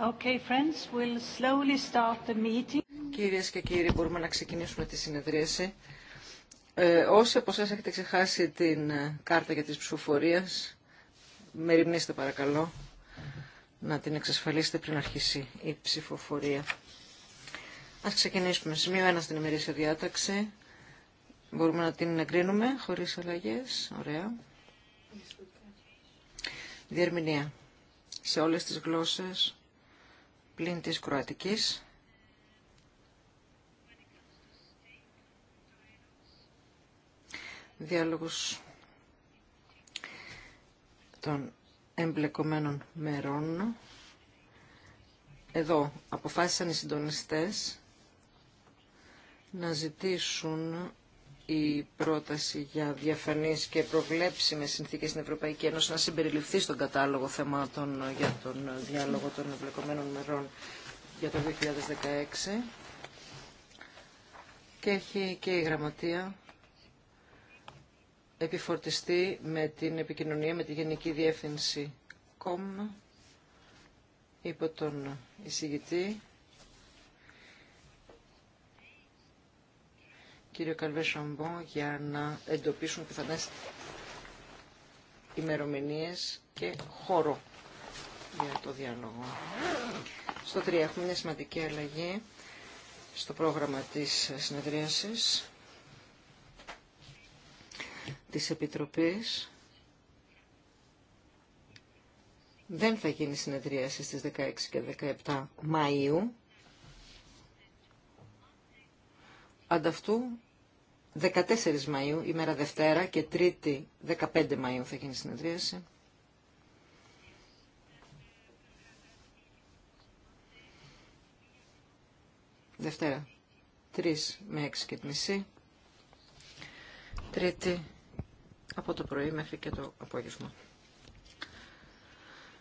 Okay, friends, we'll slowly start the meeting. Κυρίες και κύριοι, μπορούμε να ξεκινήσουμε τη συνεδρίαση. Ε, όσοι από εσάς έχετε ξεχάσει την ε, κάρτα για τις ψηφοφορίες, μεριμνήστε παρακαλώ να την εξασφαλίσετε πριν αρχίσει η ψηφοφορία. Ας ξεκινήσουμε. Σημείο 1 στην ημερήσια διάταξη. Μπορούμε να την εγκρίνουμε χωρίς αλλαγές. Ωραία. Διερμηνία. Σε όλες τις γλώσσες πλην της Κροατικής. Διάλογος των εμπλεκομένων μερών. Εδώ αποφάσισαν οι συντονιστές να ζητήσουν η πρόταση για διαφανείς και με συνθήκες στην Ευρωπαϊκή Ένωση να συμπεριληφθεί στον κατάλογο θεμάτων για τον διάλογο των εμπλεκομένων μερών για το 2016. Και έχει και η Γραμματεία επιφορτιστεί με την επικοινωνία με τη Γενική Διεύθυνση ΚΟΜ υπό τον εισηγητή κύριο Καλβέ Σαμπό για να εντοπίσουν πιθανές ημερομηνίες και χώρο για το διάλογο. Στο 3 έχουμε μια σημαντική αλλαγή στο πρόγραμμα της συνεδρίασης της Επιτροπής. Δεν θα γίνει συνεδρίαση στις 16 και 17 Μαΐου Ανταυτού 14 Μαΐου, ημέρα Δευτέρα και Τρίτη 15 Μαΐου θα γίνει συνεδρίαση. Δευτέρα 3 με 6 και μισή. Τρίτη από το πρωί μέχρι και το απόγευμα.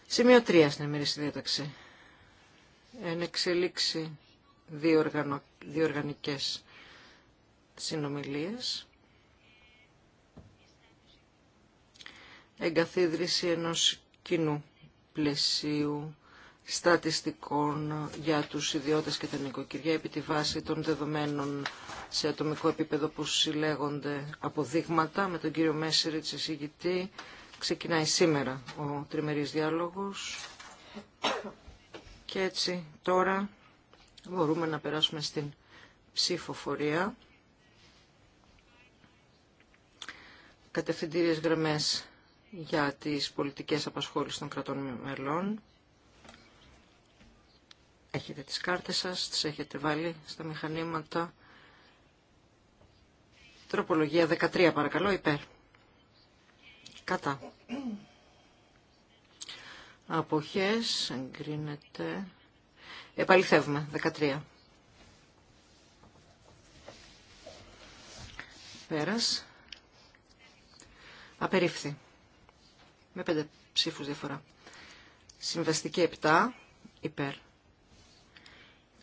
Σημείο 3 στην ημερήσια διάταξη. Εν εξελίξει δύο, οργανο συνομιλίες, εγκαθίδρυση ενός κοινού πλαισίου στατιστικών για τους ιδιώτες και τα νοικοκυριά επί τη βάση των δεδομένων σε ατομικό επίπεδο που συλλέγονται από δείγματα με τον κύριο Μέσεριτς εισηγητή. Ξεκινάει σήμερα ο τριμερής διάλογος και έτσι τώρα μπορούμε να περάσουμε στην ψηφοφορία. κατευθυντήριες γραμμές για τις πολιτικές απασχόλησης των κρατών μελών. Έχετε τις κάρτες σας, τις έχετε βάλει στα μηχανήματα. Τροπολογία 13 παρακαλώ, υπέρ. Κατά. Αποχές, εγκρίνεται. Επαληθεύουμε, 13. Πέρας. Απερίφθη. Με πέντε ψήφους διαφορά. Συμβαστική 7 υπέρ.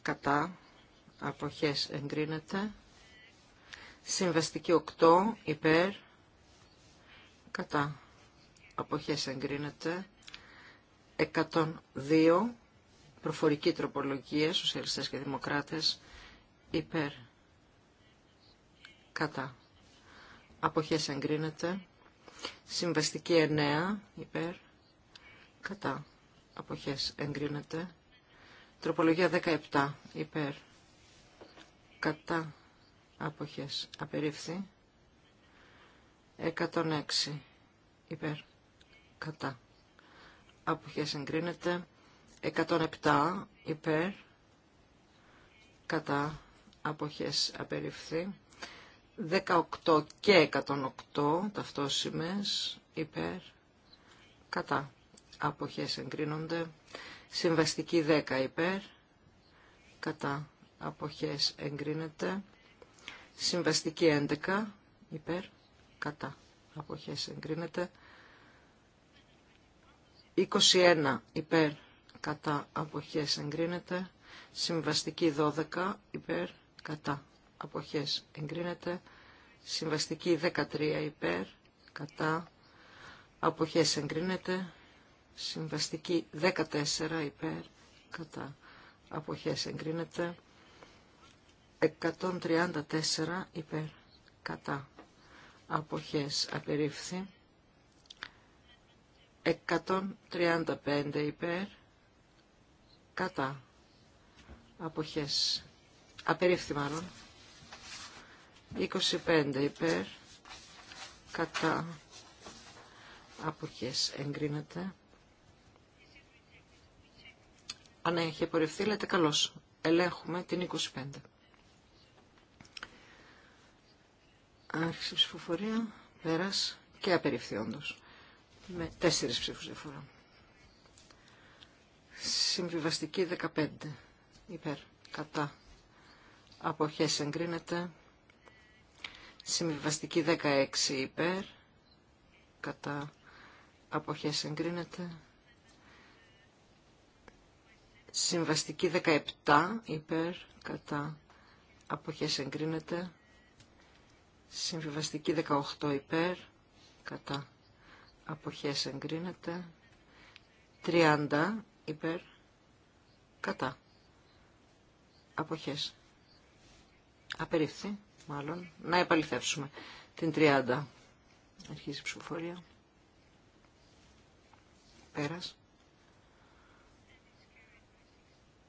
Κατά. Αποχές εγκρίνεται. Συμβαστική 8 υπέρ. Κατά. Αποχές εγκρίνεται. 102 προφορική τροπολογία, σοσιαλιστές και δημοκράτες, υπέρ, κατά. Αποχές εγκρίνεται. Συμβαστική 9 υπέρ κατά αποχές εγκρίνεται. Τροπολογία 17 υπέρ κατά αποχές απερίφθη. 106 υπέρ κατά αποχές εγκρίνεται. 107 υπέρ κατά αποχές απερίφθη. 18 και 108 ταυτόσημες υπέρ κατά αποχές εγκρίνονται συμβαστική 10 υπέρ κατά αποχές εγκρίνεται συμβαστική 11 υπέρ κατά αποχές εγκρίνεται 21 υπέρ κατά αποχές εγκρίνεται συμβαστική 12 υπέρ κατά αποχές εγκρίνεται. Συμβαστική 13 υπέρ, κατά, αποχές εγκρίνεται. Συμβαστική 14 υπέρ, κατά, αποχές εγκρίνεται. 134 υπέρ, κατά, αποχές απερίφθη. 135 υπέρ, κατά, αποχές, απερίφθη μάλλον. 25 υπέρ κατά αποχές εγκρίνεται. Αν ναι, έχει απορριφθεί, λέτε καλώς. Ελέγχουμε την 25. Άρχισε ψηφοφορία, πέρας και απεριφθεί όντως. Με τέσσερις ψήφους διαφορά. Συμβιβαστική 15 υπέρ κατά αποχές εγκρίνεται. Συμβιβαστική 16 υπέρ. Κατά αποχές εγκρίνεται. Συμβαστική 17 υπέρ. Κατά αποχές εγκρίνεται. Συμβιβαστική 18 υπέρ. Κατά αποχές εγκρίνεται. 30 υπέρ. Κατά αποχές. Απερίφθη μάλλον, να επαληθεύσουμε την 30. Αρχίζει η ψηφοφορία. Πέρας.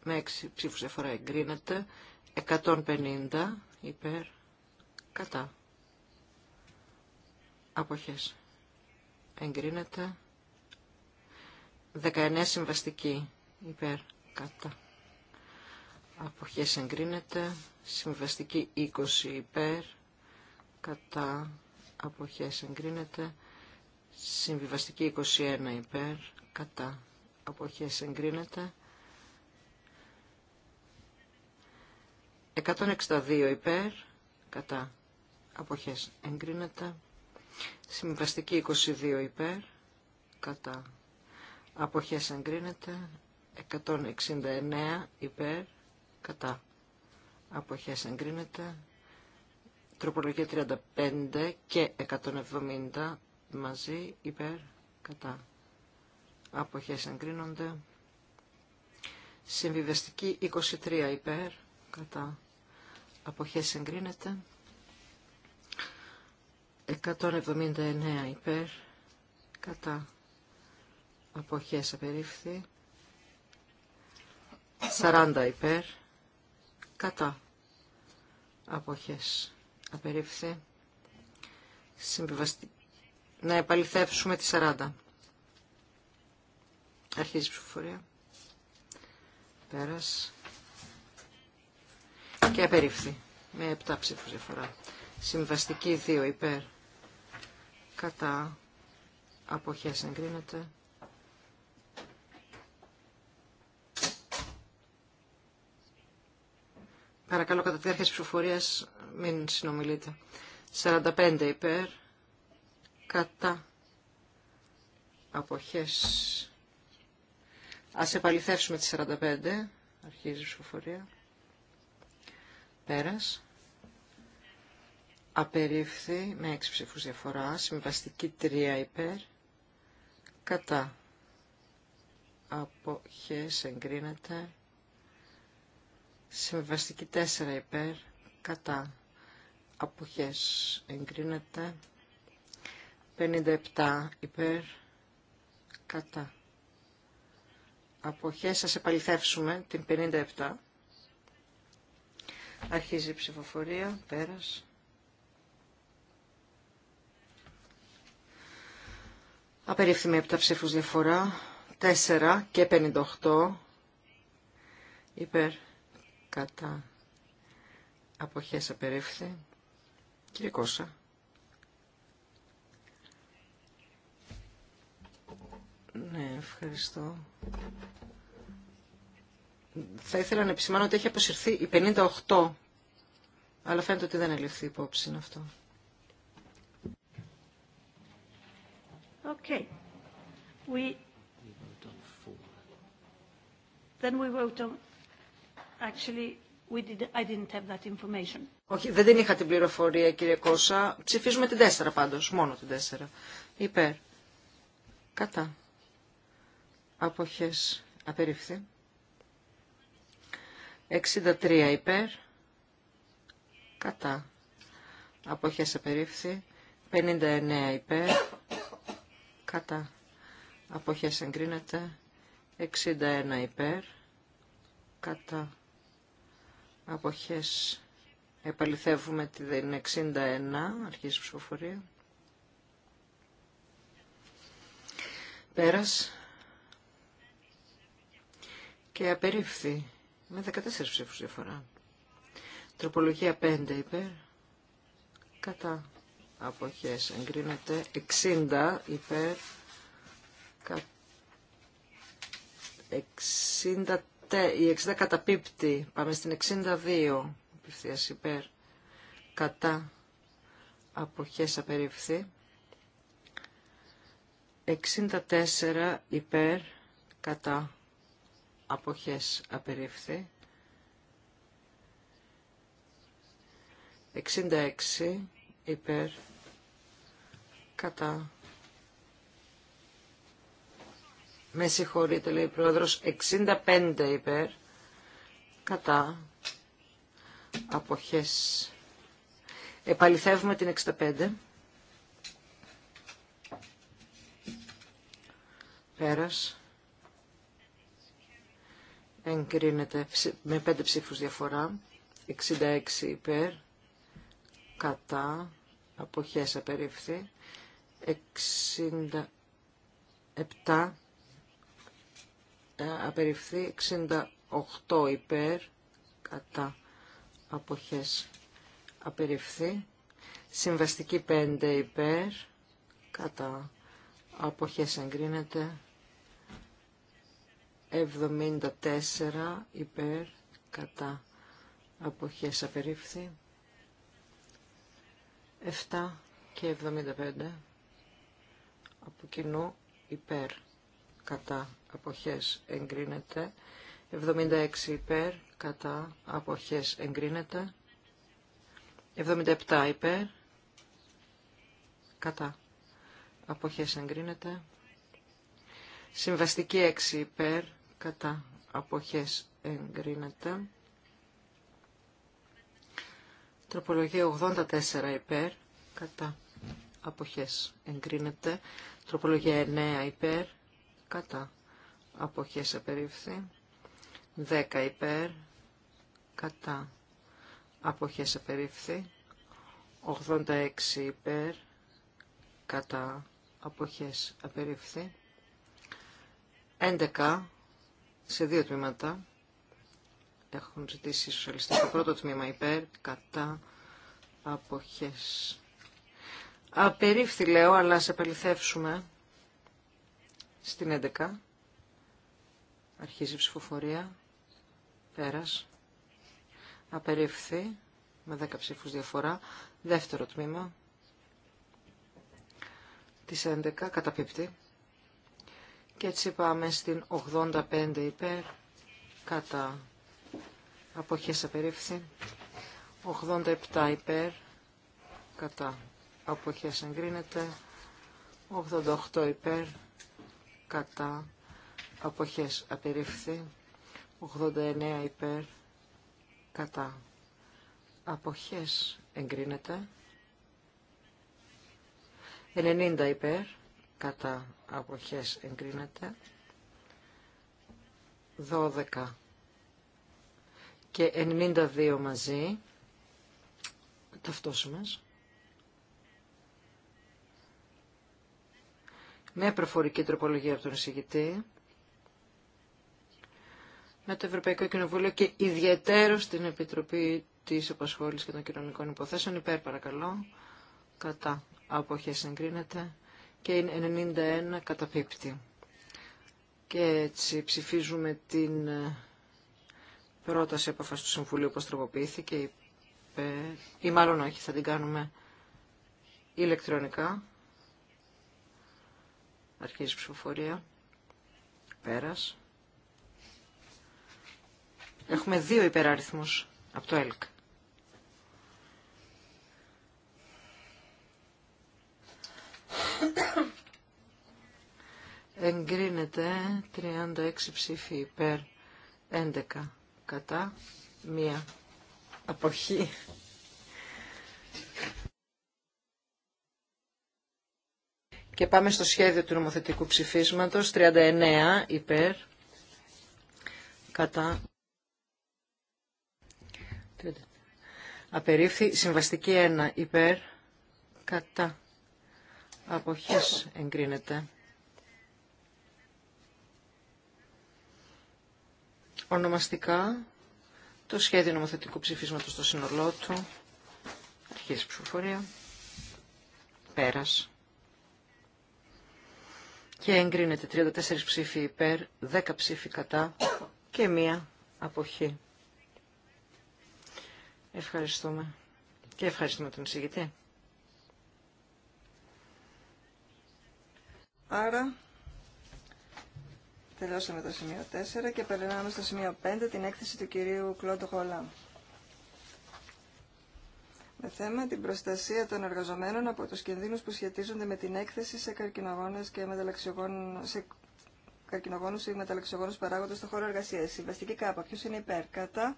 Με 6 ψήφους διαφορά εγκρίνεται. 150 υπέρ κατά. Αποχές. Εγκρίνεται. 19 συμβαστική υπέρ κατά αποχές εγκρίνεται, συμβαστική 20 υπέρ, κατά αποχές εγκρίνεται, συμβιβαστική 21 υπέρ, κατά αποχές εγκρίνεται, 162 υπέρ, κατά αποχές εγκρίνεται, συμβαστική 22 υπέρ, κατά αποχές εγκρίνεται, 169 υπέρ, κατά αποχές εγκρίνεται. Τροπολογία 35 και 170 μαζί υπέρ κατά αποχές εγκρίνονται. Συμβιβαστική 23 υπέρ κατά αποχές εγκρίνεται. 179 υπέρ κατά αποχές απερίφθη. 40 υπέρ κατά αποχές απερίφθη να επαληθεύσουμε τη 40 αρχίζει η ψηφοφορία πέρας και απερίφθη με 7 ψήφους διαφορά συμβαστική 2 υπέρ κατά αποχές εγκρίνεται Παρακαλώ κατά τη διάρκεια της ψηφοφορίας μην συνομιλείτε. 45 υπέρ, κατά αποχές. Ας επαληθεύσουμε τις 45, αρχίζει η ψηφοφορία. Πέρας. Απερίφθη με 6 ψήφους διαφορά, συμβαστική 3 υπέρ, κατά αποχές εγκρίνεται. Συμβαστική 4 υπέρ κατά αποχές εγκρίνεται. 57 υπέρ κατά αποχές. σας επαληθεύσουμε την 57. Αρχίζει η ψηφοφορία. Πέρας. Απερίφθη με ψήφους διαφορά. 4 και 58 υπέρ κατά αποχές απερίφθη. Κύριε Κώσα. Ναι, ευχαριστώ. Θα ήθελα να επισημάνω ότι έχει αποσυρθεί η 58, αλλά φαίνεται ότι δεν ελευθεί υπόψη αυτό. Okay. We... Then we vote on Actually, we did, I didn't have that information. Όχι, δεν είχα την πληροφορία, κύριε Κώσα. Ψηφίζουμε την 4 πάντως, μόνο την 4. Υπέρ. Κατά. Αποχές. Απερίφθη. 63 υπέρ. Κατά. Αποχές απερίφθη. 59 υπέρ. Κατά. Αποχές εγκρίνεται. 61 υπέρ. Κατά αποχές επαληθεύουμε την 61 αρχής ψηφοφορία πέρας και απερίφθη με 14 ψήφους διαφορά τροπολογία 5 υπέρ κατά αποχές εγκρίνεται 60 υπέρ η 60 καταπίπτει. Πάμε στην 62. Απευθεία υπέρ. Κατά. Αποχές απερίφθη. 64 υπέρ. Κατά. Αποχές απερίφθη. 66 υπέρ. Κατά. με συγχωρείτε λέει ο Πρόεδρος, 65 υπέρ, κατά, αποχές. Επαληθεύουμε την 65. Πέρα. Εγκρίνεται με 5 ψήφου διαφορά. 66 υπέρ. Κατά. Αποχές απερίφθη. 67 απεριφθεί 68 υπέρ κατά αποχές απεριφθεί συμβαστική 5 υπέρ κατά αποχές εγκρίνεται 74 υπέρ κατά αποχές απεριφθεί. 7 και 75 από κοινού υπέρ κατά αποχές εγκρίνεται. 76 υπέρ κατά αποχές εγκρίνεται. 77 υπέρ κατά αποχές εγκρίνεται. Συμβαστική 6 υπέρ κατά αποχές εγκρίνεται. Τροπολογία 84 υπέρ κατά αποχές εγκρίνεται. Τροπολογία 9 υπέρ κατά αποχές απερίφθη 10 υπέρ κατά αποχές απερίφθη 86 υπέρ κατά αποχές απερίφθη 11 σε δύο τμήματα έχουν ζητήσει οι σοσιαλιστές το πρώτο τμήμα υπέρ κατά αποχές απερίφθη λέω αλλά σε επαληθεύσουμε στην 11 αρχίζει η ψηφοφορία. Πέρας. Απερίφθη με 10 ψήφους διαφορά. Δεύτερο τμήμα της 11 καταπίπτει. Και έτσι πάμε στην 85 υπέρ κατά αποχές απερίφθη. 87 υπέρ κατά αποχές εγκρίνεται. 88 υπέρ κατά αποχές απερίφθη 89 υπέρ κατά αποχές εγκρίνεται 90 υπέρ κατά αποχές εγκρίνεται 12 και 92 μαζί ταυτόσιμες με προφορική τροπολογία από τον εισηγητή με το Ευρωπαϊκό Κοινοβούλιο και ιδιαίτερο στην Επιτροπή της επασχόληση και των Κοινωνικών Υποθέσεων. Υπέρ παρακαλώ. Κατά. Αποχές συγκρίνεται. Και είναι 91 πίπτη. Και έτσι ψηφίζουμε την ε, πρόταση απόφαση του Συμβουλίου όπως τροποποιήθηκε. Ή μάλλον όχι, θα την κάνουμε ηλεκτρονικά. Αρχίζει η ψηφοφορία. Πέρας. Έχουμε δύο υπεραριθμούς από το ΕΛΚ. Εγκρίνεται 36 ψήφοι υπέρ, 11 κατά, μία αποχή. Και πάμε στο σχέδιο του νομοθετικού ψηφίσματος. 39 υπέρ. Κατά. Απερίφθη. Συμβαστική 1 υπέρ. Κατά. Αποχής εγκρίνεται. Ονομαστικά το σχέδιο νομοθετικού ψηφίσματος στο σύνολό του. Αρχίζει η ψηφοφορία. Πέρας και εγκρίνεται 34 ψήφοι υπέρ, 10 ψήφοι κατά και μία αποχή. Ευχαριστούμε. Και ευχαριστούμε τον εισηγητή. Άρα, τελειώσαμε το σημείο 4 και περνάμε στο σημείο 5, την έκθεση του κυρίου Κλόντο Χολάμ με θέμα την προστασία των εργαζομένων από τους κινδύνους που σχετίζονται με την έκθεση σε καρκινογόνες και σε καρκινογόνους ή μεταλλαξιογόνους παράγοντες στον χώρο εργασίας. Συμβαστική κάπα. Ποιος είναι υπέρ. Κατά.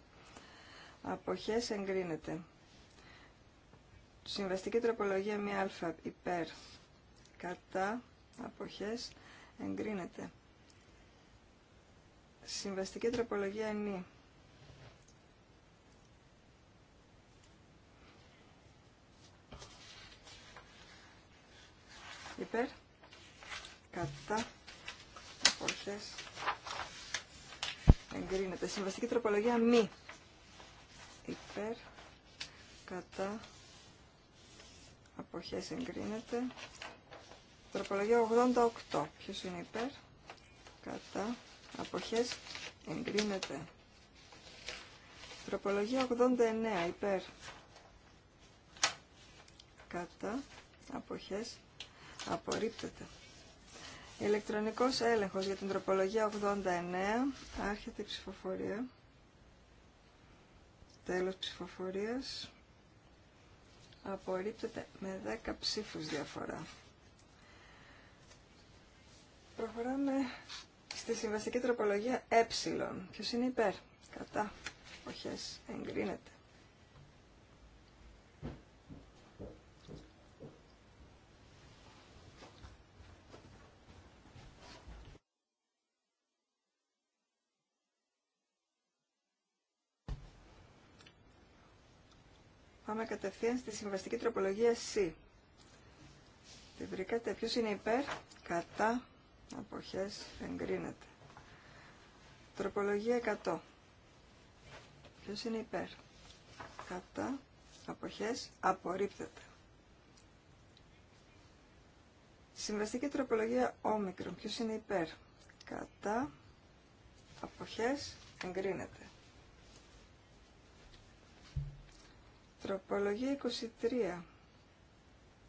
Αποχές εγκρίνεται. Συμβαστική μια αλφα. Υπέρ. Κατά. Αποχές εγκρίνεται. Συμβαστική τροπολογία νη. υπέρ κατά αποχές εγκρίνεται. Συμβαστική τροπολογία μη υπέρ κατά αποχές εγκρίνεται. Τροπολογία 88. Ποιος είναι υπέρ κατά αποχές εγκρίνεται. Τροπολογία 89 υπέρ κατά αποχές Απορρίπτεται. Ηλεκτρονικός έλεγχος για την τροπολογία 89. Άρχεται η ψηφοφορία. Τέλος ψηφοφορίας. Απορρίπτεται με 10 ψήφους διαφορά. Προχωράμε στη συμβαστική τροπολογία ε. Ποιος είναι υπέρ. Κατά. Οχές. Εγκρίνεται. Πάμε κατευθείαν στη συμβαστική τροπολογία C. Τη βρήκατε. ποιο είναι υπέρ, κατά, αποχές, εγκρίνεται. Τροπολογία 100. Ποιο είναι υπέρ, κατά, αποχές, απορρίπτεται. Συμβαστική τροπολογία όμικρον. Ποιο είναι υπέρ, κατά, αποχές, εγκρίνεται. Τροπολογία 23.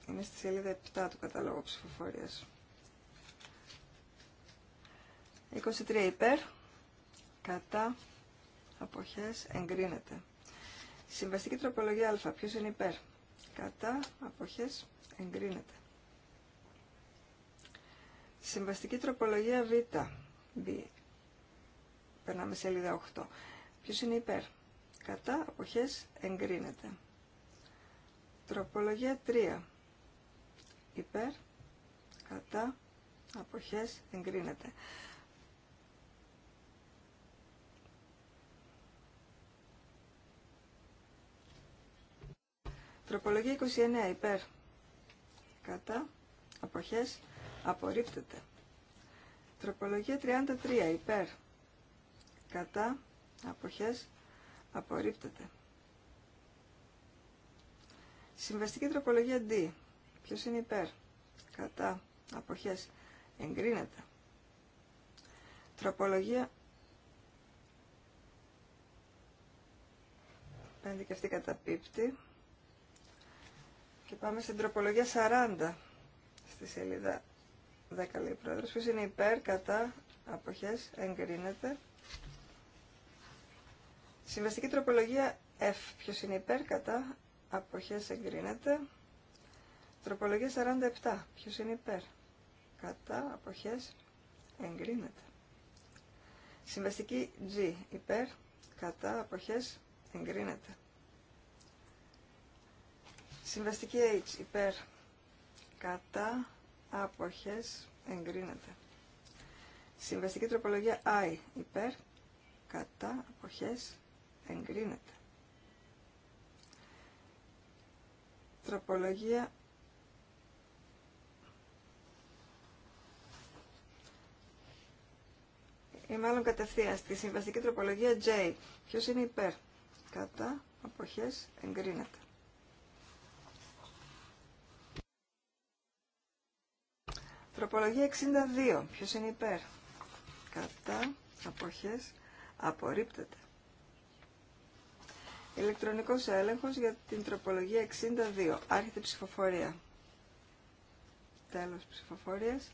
Είναι στη σελίδα 7 του καταλόγου ψηφοφορίας. 23 υπέρ, κατά, αποχές, εγκρίνεται. Συμβαστική τροπολογία α, ποιος είναι υπέρ, κατά, αποχές, εγκρίνεται. Συμβαστική τροπολογία β, β, περνάμε σελίδα 8, ποιος είναι υπέρ, κατά αποχές εγκρίνεται. Τροπολογία 3. Υπέρ, κατά, αποχές, εγκρίνεται. Τροπολογία 29. Υπέρ, κατά, αποχές, απορρίπτεται. Τροπολογία 33. Υπέρ, κατά, αποχές, Απορρίπτεται. Συμβαστική τροπολογία D. Ποιο είναι υπέρ. Κατά. Αποχές. Εγκρίνεται. Τροπολογία 5 και αυτή καταπίπτει. Και πάμε στην τροπολογία 40. Στη σελίδα 10 λέει πρόεδρος. Ποιος είναι υπέρ. Κατά. Αποχές. Εγκρίνεται. Συμβαστική τροπολογία F. Ποιο είναι υπέρ, κατά, αποχές εγκρίνεται. Τροπολογία 47. Ποιο είναι υπέρ, κατά, αποχές εγκρίνεται. Συμβαστική G. Υπέρ, κατά, αποχές εγκρίνεται. Συμβαστική H. Υπέρ, κατά, αποχές εγκρίνεται. Συμβαστική τροπολογία I. Υπέρ, κατά, αποχές Εγκρίνεται. Τροπολογία Ή μάλλον κατευθείαν στη συμβαστική τροπολογία J. Ποιο είναι υπέρ. Κατά αποχές εγκρίνεται. Τροπολογία 62. Ποιος είναι υπέρ. Κατά αποχές απορρίπτεται. Ηλεκτρονικός έλεγχος για την τροπολογία 62. Άρχεται ψηφοφορία. Τέλος ψηφοφορίας.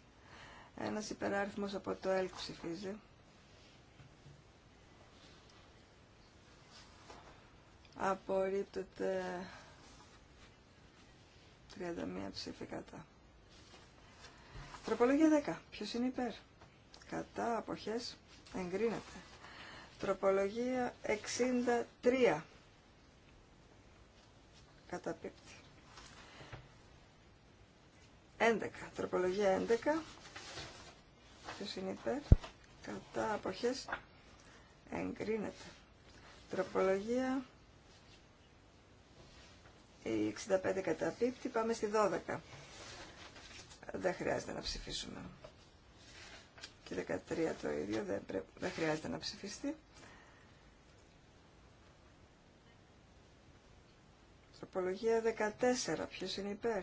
Ένας υπεράριθμος από το ΕΛΚ ψηφίζει. Απορρίπτεται 31 ψήφι κατά. Τροπολογία 10. Ποιος είναι υπέρ. Κατά αποχές εγκρίνεται. Τροπολογία 63. 11. Τροπολογία 11. Ποιος είναι υπέρ. Κατά αποχές εγκρίνεται. Τροπολογία η 65 καταπίπτει. Πάμε στη 12. Δεν χρειάζεται να ψηφίσουμε. Και 13 το ίδιο. Δεν, δεν χρειάζεται να ψηφιστεί. Τροπολογία 14. Ποιος είναι υπέρ.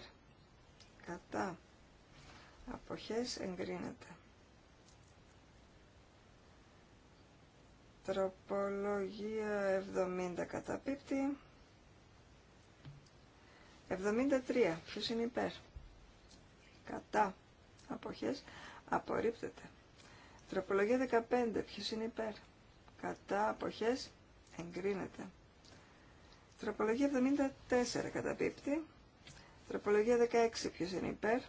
Κατά. Αποχές εγκρίνεται. Τροπολογία 70 καταπίπτει. 73. Ποιος είναι υπέρ. Κατά. Αποχές. Απορρίπτεται. Τροπολογία 15. Ποιος είναι υπέρ. Κατά. Αποχές. Εγκρίνεται. Τροπολογία 74 καταπίπτει. Τροπολογία 16 ποιος είναι υπέρ.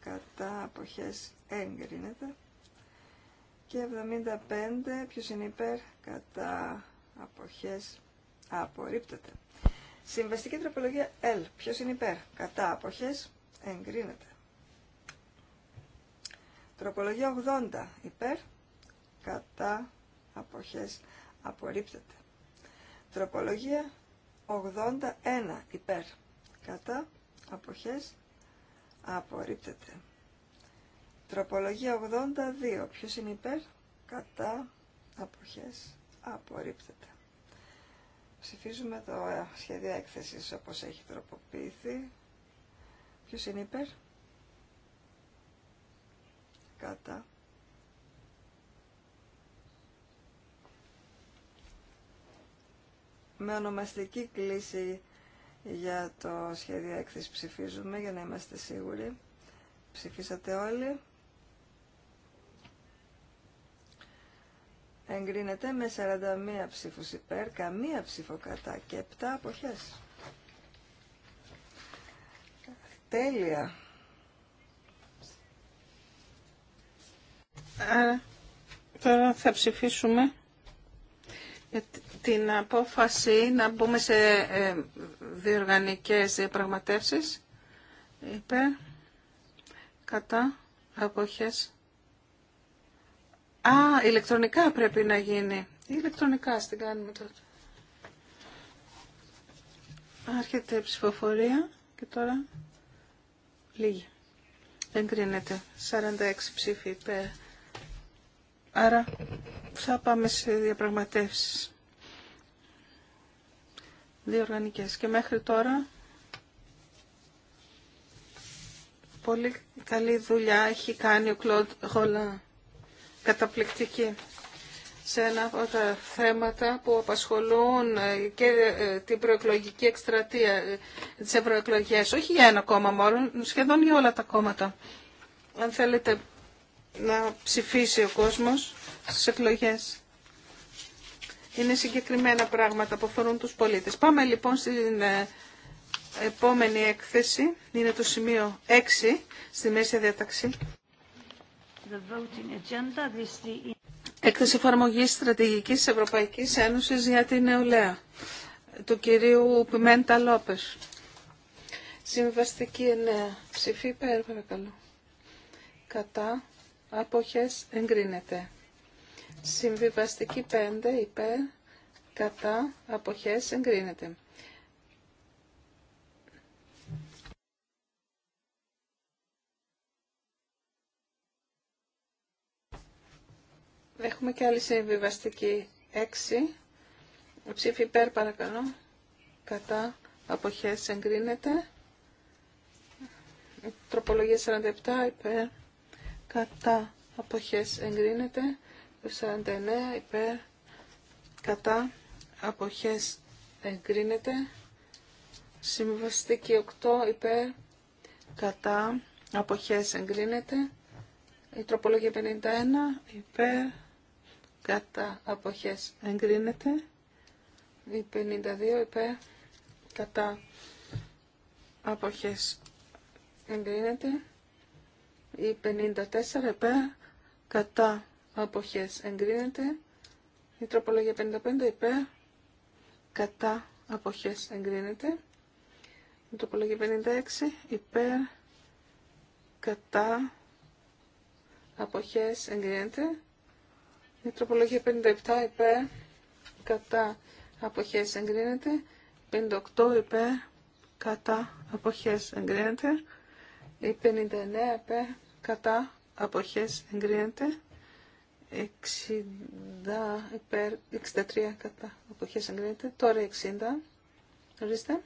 Κατά αποχές εγκρίνεται. Και 75 ποιος είναι υπέρ. Κατά αποχές απορρίπτεται. Συμβαστική τροπολογία L. Ποιος είναι υπέρ. Κατά αποχές εγκρίνεται. Τροπολογία 80 υπέρ. Κατά αποχές απορρίπτεται. Τροπολογία 81 υπέρ κατά αποχές απορρίπτεται. Τροπολογία 82. Ποιος είναι υπέρ κατά αποχές απορρίπτεται. Ψηφίζουμε το σχέδιο έκθεσης όπως έχει τροποποιηθεί. Ποιος είναι υπέρ κατά με ονομαστική κλίση για το σχέδιο έκθεση ψηφίζουμε για να είμαστε σίγουροι. Ψηφίσατε όλοι. Εγκρίνεται με 41 ψήφους υπέρ, καμία ψήφο κατά και 7 αποχές. Τέλεια. Άρα, τώρα θα ψηφίσουμε την απόφαση να μπούμε σε ε, διοργανικές διαπραγματεύσεις. είπε, κατά, αποχές. Α, ηλεκτρονικά πρέπει να γίνει. Ηλεκτρονικά στην κάνουμε τότε. Άρχεται η ψηφοφορία και τώρα λίγη. κρίνεται. 46 ψήφοι υπέρ. Άρα θα πάμε σε διαπραγματεύσεις διοργανικές. Και μέχρι τώρα πολύ καλή δουλειά έχει κάνει ο Κλοντ Γολά. Καταπληκτική σε ένα από τα θέματα που απασχολούν ε, και ε, την προεκλογική εκστρατεία ε, τις ευρωεκλογέ, όχι για ένα κόμμα μόνο, σχεδόν για όλα τα κόμματα. Αν θέλετε να ψηφίσει ο κόσμος στις εκλογές. Είναι συγκεκριμένα πράγματα που αφορούν τους πολίτες. Πάμε λοιπόν στην ε, επόμενη έκθεση. Είναι το σημείο 6 στη μέση διαταξή. Έκθεση εφαρμογή στρατηγική Ευρωπαϊκή Ευρωπαϊκής για την νεολαία του κυρίου Πιμέντα Λόπε. Συμβαστική 9. Ψηφί υπέρ, παρακαλώ. Κατά. Αποχές εγκρίνεται. Συμβιβαστική 5 υπέρ κατά αποχές εγκρίνεται. Έχουμε και άλλη συμβιβαστική 6. Ψήφι υπέρ παρακαλώ. Κατά αποχές εγκρίνεται. Τροπολογία 47 υπέρ. Κατά αποχές εγκρίνεται. 49 υπέρ κατά αποχές εγκρίνεται. Συμβαστική 8 υπέρ κατά αποχές εγκρίνεται. Η τροπολογία 51 υπέρ κατά αποχές εγκρίνεται. Η 52 υπέρ κατά αποχές εγκρίνεται. Η 54 υπέρ κατά αποχές εγκρίνεται. Η τροπολογία 55 υπέρ κατά αποχές εγκρίνεται. Η τροπολογία 56 υπέρ κατά αποχές εγκρίνεται. Η τροπολογία 57 υπέρ κατά αποχές εγκρίνεται. 58 υπέρ κατά αποχές εγκρίνεται. Η 59 υπέρ κατά αποχές εγκρίνεται. 60 63 κατά αποχές εγκρίνεται, τώρα 60, ορίστε.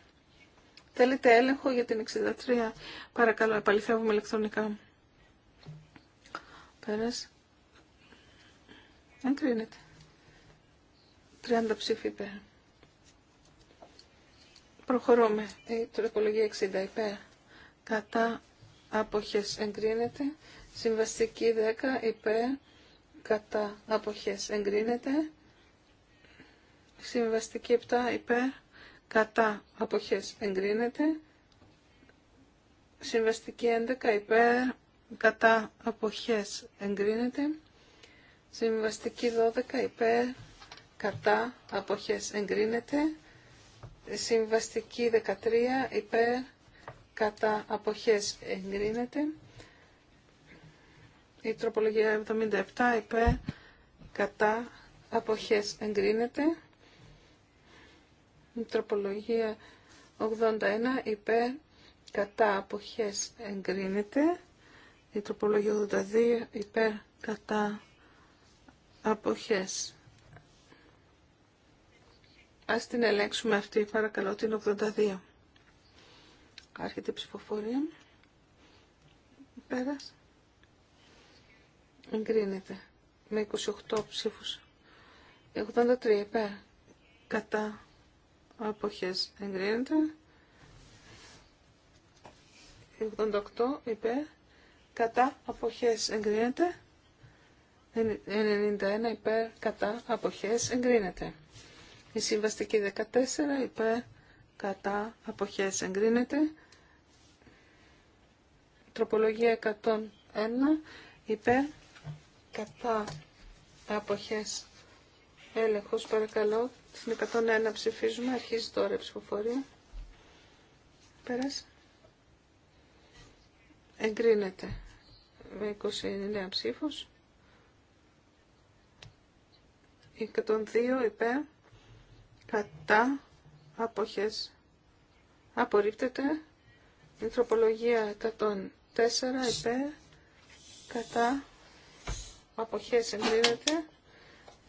Θέλετε έλεγχο για την 63, παρακαλώ επαληθεύουμε ηλεκτρονικά. Πέρας. Εγκρίνεται. 30 ψήφι υπέρ. Προχωρούμε. Η τροπολογία 60 υπέρ. Κατά αποχές εγκρίνεται. Συμβαστική 10 υπέρ κατά αποχές εγκρίνεται. Συμβαστική 7 υπέρ κατά αποχές εγκρίνεται. Συμβαστική 11 υπέρ κατά αποχές εγκρίνεται. Συμβαστική 12 υπέρ κατά αποχές εγκρίνεται. Συμβαστική 13 υπέρ κατά αποχές εγκρίνεται. Η τροπολογία 77 υπέρ κατά αποχές εγκρίνεται. Η τροπολογία 81 υπέρ κατά αποχές εγκρίνεται. Η τροπολογία 82 υπέρ κατά αποχές. Ας την ελέγξουμε αυτή παρακαλώ την 82. Άρχεται η ψηφοφορία. Πέρασε. Εγκρίνεται. Με 28 ψήφους. 83 υπέρ. Κατά αποχές. Εγκρίνεται. 88 υπέρ. Κατά αποχές. Εγκρίνεται. 91 υπέρ. Κατά αποχές. Εγκρίνεται. Η συμβαστική 14 υπέρ. Κατά αποχές. Εγκρίνεται. Τροπολογία 101 υπέρ κατά αποχές έλεγχος παρακαλώ στην 101 ψηφίζουμε αρχίζει τώρα η ψηφοφορία πέρασε εγκρίνεται με 29 ψήφους 102 υπέρ κατά αποχές απορρίπτεται η τροπολογία 104 υπέρ κατά αποχές εγκρίνεται.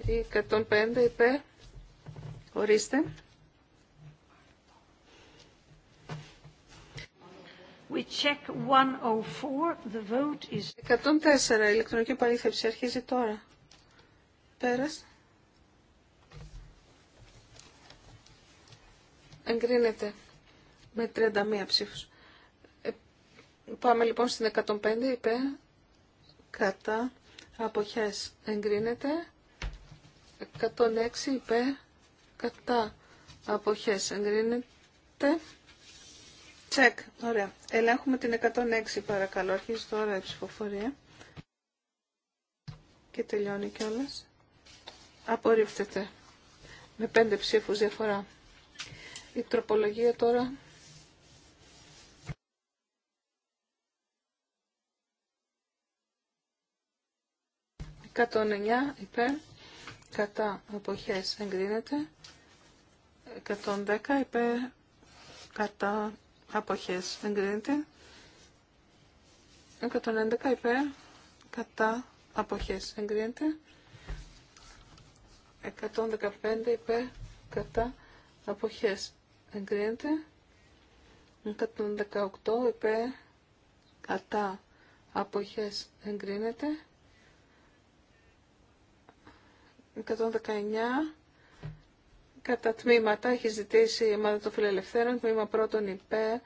Η 105 υπέρ. Ορίστε. We check 104. The vote is... 104. Ηλεκτρονική παρήθευση αρχίζει τώρα. Πέρας. Εγκρίνεται με 31 ψήφους. Ε, πάμε λοιπόν στην 105 υπέρ. Κατά αποχές εγκρίνεται 106 υπέ. κατά αποχές εγκρίνεται τσεκ ωραία ελέγχουμε την 106 παρακαλώ αρχίζει τώρα η ψηφοφορία και τελειώνει κιόλας Απορρίφτεται. με πέντε ψήφους διαφορά η τροπολογία τώρα 109 υπέρ κατά αποχές εγκρίνεται 110 υπέρ κατά αποχές εγκρίνεται 111 υπέρ κατά αποχές εγκρίνεται 115 υπέρ κατά αποχές εγκρίνεται 118 υπέρ κατά αποχές εγκρίνεται 119 κατά τμήματα έχει ζητήσει η ομάδα των φιλελευθέρων, τμήμα πρώτον υπέρ,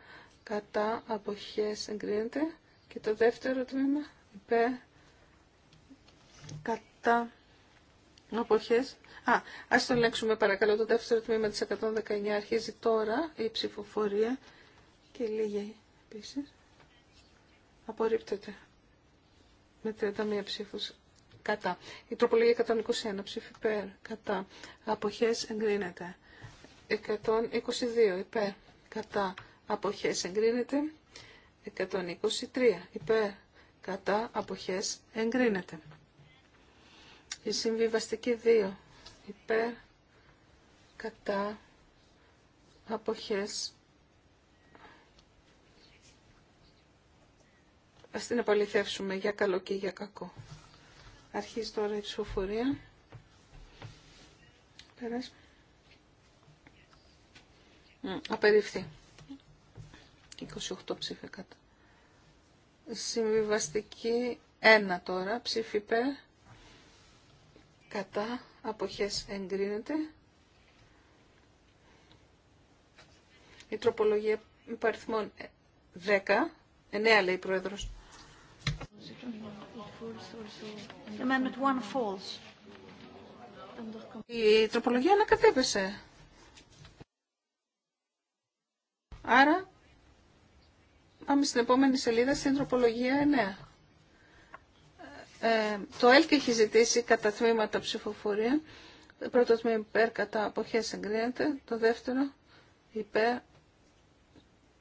κατά αποχές εγκρίνεται και το δεύτερο τμήμα υπέρ, κατά αποχές. Α, ας το λέξουμε παρακαλώ το δεύτερο τμήμα της 119 αρχίζει τώρα η ψηφοφορία και λίγη επίσης. Απορρίπτεται με 31 ψήφους κατά. Η τροπολογία 121 ψήφι υπέρ, κατά. Αποχές εγκρίνεται. 122 υπέρ, κατά. Αποχές εγκρίνεται. 123 υπέρ, κατά. Αποχές εγκρίνεται. Η συμβιβαστική 2 υπέρ, κατά. Αποχές Ας την επαληθεύσουμε για καλό και για κακό. Αρχίζει τώρα η ψηφοφορία. Απεριφθεί. 28 ψήφια κάτω. Συμβιβαστική 1 τώρα. Ψήφι Κατά. Αποχές εγκρίνεται. Η τροπολογία υπαριθμών 10. Ε, 9 ε, ναι, λέει η Πρόεδρος. Η τροπολογία ανακατέπεσε. Άρα, πάμε στην επόμενη σελίδα, στην τροπολογία 9. Ε, το ΕΛΚ έχει ζητήσει κατά τμήματα ψηφοφορία. Το πρώτο τμήμα υπέρ κατά αποχές εγκρίνεται. Το δεύτερο υπέρ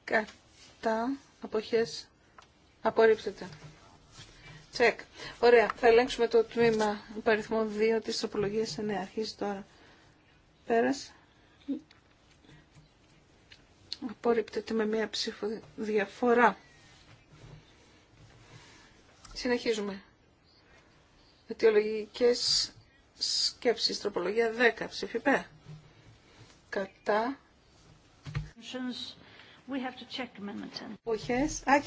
κατά αποχές απορρίπτεται. Τσεκ. Ωραία. Θα ελέγξουμε το τμήμα υπαριθμό 2 της τροπολογίας ε, Ναι, αρχίζει τώρα. Πέρασε. Απορρίπτεται με μία ψήφο διαφορά. Συνεχίζουμε. Αιτιολογικές σκέψεις. Τροπολογία 10. Ψήφι Κατά. Κατά. We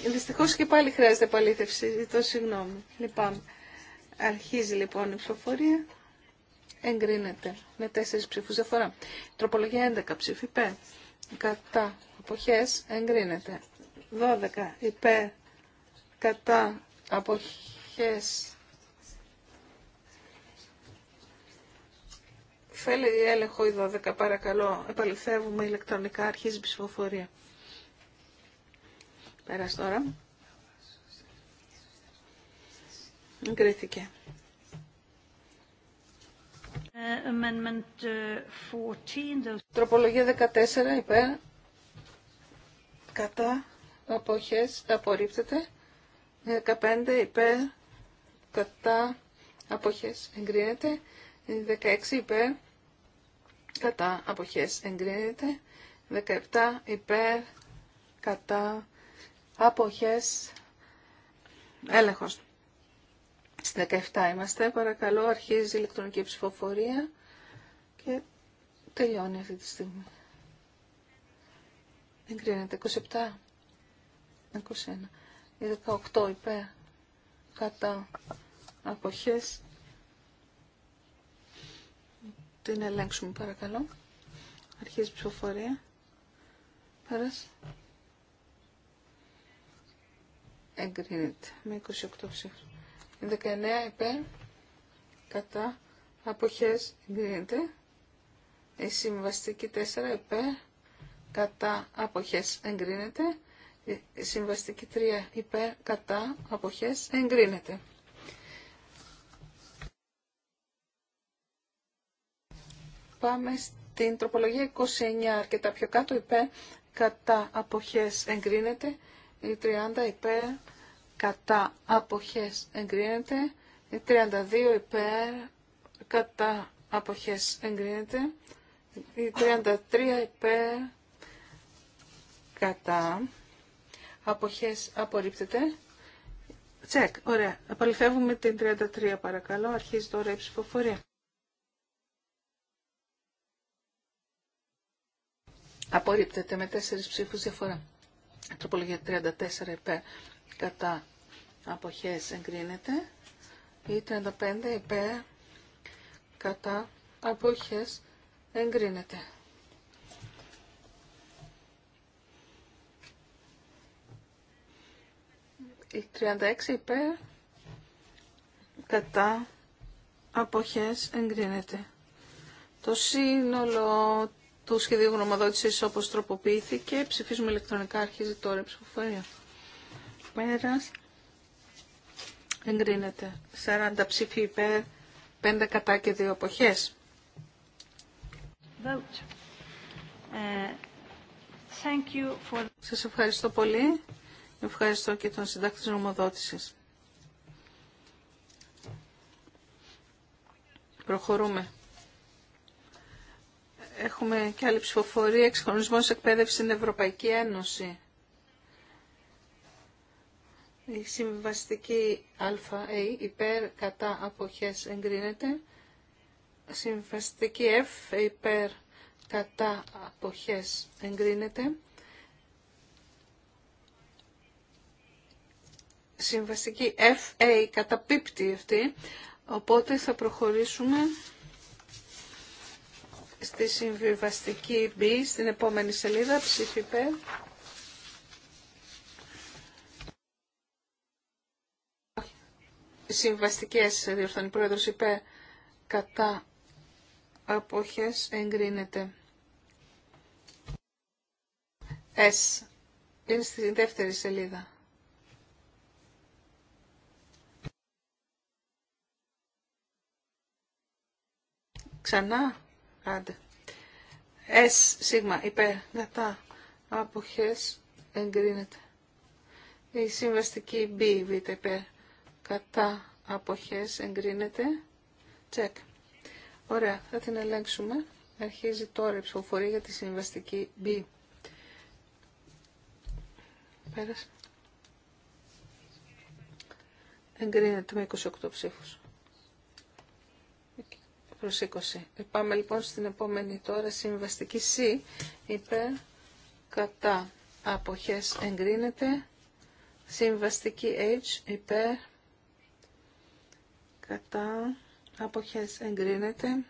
δυστυχώς και πάλι χρειάζεται επαλήθευση. Ζητώ συγγνώμη. Λοιπόν, Αρχίζει λοιπόν η ψηφοφορία. Εγκρίνεται με τέσσερις ψήφους διαφορά. Τροπολογία 11 ψήφι υπέρ. Κατά αποχές εγκρίνεται. 12 υπέρ. Κατά αποχές Θέλει έλεγχο η 12, παρακαλώ. Επαληθεύουμε ηλεκτρονικά, αρχίζει η ψηφοφορία. Πέρας τώρα. Εγκρίθηκε. Ε, ε, Τροπολογία 14 υπέρ. Κατά. Αποχές. Απορρίπτεται. 15 υπέρ. Κατά. Αποχές. Εγκρίνεται. 16 υπέρ. Κατά. Αποχές. Εγκρίνεται. 17 υπέρ. Κατά αποχές, έλεγχος. Στην 17 είμαστε, παρακαλώ, αρχίζει η ηλεκτρονική ψηφοφορία και τελειώνει αυτή τη στιγμή. Εγκρίνεται 27, 21, 18 είπε, κατά αποχές. Την ελέγξουμε παρακαλώ. Αρχίζει η ψηφοφορία. Πέρασε εγκρίνεται με 28 ψήφους. 19 υπέρ κατά αποχές εγκρίνεται. Η συμβαστική 4 υπέρ κατά αποχές εγκρίνεται. Η συμβαστική 3 υπέρ κατά αποχές εγκρίνεται. Πάμε στην τροπολογία 29, αρκετά πιο κάτω υπέρ κατά αποχές εγκρίνεται η 30 υπέρ κατά αποχές εγκρίνεται, η 32 υπέρ κατά αποχές εγκρίνεται, η 33 υπέρ κατά αποχές απορρίπτεται. Τσεκ, ωραία. Απολυφεύουμε την 33 παρακαλώ. Αρχίζει τώρα η ψηφοφορία. Απορρίπτεται με τέσσερις ψήφους διαφορά. Τροπολογία 34 υπέρ κατά αποχές εγκρίνεται ή 35 υπέρ κατά αποχές εγκρίνεται. Η 36 υπέρ κατά αποχές εγκρίνεται. Το σύνολο του σχεδίου γνωμοδότηση όπως τροποποιήθηκε. Ψηφίζουμε ηλεκτρονικά, αρχίζει τώρα η ψηφοφορία. Πέρας. Εγκρίνεται. 40 ψήφοι υπέρ, 5 κατά και 2 εποχέ. Ε, Σας ευχαριστώ πολύ. Ευχαριστώ και τον συντάκτη γνωμοδότηση. Προχωρούμε. Έχουμε και άλλη ψηφοφορία, εξυγχρονισμός εκπαίδευση στην Ευρωπαϊκή Ένωση. Η συμβαστική ΑΕ υπέρ κατά αποχές εγκρίνεται. Συμβαστική F υπέρ κατά αποχές εγκρίνεται. Συμβαστική FA ε, καταπίπτει αυτή. Οπότε θα προχωρήσουμε στη συμβιβαστική B, στην επόμενη σελίδα, ψήφιπε. Συμβαστικές, διορθώνει πρόεδρος, είπε κατά απόχες εγκρίνεται. S. Είναι στη δεύτερη σελίδα. Ξανά. Άντε. S, σίγμα, υπέρ, κατά, αποχές, εγκρίνεται. Η συμβαστική B, β, υπέρ, κατά, αποχές, εγκρίνεται. Τσεκ. Ωραία, θα την ελέγξουμε. Αρχίζει τώρα η ψηφοφορία για τη συμβαστική B. Πέρασε. Εγκρίνεται με 28 ψήφους προς 20. Πάμε λοιπόν στην επόμενη τώρα συμβαστική C υπέρ κατά αποχές εγκρίνεται. Συμβαστική H υπέρ κατά αποχές εγκρίνεται.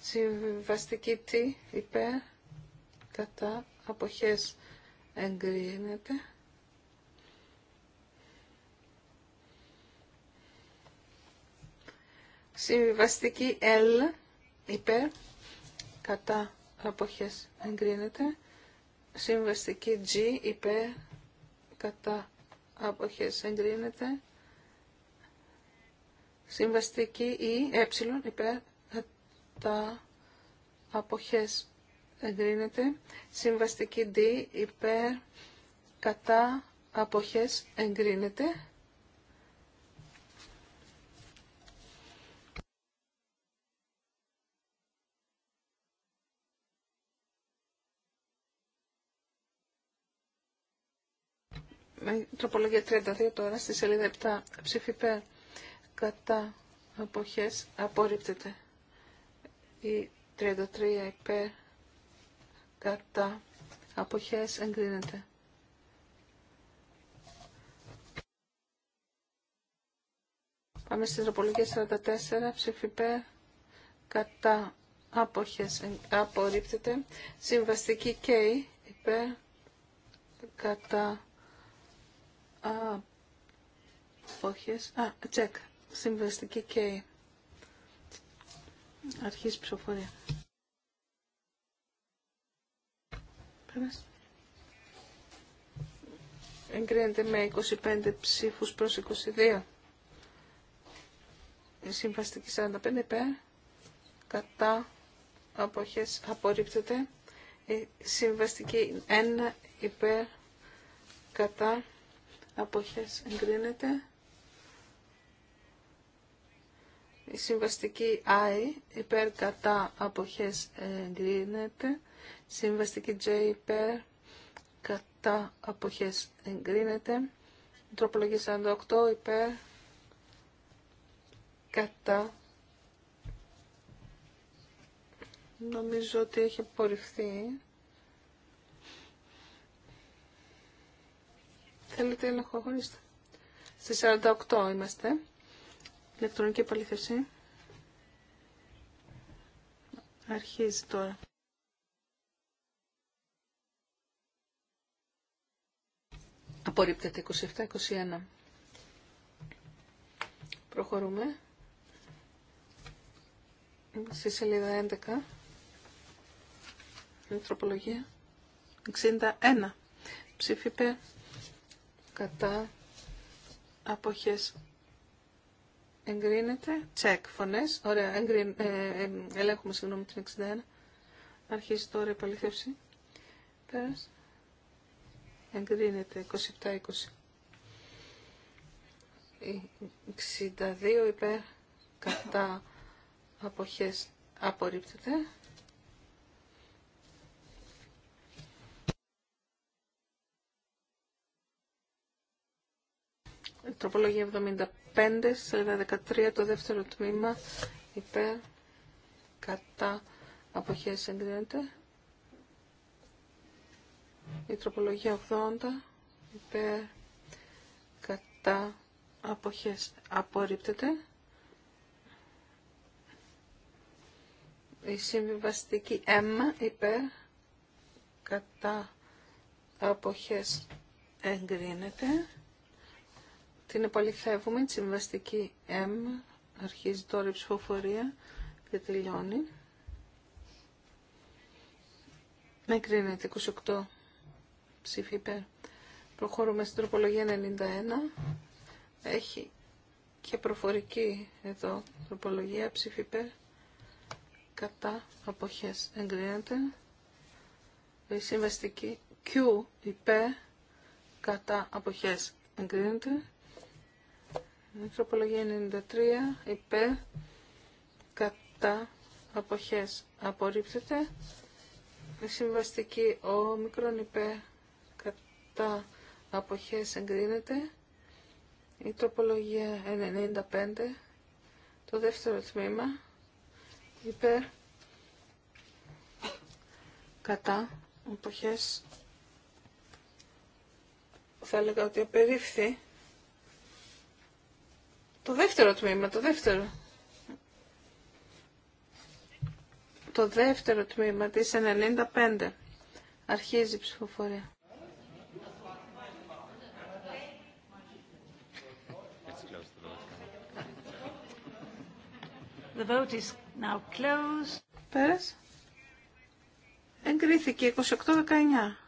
Συμβαστική T υπέρ κατά αποχές εγκρίνεται. Συμβαστική L υπέρ κατά αποχές εγκρίνεται. Συμβαστική G υπέρ κατά αποχές εγκρίνεται. Συμβαστική E ε υπέρ κατά αποχές εγκρίνεται. Συμβαστική D υπέρ κατά αποχές εγκρίνεται. με τροπολογία 32 τώρα στη σελίδα 7 ψηφιπέ κατά αποχές απορρίπτεται η 33 υπέρ κατά αποχές εγκρίνεται. Πάμε στην τροπολογία 44 ψηφιπέ κατά αποχές απορρίπτεται. Συμβαστική K υπέρ κατά Α, φόχες. Α, τσεκ. Συμβαστική και αρχής ψηφοφορία. Εγκρίνεται με 25 ψήφους προς 22. Η συμβαστική 45 υπέρ. Κατά αποχές απορρίπτεται. Η συμβαστική 1 υπέρ. Κατά αποχές εγκρίνεται. Η συμβαστική I υπέρ κατά αποχές εγκρίνεται. Συμβαστική J υπέρ κατά αποχές εγκρίνεται. Τροπολογία 48 υπέρ κατά Νομίζω ότι έχει απορριφθεί. Θέλετε έλεγχο χωρίστε. Στη 48 είμαστε. Ηλεκτρονική επαλήθευση. Αρχίζει τώρα. Απορρίπτεται 27-21. Προχωρούμε. Στη σελίδα 11. Ηλεκτροπολογία 61. Ψήφιπε κατά αποχές εγκρίνεται. Τσεκ φωνές. Ωραία, εγκρίν, ε, ε, ελέγχουμε συγγνώμη την 61. Αρχίζει τώρα η παληθεύση. Πέρας. Εγκρίνεται 27-20. 62 υπέρ κατά αποχές απορρίπτεται. Τροπολογία 75, σελίδα 13, το δεύτερο τμήμα, υπέρ, κατά, αποχές εγκρίνεται. Η τροπολογία 80, υπέρ, κατά, αποχές απορρίπτεται. Η συμβιβαστική M, υπέρ, κατά, αποχές εγκρίνεται. Την επαληθεύουμε, τη συμβαστική M, αρχίζει τώρα η ψηφοφορία και τελειώνει. Με κρίνεται 28 ψήφι υπέρ. Προχωρούμε στην τροπολογία 91. Έχει και προφορική εδώ τροπολογία ψήφι υπέρ. Κατά αποχές εγκρίνεται. Η συμβαστική Q υπέρ. Κατά αποχές εγκρίνεται. Η τροπολογία 93 υπέρ κατά αποχές απορρίπτεται. Η συμβαστική ο μικρόν υπέρ κατά αποχές εγκρίνεται. Η τροπολογία 95 το δεύτερο τμήμα υπέρ κατά αποχές θα έλεγα ότι απερίφθη το δεύτερο τμήμα, το δεύτερο. Το δεύτερο τμήμα της 95. Αρχίζει η ψηφοφορία. The vote is now closed. εγκριθηκε Εγκρίθηκε 28-19.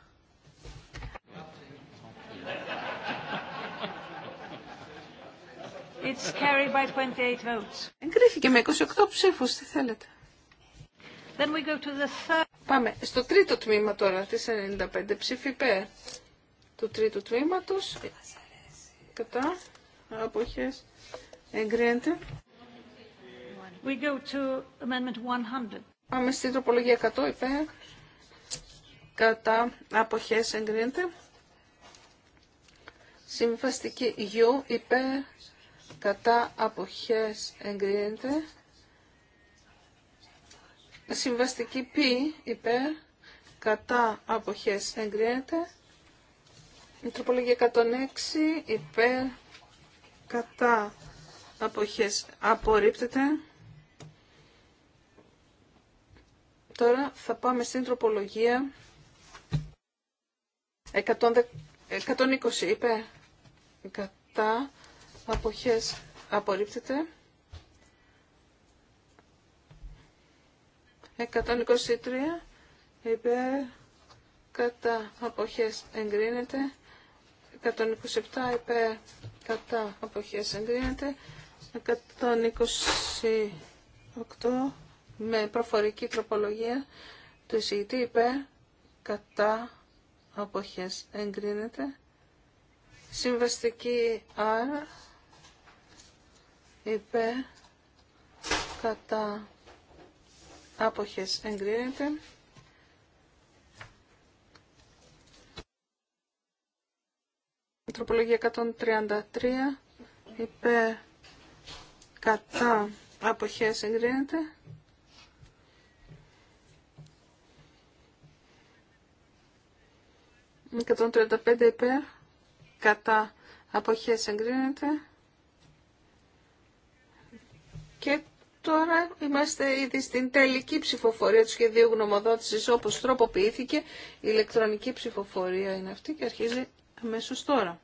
Εγκρίθηκε με 28 ψήφους, τι θέλετε. Then we go to the third... Πάμε στο τρίτο τμήμα τώρα Τις 95 ψήφι υπέρ του τρίτου τμήματος. Κατά, αποχές, εγκρίνεται. We go to amendment 100. Πάμε στην τροπολογία 100 υπέρ. Κατά, αποχές, εγκρίνεται. Συμβαστική U υπέρ κατά αποχές εγκρίνεται. Συμβαστική π υπέρ κατά αποχές εγκρίνεται. Η τροπολογία 106 υπέρ κατά αποχές απορρίπτεται. Τώρα θα πάμε στην τροπολογία 120 υπέρ κατά αποχές απορρίπτεται. 123 υπέρ κατά αποχές εγκρίνεται. 127 υπέρ κατά αποχές εγκρίνεται. 128 με προφορική τροπολογία του εισηγητή υπέρ κατά αποχές εγκρίνεται. Συμβαστική άρα υπέρ κατά άποχες εγκρίνεται. Τροπολογία 133 υπέρ κατά άποχες εγκρίνεται. «135 υπέρ, κατά αποχές εγκρίνεται». Και τώρα είμαστε ήδη στην τελική ψηφοφορία του σχεδίου γνωμοδότησης όπως τροποποιήθηκε. Η ηλεκτρονική ψηφοφορία είναι αυτή και αρχιζει αμεσω αμέσως τώρα.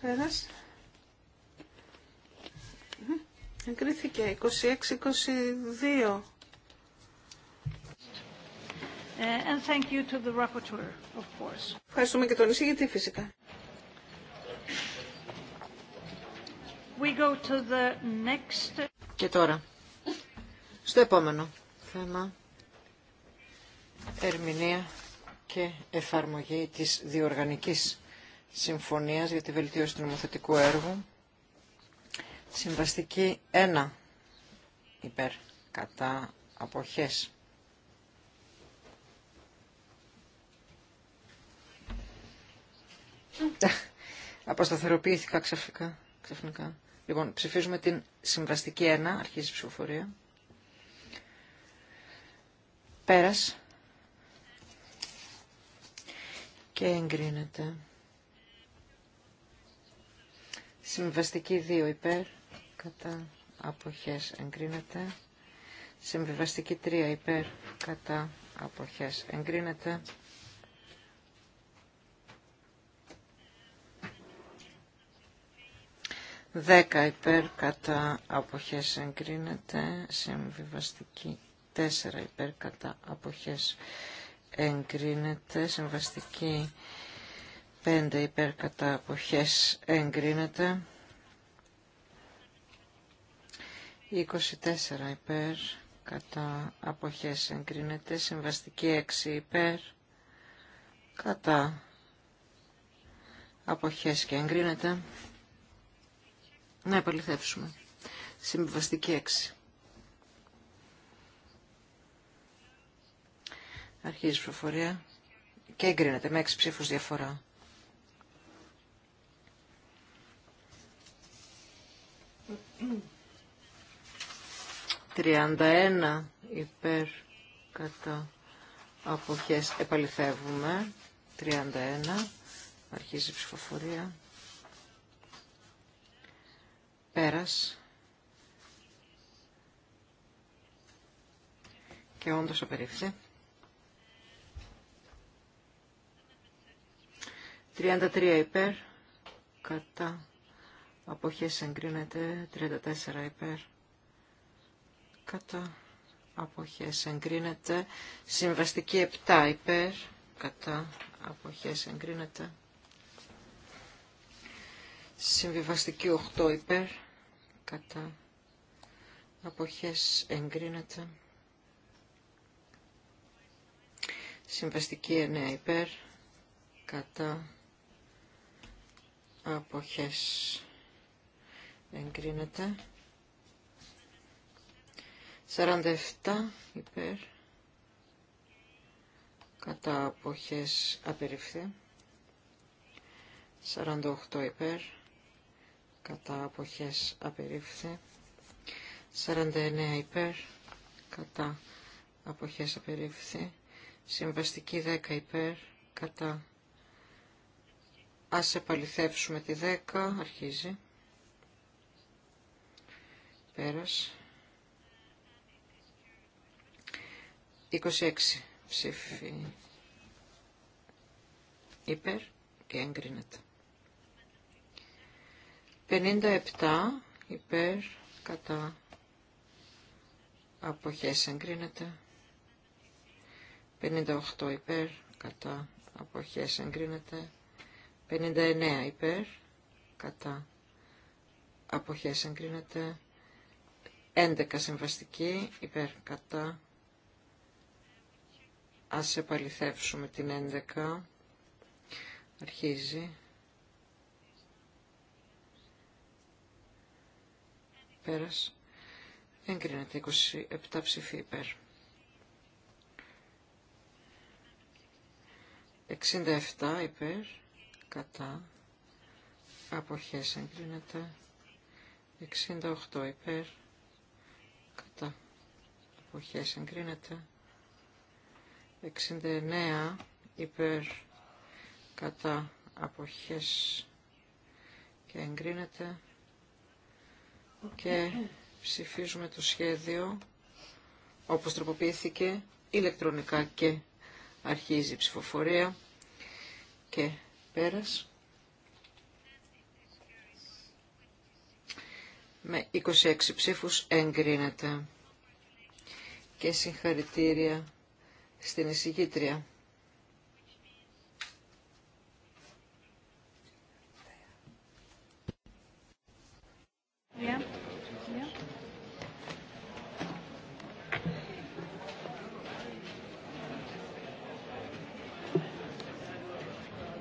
Πέρας. Εγκρίθηκε 26-22. Ε, and thank you to the rapporteur, of course. Ευχαριστούμε και τον εισηγητή φυσικά. Και τώρα, στο επόμενο θέμα, ερμηνεία και εφαρμογή της διοργανικής συμφωνίας για τη βελτίωση του νομοθετικού έργου. Συμβαστική 1 υπέρ κατά αποχές. Αποσταθεροποιήθηκα ξαφνικά. ξαφνικά. Λοιπόν, ψηφίζουμε την συμβαστική 1, αρχίζει η ψηφοφορία. Πέρας. Και εγκρίνεται. Συμβαστική 2 υπέρ, κατά αποχές εγκρίνεται. Συμβαστική 3 υπέρ, κατά αποχές εγκρίνεται. 10 υπέρ κατά αποχές εγκρίνεται. Συμβιβαστική 4 υπέρ κατά αποχές εγκρίνεται. Συμβαστική 5 υπέρ κατά αποχές εγκρίνεται. 24 υπέρ κατά αποχές εγκρίνεται. Συμβαστική 6 υπέρ κατά αποχές και εγκρίνεται. Να επαληθεύσουμε. Συμβιβαστική 6. Αρχίζει η προφορία και εγκρίνεται με έξι ψήφους διαφορά. 31 υπέρ κατά αποχές επαληθεύουμε. 31 Αρχίζει η ψηφοφορία. Πέρας. Και όντως απερίφθη. 33 υπέρ. Κατά. Αποχές εγκρίνεται. 34 υπέρ. Κατά. Αποχές εγκρίνεται. Συμβαστική 7 υπέρ. Κατά. Αποχές εγκρίνεται. Συμβιβαστική 8 υπέρ κατά αποχές εγκρίνεται συμβαστική 9 υπέρ κατά αποχές εγκρίνεται 47 υπέρ κατά αποχές απεριφθεί 48 υπέρ κατά αποχές απερίφθη 49 υπέρ κατά αποχές απερίφθη συμβαστική 10 υπέρ κατά ας επαληθεύσουμε τη 10 αρχίζει πέρας 26 ψήφι υπέρ και εγκρίνεται 57 υπέρ κατά αποχές εγκρίνεται. 58 υπέρ κατά αποχές εγκρίνεται. 59 υπέρ κατά αποχές εγκρίνεται. 11 συμβαστική υπέρ κατά. Ας επαληθεύσουμε την 11. Αρχίζει. Πέρας. Εγκρίνεται 27 ψηφοί υπέρ. 67 υπέρ. Κατά. Αποχές εγκρίνεται. 68 υπέρ. Κατά. Αποχές εγκρίνεται. 69 υπέρ. Κατά. Αποχές και εγκρίνεται και ψηφίζουμε το σχέδιο όπως τροποποιήθηκε ηλεκτρονικά και αρχίζει η ψηφοφορία και πέρας. Με 26 ψήφους εγκρίνεται και συγχαρητήρια στην εισηγήτρια.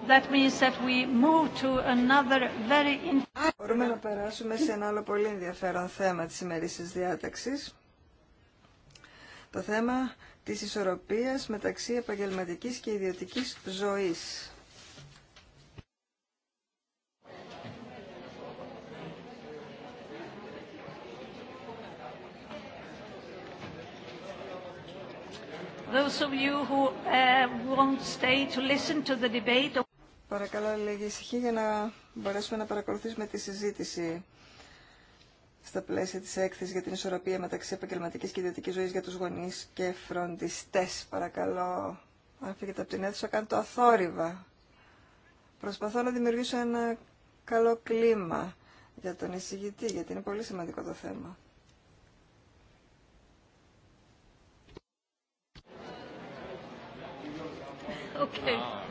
That means that we move to another very... Μπορούμε να περάσουμε σε ένα άλλο πολύ ενδιαφέρον θέμα της σημερινής διάταξης. Το θέμα της ισορροπίας μεταξύ επαγγελματικής και ιδιωτικής ζωής. Those of you who uh, won't stay to listen to the debate Παρακαλώ λίγη ησυχία για να μπορέσουμε να παρακολουθήσουμε τη συζήτηση στα πλαίσια της έκθεσης για την ισορροπία μεταξύ επαγγελματικής και ιδιωτικής ζωής για τους γονείς και φροντιστές. Παρακαλώ, αν φύγετε από την αίθουσα, κάντε το αθόρυβα. Προσπαθώ να δημιουργήσω ένα καλό κλίμα για τον εισηγητή, γιατί είναι πολύ σημαντικό το θέμα. Okay.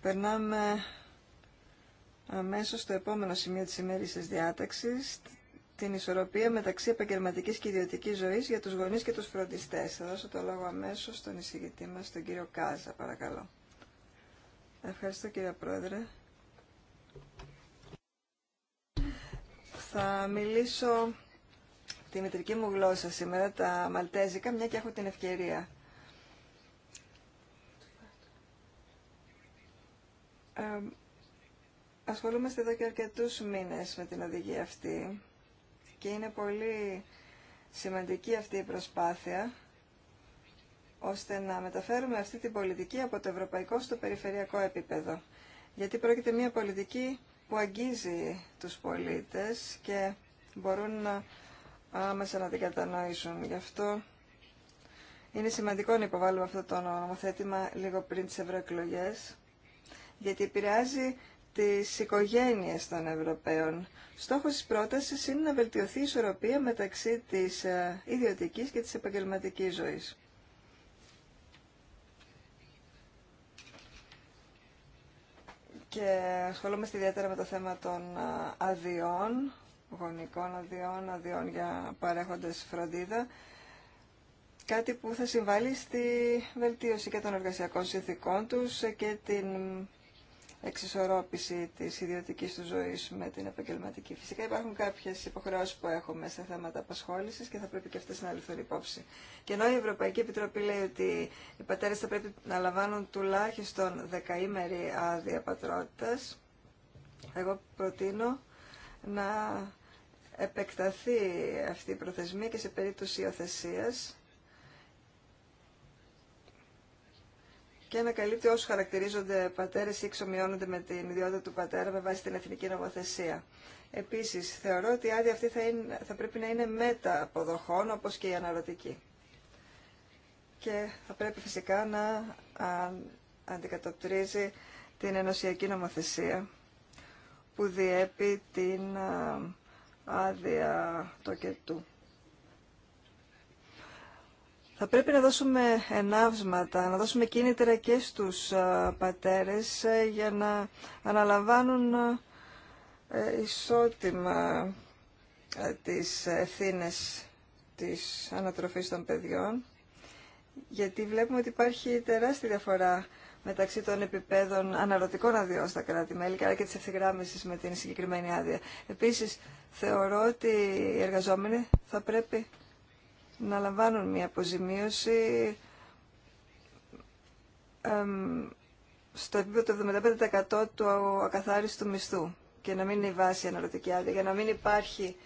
Περνάμε αμέσω στο επόμενο σημείο της ημέρησης διάταξης, την ισορροπία μεταξύ επαγγελματική και ιδιωτική ζωής για τους γονείς και τους φροντιστέ. Θα δώσω το λόγο αμέσω στον εισηγητή μας, τον κύριο Κάζα, παρακαλώ. Ευχαριστώ κύριε Πρόεδρε. Θα μιλήσω τη μητρική μου γλώσσα σήμερα, τα Μαλτέζικα, μια και έχω την ευκαιρία. ασχολούμαστε εδώ και αρκετούς μήνες με την οδηγία αυτή και είναι πολύ σημαντική αυτή η προσπάθεια ώστε να μεταφέρουμε αυτή την πολιτική από το ευρωπαϊκό στο περιφερειακό επίπεδο. Γιατί πρόκειται μια πολιτική που αγγίζει τους πολίτες και μπορούν να άμεσα να την κατανοήσουν. Γι' αυτό είναι σημαντικό να υποβάλουμε αυτό το νομοθέτημα λίγο πριν τις ευρωεκλογές γιατί επηρεάζει τις οικογένειες των Ευρωπαίων. Στόχος της πρότασης είναι να βελτιωθεί η ισορροπία μεταξύ της ε, ιδιωτικής και της επαγγελματικής ζωής. Και ασχολούμαστε ιδιαίτερα με το θέμα των ε, αδειών, γονικών αδειών, αδειών για παρέχοντες φροντίδα, κάτι που θα συμβάλλει στη βελτίωση και των εργασιακών συνθήκων τους και την εξισορρόπηση της ιδιωτική του ζωή με την επαγγελματική. Φυσικά υπάρχουν κάποιες υποχρεώσεις που έχουμε σε θέματα απασχόληση και θα πρέπει και αυτές να ληφθούν υπόψη. Και ενώ η Ευρωπαϊκή Επιτροπή λέει ότι οι πατέρε θα πρέπει να λαμβάνουν τουλάχιστον δεκαήμερη άδεια πατρότητα, εγώ προτείνω να επεκταθεί αυτή η προθεσμία και σε περίπτωση υιοθεσία. και ανακαλύπτει όσου χαρακτηρίζονται πατέρε ή εξομοιώνονται με την ιδιότητα του πατέρα με βάση την εθνική νομοθεσία. Επίση, θεωρώ ότι η άδεια αυτή θα, είναι, θα πρέπει να είναι μεταποδοχών, όπω και η αναρωτική. Και θα πρέπει φυσικά να αντικατοπτρίζει την ενωσιακή νομοθεσία που διέπει την άδεια το και θα πρέπει να δώσουμε ενάυσματα, να δώσουμε κίνητρα και στους πατέρες ε, για να αναλαμβάνουν ε, ισότιμα ε, τις ευθύνε της ανατροφής των παιδιών, γιατί βλέπουμε ότι υπάρχει τεράστια διαφορά μεταξύ των επιπέδων αναρωτικών αδειών στα κράτη-μέλη, και της ευθυγράμμισης με την συγκεκριμένη άδεια. Επίσης, θεωρώ ότι οι εργαζόμενοι θα πρέπει να λαμβάνουν μια αποζημίωση στο επίπεδο του 75% του ακαθάριστου μισθού και να μην είναι η βάση αναρωτική άδεια, για να μην υπάρχει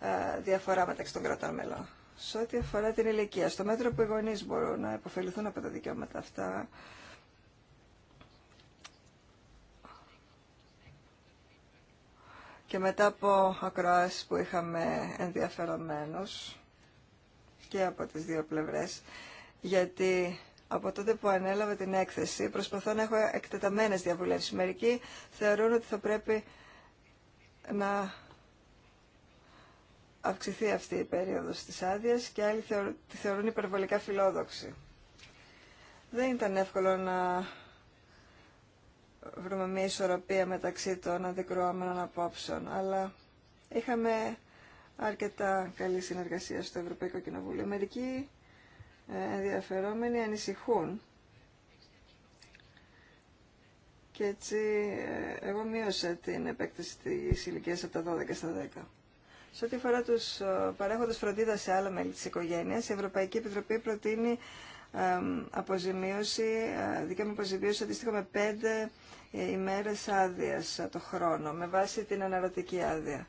ε, διαφορά μεταξύ των κρατών μελών. Σε ό,τι αφορά την ηλικία, στο μέτρο που οι γονείς μπορούν να υποφεληθούν από τα δικαιώματα αυτά, και μετά από ακροάσεις που είχαμε ενδιαφερομένους, και από τις δύο πλευρές, γιατί από τότε που ανέλαβα την έκθεση προσπαθώ να έχω εκτεταμένες διαβουλεύσεις. Μερικοί θεωρούν ότι θα πρέπει να αυξηθεί αυτή η περίοδος της άδεια και άλλοι τη θεωρούν υπερβολικά φιλόδοξη. Δεν ήταν εύκολο να βρούμε μια ισορροπία μεταξύ των αντικρουόμενων απόψεων, αλλά είχαμε αρκετά καλή συνεργασία στο Ευρωπαϊκό Κοινοβούλιο. Μερικοί ε, ενδιαφερόμενοι ανησυχούν και έτσι ε, εγώ μείωσα την επέκταση της ηλικίας από τα 12 στα 10. Σε ό,τι αφορά τους ε, παρέχοντας φροντίδα σε άλλα μέλη τη οικογένεια, η Ευρωπαϊκή Επιτροπή προτείνει αποζημίωση, δικαίωμα αποζημίωση αντίστοιχα με πέντε ημέρες άδεια το χρόνο, με βάση την αναρωτική άδεια.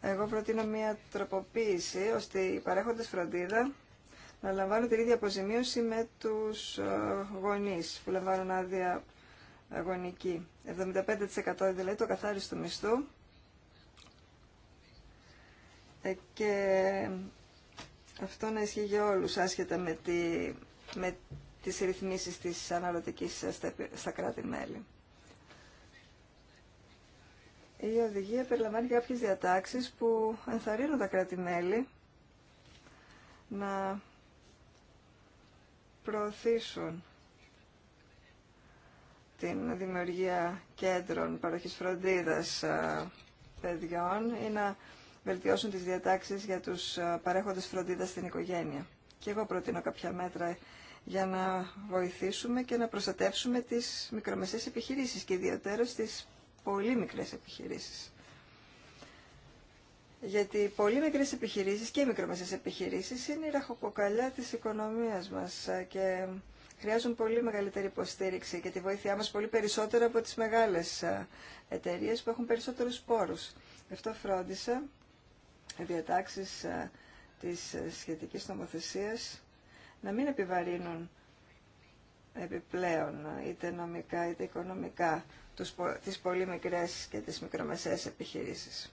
Εγώ προτείνω μια τροποποίηση ώστε οι παρέχοντες φροντίδα να λαμβάνουν την ίδια αποζημίωση με τους ε, γονείς που λαμβάνουν άδεια γονική. 75% δηλαδή το καθάριστο μισθού ε, και αυτό να ισχύει για όλους άσχετα με, τη, με τις ρυθμίσεις της αναλωτικής στα κράτη-μέλη η οδηγία περιλαμβάνει κάποιες διατάξεις που ενθαρρύνουν τα κράτη-μέλη να προωθήσουν την δημιουργία κέντρων παροχής φροντίδας παιδιών ή να βελτιώσουν τις διατάξεις για τους παρέχοντες φροντίδα στην οικογένεια. Και εγώ προτείνω κάποια μέτρα για να βοηθήσουμε και να προστατεύσουμε τις μικρομεσαίες επιχειρήσεις και ιδιαίτερα τις πολύ μικρές επιχειρήσεις. Γιατί οι πολύ μικρές επιχειρήσεις και οι μικρομεσαίες επιχειρήσεις είναι η ραχοκοκαλιά της οικονομίας μας και χρειάζουν πολύ μεγαλύτερη υποστήριξη και τη βοήθειά μας πολύ περισσότερο από τις μεγάλες ε, εταιρείε που έχουν περισσότερους πόρους. Γι' αυτό φρόντισα διατάξεις ε, της σχετικής νομοθεσίας να μην επιβαρύνουν επιπλέον είτε νομικά είτε οικονομικά τους, τις πολύ μικρές και τις μικρομεσαίες επιχειρήσεις.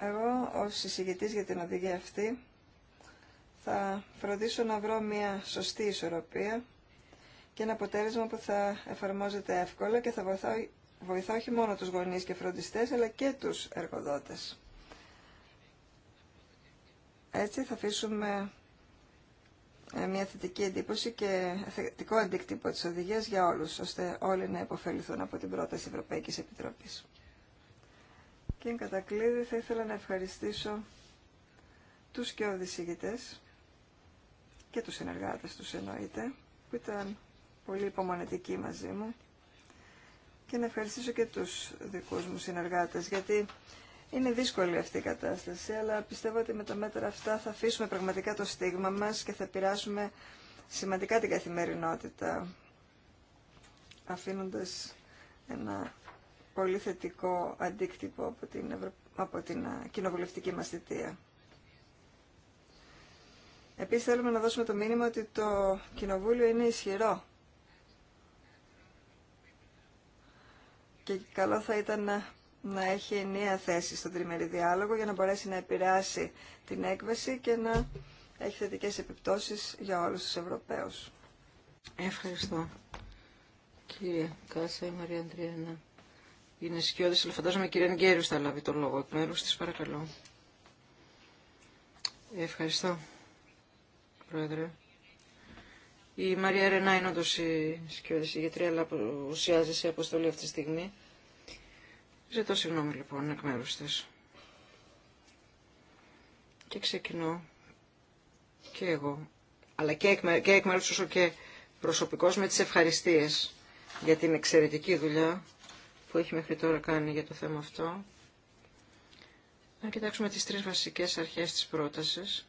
Εγώ ως συζητητής για την οδηγία αυτή θα φροντίσω να βρω μια σωστή ισορροπία και ένα αποτέλεσμα που θα εφαρμόζεται εύκολα και θα βοηθά, βοηθά όχι μόνο τους γονείς και φροντιστές αλλά και τους εργοδότες. Έτσι θα αφήσουμε ε, μια θετική εντύπωση και θετικό αντίκτυπο της οδηγίας για όλους, ώστε όλοι να υποφεληθούν από την πρόταση Ευρωπαϊκής Επιτροπής. Και εν κατακλείδη θα ήθελα να ευχαριστήσω τους και οδησίγητες και τους συνεργάτες τους εννοείται, που ήταν πολύ υπομονετικοί μαζί μου και να ευχαριστήσω και τους δικούς μου συνεργάτες, γιατί είναι δύσκολη αυτή η κατάσταση, αλλά πιστεύω ότι με τα μέτρα αυτά θα αφήσουμε πραγματικά το στίγμα μας και θα πειράσουμε σημαντικά την καθημερινότητα, αφήνοντας ένα πολύ θετικό αντίκτυπο από την, από την κοινοβουλευτική μας θητεία. Επίσης θέλουμε να δώσουμε το μήνυμα ότι το κοινοβούλιο είναι ισχυρό. Και καλό θα ήταν να να έχει νέα θέση στον τριμερή διάλογο για να μπορέσει να επηρεάσει την έκβαση και να έχει θετικές επιπτώσεις για όλους τους Ευρωπαίους. Ευχαριστώ. Κύριε Κάσα, η Μαρία Αντριένα. Είναι σκιώδης, αλλά φαντάζομαι η κυρία θα λάβει τον λόγο. Εκ μέρους της παρακαλώ. Ευχαριστώ, Πρόεδρε. Η Μαρία Ρενά είναι όντως η σκιώδης αλλά ουσιάζει σε αποστολή αυτή τη στιγμή. Ζητώ συγγνώμη λοιπόν εκ μέρους της. Και ξεκινώ και εγώ, αλλά και εκ, και εκ όσο και προσωπικός με τις ευχαριστίες για την εξαιρετική δουλειά που έχει μέχρι τώρα κάνει για το θέμα αυτό. Να κοιτάξουμε τις τρεις βασικές αρχές της πρότασης.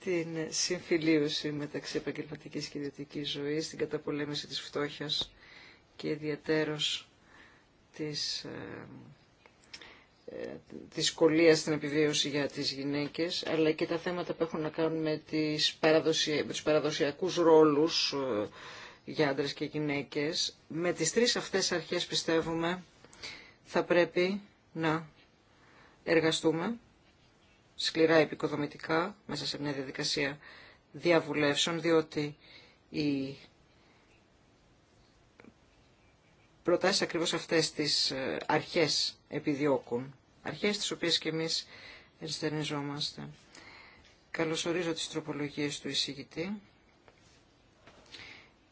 Την συμφιλίωση μεταξύ επαγγελματικής και ιδιωτικής ζωής, την καταπολέμηση της φτώχειας και ιδιαίτερος της δυσκολία ε, ε, στην επιβίωση για τις γυναίκες, αλλά και τα θέματα που έχουν να κάνουν με, τις παραδοσια... παραδοσιακούς ρόλους ε, για άντρες και γυναίκες. Με τις τρεις αυτές αρχές πιστεύουμε θα πρέπει να εργαστούμε σκληρά επικοδομητικά μέσα σε μια διαδικασία διαβουλεύσεων, διότι η προτάσεις ακριβώς αυτές τις ε, αρχές επιδιώκουν. Αρχές τις οποίες και εμείς ενστερνιζόμαστε. Καλωσορίζω τις τροπολογίες του εισηγητή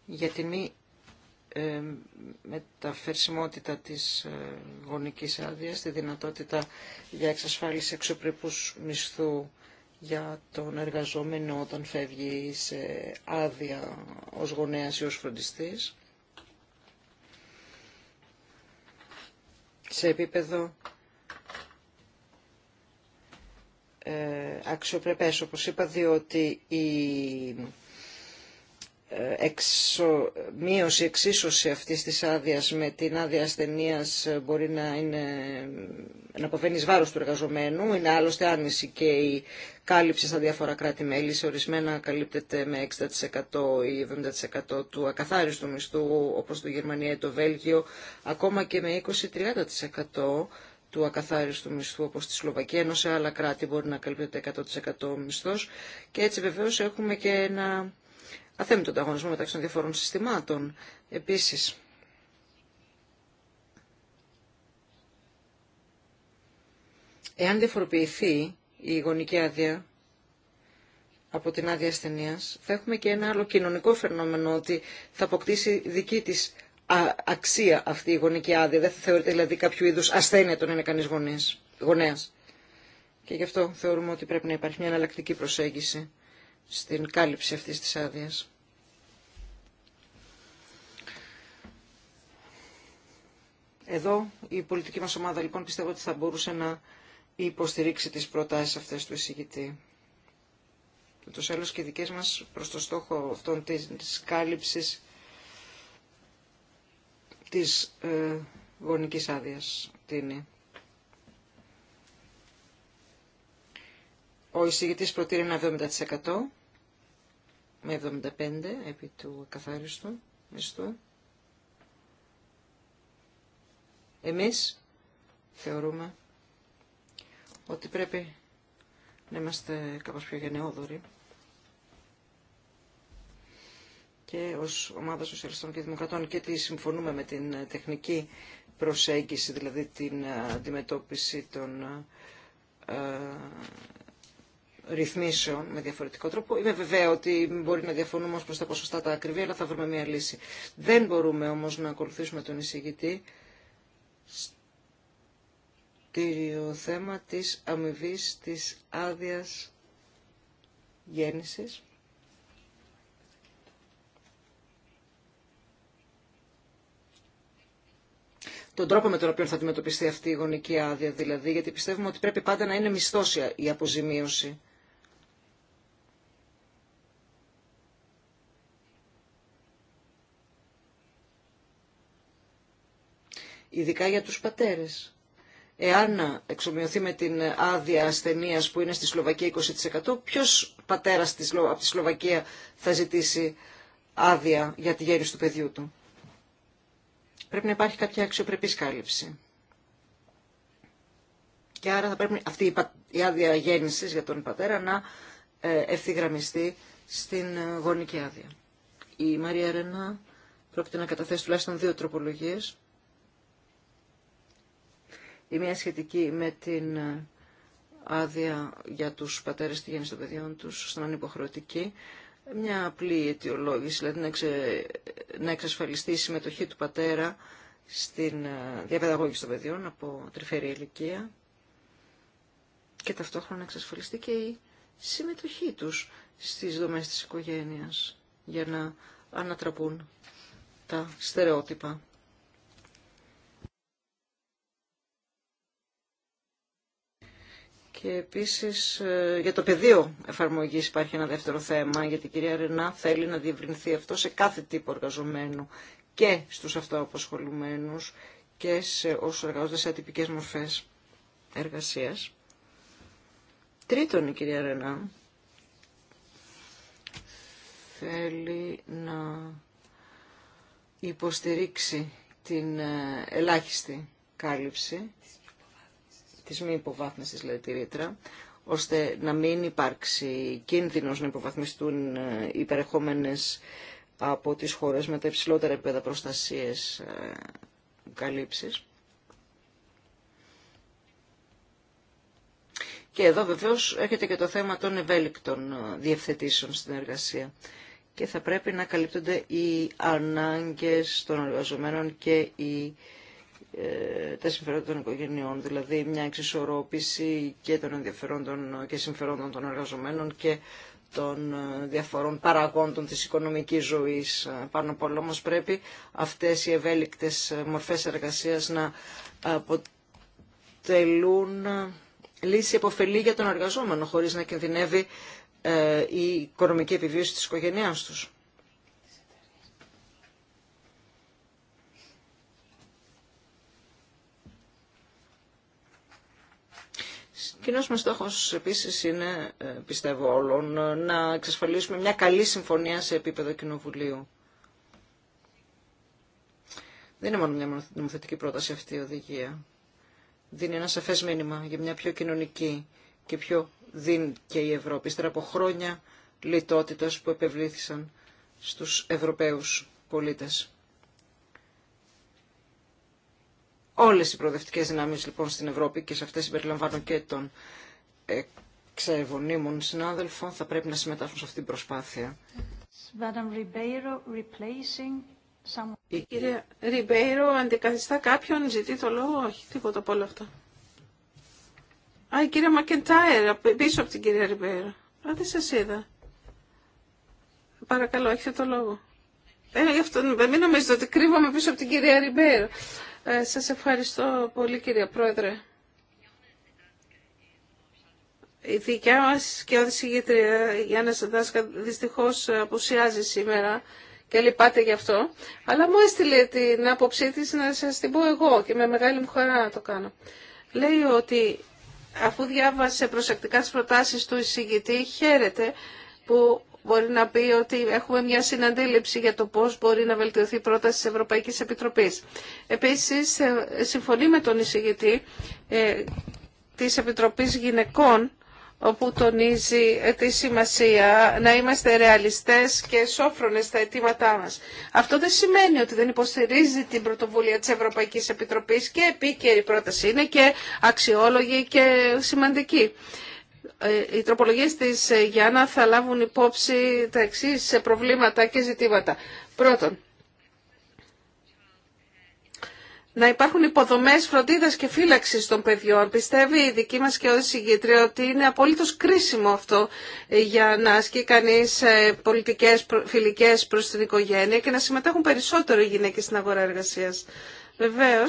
για τη μη ε, μεταφερσιμότητα της ε, γονικής άδειας, τη δυνατότητα για εξασφάλιση εξωπρεπούς μισθού για τον εργαζόμενο όταν φεύγει σε άδεια ως γονέας ή ως φροντιστής. σε επίπεδο ε, αξιοπρεπές, όπως είπα, διότι η εξομοίωση, μείωση, εξίσωση αυτής της άδεια με την άδεια ασθενεία μπορεί να, είναι, να αποβαίνει βάρος του εργαζομένου. Είναι άλλωστε άνηση και η κάλυψη στα διάφορα κράτη-μέλη. Σε ορισμένα καλύπτεται με 60% ή 70% του ακαθάριστου μισθού, όπως το Γερμανία ή το Βέλγιο, ακόμα και με 20-30% του ακαθάριστου μισθού όπως στη Σλοβακία, ενώ σε άλλα κράτη μπορεί να καλύπτεται 100% μισθός. Και έτσι βεβαίως έχουμε και ένα αθέμητο ανταγωνισμό μεταξύ των διαφορών συστημάτων. Επίσης, εάν διαφοροποιηθεί η γονική άδεια από την άδεια ασθενεία, θα έχουμε και ένα άλλο κοινωνικό φαινόμενο ότι θα αποκτήσει δική τη αξία αυτή η γονική άδεια. Δεν θα θεωρείται δηλαδή κάποιο είδου ασθένεια τον είναι κανεί γονέα. Και γι' αυτό θεωρούμε ότι πρέπει να υπάρχει μια εναλλακτική προσέγγιση στην κάλυψη αυτής της άδεια. Εδώ η πολιτική μας ομάδα λοιπόν πιστεύω ότι θα μπορούσε να υποστηρίξει τις προτάσεις αυτές του εισηγητή. του άλλως και οι δικές μας προς το στόχο αυτών της κάλυψης της ε, γονικής άδειας. Τι Ο εισηγητής προτείνει ένα 70% με 75% επί του καθάριστου μισθού. Εμείς θεωρούμε ότι πρέπει να είμαστε κάπως πιο γενναιόδοροι και ως ομάδα σοσιαλιστών και δημοκρατών και τι συμφωνούμε με την τεχνική προσέγγιση, δηλαδή την αντιμετώπιση των ε, ρυθμίσεων με διαφορετικό τρόπο. Είμαι βέβαια ότι μπορεί να διαφωνούμε ως προς τα ποσοστά τα ακριβή, αλλά θα βρούμε μια λύση. Δεν μπορούμε όμως να ακολουθήσουμε τον εισηγητή στο θέμα της αμοιβή της άδεια γέννησης. τον τρόπο με τον οποίο θα αντιμετωπιστεί αυτή η γονική άδεια δηλαδή, γιατί πιστεύουμε ότι πρέπει πάντα να είναι μισθώσια η αποζημίωση. ειδικά για τους πατέρες. Εάν εξομοιωθεί με την άδεια ασθενεία που είναι στη Σλοβακία 20%, ποιος πατέρας από τη Σλοβακία θα ζητήσει άδεια για τη γέννηση του παιδιού του. Πρέπει να υπάρχει κάποια αξιοπρεπή κάλυψη. Και άρα θα πρέπει αυτή η άδεια γέννησης για τον πατέρα να ε, ευθυγραμμιστεί στην ε, γονική άδεια. Η Μαρία Ρένα πρόκειται να καταθέσει τουλάχιστον δύο τροπολογίες η μία σχετική με την ε, άδεια για τους πατέρες τη γέννηση των παιδιών τους, στον να Μια απλή αιτιολόγηση, δηλαδή να, εξε... εξασφαλιστεί η συμμετοχή του πατέρα στην ε, διαπαιδαγώγηση των παιδιών από τρυφερή ηλικία και ταυτόχρονα να εξασφαλιστεί και η συμμετοχή τους στις δομές της οικογένειας για να ανατραπούν τα στερεότυπα Και επίσης ε, για το πεδίο εφαρμογής υπάρχει ένα δεύτερο θέμα, γιατί η κυρία Ρενά θέλει να διευρυνθεί αυτό σε κάθε τύπο εργαζομένου και στους αυτοαπασχολουμένους και σε όσους εργάζονται σε ατυπικές μορφές εργασίας. Τρίτον, η κυρία Ρενά θέλει να υποστηρίξει την ε, ελάχιστη κάλυψη της μη υποβάθμισης λέει τη ρήτρα, ώστε να μην υπάρξει κίνδυνος να υποβαθμιστούν οι ε, υπερεχόμενες από τις χώρες με τα υψηλότερα επίπεδα προστασίες ε, καλύψεις. Και εδώ βεβαίως έχετε και το θέμα των ευέλικτων ε, διευθετήσεων στην εργασία και θα πρέπει να καλύπτονται οι ανάγκες των εργαζομένων και οι ε, τα συμφέροντα των οικογενειών, δηλαδή μια εξισορρόπηση και των ενδιαφερόντων και συμφερόντων των εργαζομένων και των ε, διαφορών παραγόντων της οικονομικής ζωής. Ε, πάνω από όλα όμως πρέπει αυτές οι ευέλικτες μορφές εργασίας να αποτελούν λύση επωφελή για τον εργαζόμενο, χωρίς να κινδυνεύει η οικονομική επιβίωση της οικογένειάς τους. Κοινό μα στόχο επίση είναι, ε, πιστεύω όλων, ε, να εξασφαλίσουμε μια καλή συμφωνία σε επίπεδο κοινοβουλίου. Δεν είναι μόνο μια νομοθετική πρόταση αυτή η οδηγία. Δίνει ένα σαφέ μήνυμα για μια πιο κοινωνική και πιο η Ευρώπη, ύστερα από χρόνια λιτότητα που επευλήθησαν στους Ευρωπαίους πολίτες. Όλες οι προοδευτικές δυνάμεις λοιπόν στην Ευρώπη και σε αυτές συμπεριλαμβάνω και τον ξεβονίμων συνάδελφων θα πρέπει να συμμετάσχουν σε αυτή την προσπάθεια. Η κυρία Ριμπέιρο αντικαθιστά κάποιον, ζητεί το λόγο, όχι τίποτα από όλα αυτά. Α, η κυρία Μακεντάιρ, πίσω από την κυρία Ριμπέιρο. Α, δεν σας είδα. Παρακαλώ, έχετε το λόγο. Ε, γι' αυτό, μην νομίζετε ότι κρύβομαι πίσω από την κυρία Ριμπέιρο. Ε, σας ευχαριστώ πολύ κύριε Πρόεδρε. Η δικιά μας και οδησηγήτρια Γιάννα Σαντάσκα δυστυχώς απουσιάζει σήμερα και λυπάται γι' αυτό. Αλλά μου έστειλε την άποψή της να σας την πω εγώ και με μεγάλη μου χαρά να το κάνω. Λέει ότι αφού διάβασε προσεκτικά τις προτάσεις του εισηγητή χαίρεται που μπορεί να πει ότι έχουμε μια συναντήληψη για το πώς μπορεί να βελτιωθεί η πρόταση της Ευρωπαϊκής Επιτροπής. Επίσης, ε, συμφωνεί με τον εισηγητή ε, της Επιτροπής Γυναικών, όπου τονίζει ε, τη σημασία να είμαστε ρεαλιστές και σόφρονες στα αιτήματά μας. Αυτό δεν σημαίνει ότι δεν υποστηρίζει την πρωτοβουλία της Ευρωπαϊκής Επιτροπής και επίκαιρη πρόταση είναι και αξιόλογη και σημαντική. Ε, οι τροπολογίε τη ε, Γιάννα θα λάβουν υπόψη τα σε προβλήματα και ζητήματα. Πρώτον, να υπάρχουν υποδομές φροντίδας και φύλαξη των παιδιών. Πιστεύει η δική μα και ο συγκήτρια ότι είναι απολύτω κρίσιμο αυτό ε, για να ασκεί κανείς πολιτικές φιλικές προς την οικογένεια και να συμμετέχουν περισσότερο οι γυναίκες στην αγορά εργασία. Βεβαίω,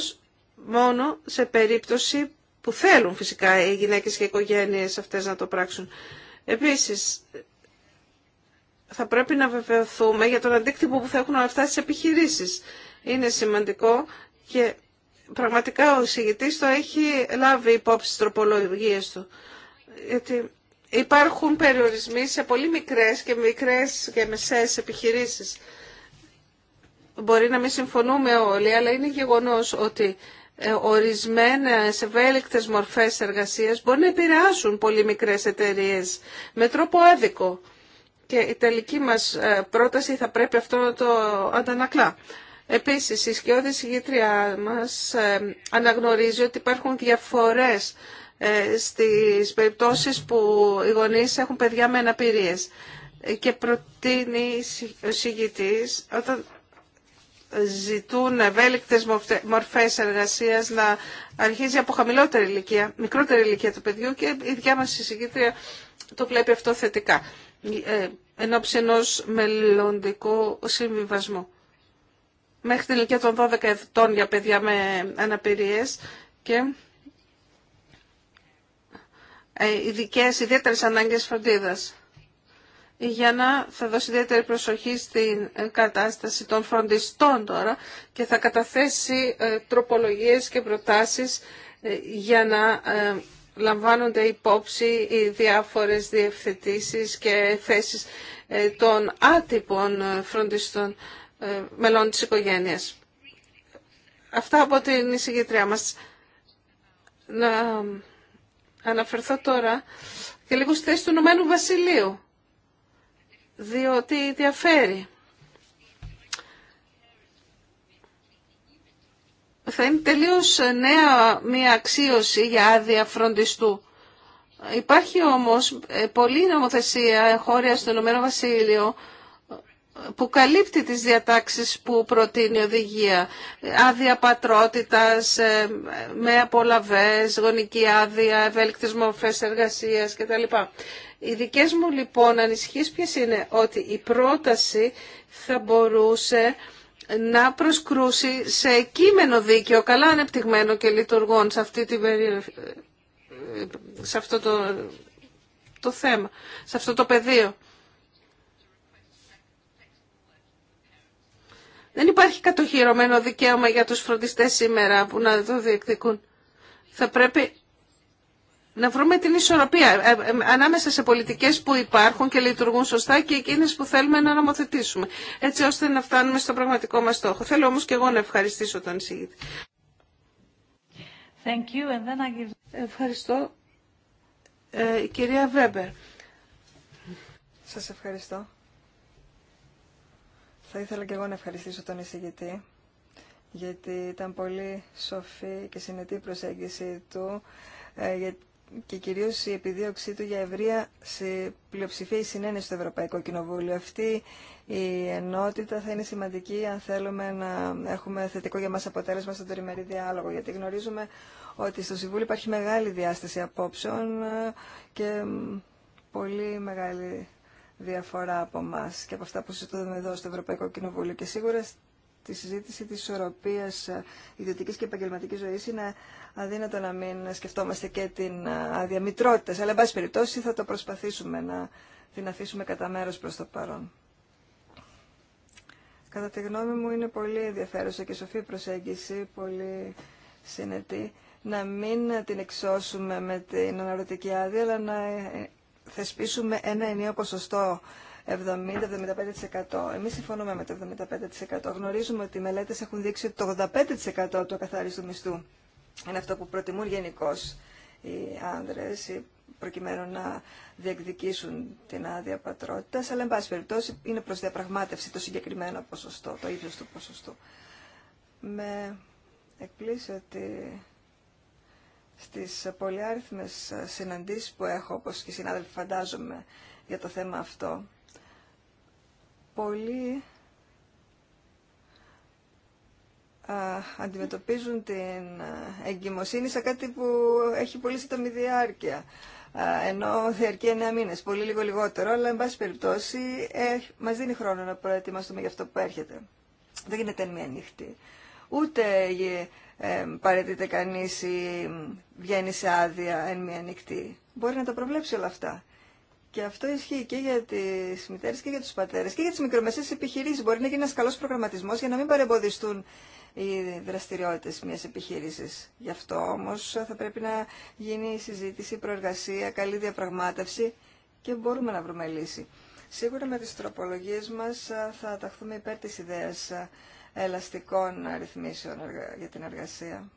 μόνο σε περίπτωση που θέλουν φυσικά οι γυναίκες και οι οικογένειες αυτές να το πράξουν. Επίσης, θα πρέπει να βεβαιωθούμε για τον αντίκτυπο που θα έχουν αυτά στις επιχειρήσεις. Είναι σημαντικό και πραγματικά ο εισηγητής το έχει λάβει υπόψη στις τροπολογίες του. Γιατί υπάρχουν περιορισμοί σε πολύ μικρές και μικρές και μεσαίες επιχειρήσεις. Μπορεί να μην συμφωνούμε όλοι, αλλά είναι γεγονός ότι ε, ορισμένες ευέλικτες μορφές εργασίας μπορεί να επηρεάσουν πολύ μικρές εταιρείες με τρόπο έδικο Και η τελική μας ε, πρόταση θα πρέπει αυτό να το αντανακλά. Επίσης, η σκιώδη συγγήτρια μας ε, αναγνωρίζει ότι υπάρχουν διαφορές στις περιπτώσεις που οι γονείς έχουν παιδιά με αναπηρίες και προτείνει ο συγγητής όταν ζητούν ευέλικτες μορφές εργασίας να αρχίζει από χαμηλότερη ηλικία, μικρότερη ηλικία του παιδιού και η δικιά μας συζητήτρια το βλέπει αυτό θετικά ε, εν ώψη ενός μελλοντικού συμβιβασμού. Μέχρι την ηλικία των 12 ετών για παιδιά με αναπηρίες και ε, ειδικές ιδιαίτερες ανάγκες φροντίδας για να θα δώσει ιδιαίτερη προσοχή στην ε, κατάσταση των φροντιστών τώρα και θα καταθέσει ε, τροπολογίες και προτάσεις ε, για να λαμβάνονται υπόψη οι διάφορες διευθετήσεις και θέσεις των άτυπων φροντιστών μελών της οικογένειας. Αυτά από την εισηγητριά μας. Να αναφερθώ τώρα και λίγο στη θέση του Ηνωμένου Βασιλείου διότι διαφέρει. Θα είναι τελείως νέα μία αξίωση για άδεια φροντιστού. Υπάρχει όμως ε, πολλή νομοθεσία χώρια στο Ηνωμένο Βασίλειο ε, που καλύπτει τις διατάξεις που προτείνει η οδηγία. Άδεια πατρότητας, ε, με απολαβές, γονική άδεια, ευέλικτες μορφές εργασίας κτλ. Οι δικέ μου λοιπόν ανησυχίες ποιες είναι ότι η πρόταση θα μπορούσε να προσκρούσει σε κείμενο δίκαιο, καλά ανεπτυγμένο και λειτουργών σε, αυτή τη σε αυτό το... το θέμα, σε αυτό το πεδίο. Δεν υπάρχει κατοχυρωμένο δικαίωμα για τους φροντιστές σήμερα που να το διεκδικούν. Θα πρέπει να βρούμε την ισορροπία ε, ε, ανάμεσα σε πολιτικές που υπάρχουν και λειτουργούν σωστά και εκείνες που θέλουμε να νομοθετήσουμε, έτσι ώστε να φτάνουμε στο πραγματικό μας στόχο. Θέλω όμως και εγώ να ευχαριστήσω τον εισηγητή. Ευχαριστώ. Ε, η κυρία Βέμπερ. Σας ευχαριστώ. Θα ήθελα και εγώ να ευχαριστήσω τον εισηγητή γιατί ήταν πολύ σοφή και συνετή προσέγγιση του και κυρίω η επιδίωξή του για ευρεία σε πλειοψηφία η συνένεση στο Ευρωπαϊκό Κοινοβούλιο. Αυτή η ενότητα θα είναι σημαντική αν θέλουμε να έχουμε θετικό για μας αποτέλεσμα στον τριμερή διάλογο, γιατί γνωρίζουμε ότι στο Συμβούλιο υπάρχει μεγάλη διάσταση απόψεων ε, και πολύ μεγάλη διαφορά από εμά και από αυτά που συζητούμε εδώ στο Ευρωπαϊκό Κοινοβούλιο. Και σίγουρα τη συζήτηση της ισορροπίας ε, ιδιωτικής και επαγγελματικής ζωής είναι αδύνατο να μην σκεφτόμαστε και την αδιαμητρότητα. Ε, αλλά, εν πάση περιπτώσει, θα το προσπαθήσουμε να την αφήσουμε κατά μέρο προς το παρόν. Κατά τη γνώμη μου είναι πολύ ενδιαφέρουσα και σοφή προσέγγιση, πολύ συνετή, να μην την εξώσουμε με την αναρωτική άδεια, αλλά να ε, θεσπίσουμε ένα ενιαίο ποσοστό 70-75%. Εμείς συμφωνούμε με το 75%. Γνωρίζουμε ότι οι μελέτες έχουν δείξει ότι το 85% του ακαθάριστου μισθού είναι αυτό που προτιμούν γενικώ οι άνδρε προκειμένου να διεκδικήσουν την άδεια πατρότητα. αλλά εν πάση περιπτώσει είναι προ διαπραγμάτευση το συγκεκριμένο ποσοστό, το ίδιο του ποσοστού. Με εκπλήσει ότι στις πολυάριθμε συναντήσεις που έχω, όπω και οι συνάδελφοι φαντάζομαι για το θέμα αυτό, πολλοί αντιμετωπίζουν την εγκυμοσύνη σαν κάτι που έχει πολύ σύντομη διάρκεια ενώ διαρκεί εννέα μήνες, πολύ λίγο λιγότερο, αλλά εν πάση περιπτώσει ε, μας δίνει χρόνο να προετοιμαστούμε για αυτό που έρχεται. Δεν γίνεται εν μία νύχτη. Ούτε ε, ε παρετείται κανείς ή βγαίνει σε άδεια εν μία νυχτή. Μπορεί να τα προβλέψει όλα αυτά. Και αυτό ισχύει και για τι μητέρε και για του πατέρε και για τι μικρομεσαίε επιχειρήσει. Μπορεί να γίνει ένα καλό προγραμματισμό για να μην παρεμποδιστούν οι δραστηριότητε μια επιχείρηση. Γι' αυτό όμω θα πρέπει να γίνει συζήτηση, προεργασία, καλή διαπραγμάτευση και μπορούμε να βρούμε λύση. Σίγουρα με τι τροπολογίε μα θα ταχθούμε υπέρ τη ιδέα ελαστικών αριθμίσεων για την εργασία.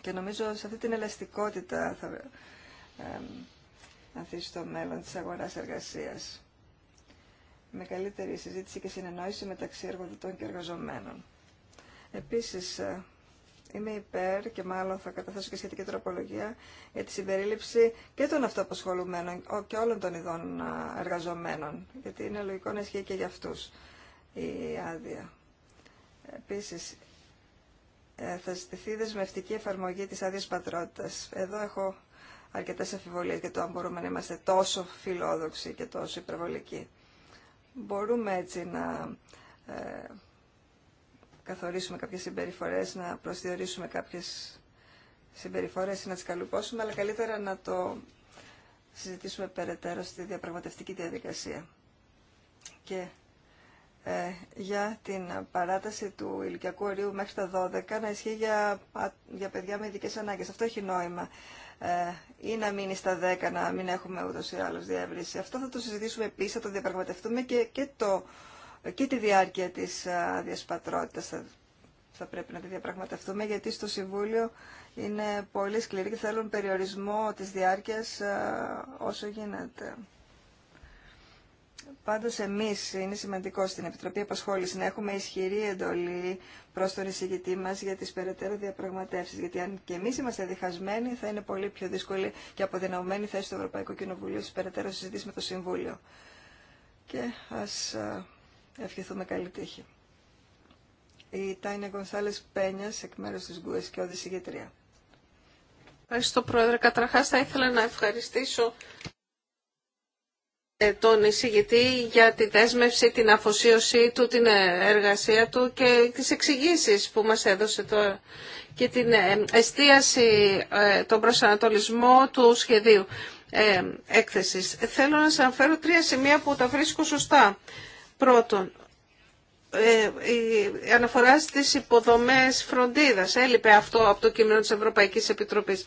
Και νομίζω σε αυτή την ελαστικότητα θα ανθίσει το μέλλον της αγοράς εργασίας με καλύτερη συζήτηση και συνεννόηση μεταξύ εργοδοτών και εργαζομένων. Επίσης, ε, είμαι υπέρ και μάλλον θα καταθέσω και σχετική τροπολογία για τη συμπερίληψη και των αυτοαπασχολουμένων και όλων των ειδών ε, εργαζομένων, γιατί είναι λογικό να ισχύει και για αυτούς η άδεια. Επίσης, ε, θα ζητηθεί δεσμευτική εφαρμογή της άδειας πατρότητας. Εδώ έχω αρκετέ αφιβολίε για το αν μπορούμε να είμαστε τόσο φιλόδοξοι και τόσο υπερβολικοί. Μπορούμε έτσι να ε, καθορίσουμε κάποιες συμπεριφορές, να προσδιορίσουμε κάποιες συμπεριφορές ή να τις καλουπώσουμε, αλλά καλύτερα να το συζητήσουμε περαιτέρω στη διαπραγματευτική διαδικασία. Και ε, για την παράταση του ηλικιακού ορίου μέχρι τα 12 να ισχύει για, για παιδιά με ειδικέ ανάγκε. Αυτό έχει νόημα. Ε, ή να μείνει στα 10, να μην έχουμε ούτως ή άλλως διεύρυνση. Αυτό θα το συζητήσουμε επίσης, θα το διαπραγματευτούμε και, και, το, και τη διάρκεια της διασπατρότητα. θα, θα πρέπει να τη διαπραγματευτούμε, γιατί στο Συμβούλιο είναι πολύ σκληροί και θέλουν περιορισμό της διάρκειας ε, όσο γίνεται. Πάντω εμεί είναι σημαντικό στην Επιτροπή Απασχόληση να έχουμε ισχυρή εντολή προ τον εισηγητή μα για τι περαιτέρω διαπραγματεύσει. Γιατί αν και εμεί είμαστε διχασμένοι θα είναι πολύ πιο δύσκολη και αποδυναμωμένη θέση του Ευρωπαϊκού Κοινοβουλίου στι περαιτέρω συζητήσει με το Συμβούλιο. Και α ευχηθούμε καλή τύχη. Η Τάινια Γκονσάλες Πένια, εκ μέρους τη Γκουέ και οδηγητρία. Ευχαριστώ Πρόεδρε. Καταρχά, θα ήθελα να ευχαριστήσω ε, τον γιατί για τη δέσμευση, την αφοσίωσή του, την ε, εργασία του και τις εξηγήσει που μας έδωσε τώρα και την ε, εστίαση, τον προσανατολισμό του σχεδίου έκθεσης. Θέλω να σας αναφέρω τρία σημεία που τα βρίσκω σωστά. Πρώτον, ε, η αναφορά στις υποδομές φροντίδας. Έλειπε αυτό από το κείμενο της Ευρωπαϊκής Επιτροπής.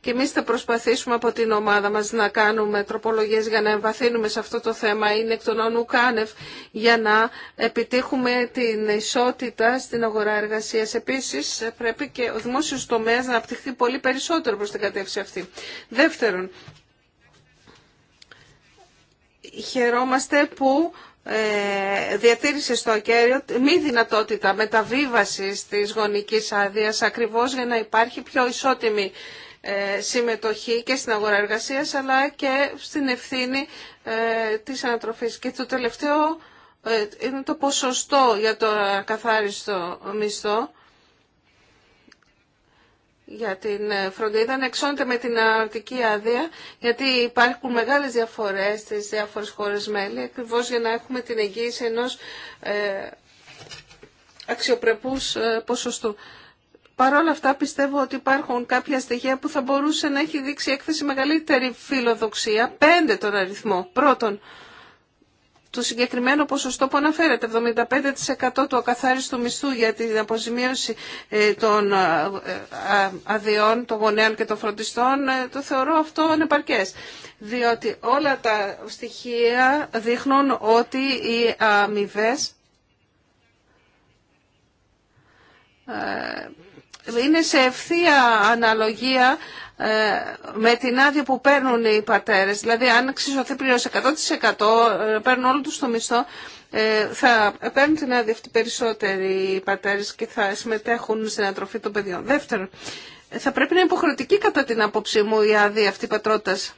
Και εμείς θα προσπαθήσουμε από την ομάδα μας να κάνουμε τροπολογίες για να εμβαθύνουμε σε αυτό το θέμα. Είναι εκ των Κάνευ για να επιτύχουμε την ισότητα στην αγορά εργασίας. Επίσης πρέπει και ο δημόσιος τομέας να απτυχθεί πολύ περισσότερο προς την κατεύθυνση αυτή. Δεύτερον, χαιρόμαστε που ε, διατήρησε στο ακέραιο μη δυνατότητα μεταβίβασης της γονικής άδειας ακριβώς για να υπάρχει πιο ισότιμη ε, συμμετοχή και στην αγορά εργασίας αλλά και στην ευθύνη ε, της ανατροφής. Και το τελευταίο είναι το ποσοστό για το καθάριστο μισθό για την ε, φροντίδα να εξώνεται με την αναρωτική άδεια, γιατί υπάρχουν μεγάλες διαφορές στις διάφορες χώρες μέλη, ακριβώ για να έχουμε την εγγύηση ενός ε, αξιοπρεπούς ε, ποσοστού. Παρ' όλα αυτά πιστεύω ότι υπάρχουν κάποια στοιχεία που θα μπορούσε να έχει δείξει έκθεση μεγαλύτερη φιλοδοξία, πέντε τον αριθμό. Πρώτον, το συγκεκριμένο ποσοστό που αναφέρεται, 75% του ακαθάριστου μισθού για την αποζημίωση ε, των ε, ε, αδειών, των γονέων και των φροντιστών, το θεωρώ αυτό ανεπαρκές. Διότι όλα τα στοιχεία δείχνουν ότι οι αμοιβέ είναι σε ευθεία αναλογία ε, με την άδεια που παίρνουν οι πατέρες, δηλαδή αν ξεσωθεί πλήρως 100% ε, παίρνουν όλο τους το μισθό, ε, θα παίρνουν την άδεια αυτή περισσότεροι οι πατέρες και θα συμμετέχουν στην ανατροφή των παιδιών. Δεύτερον, θα πρέπει να είναι υποχρεωτική κατά την άποψή μου η άδεια αυτή πατρότητας.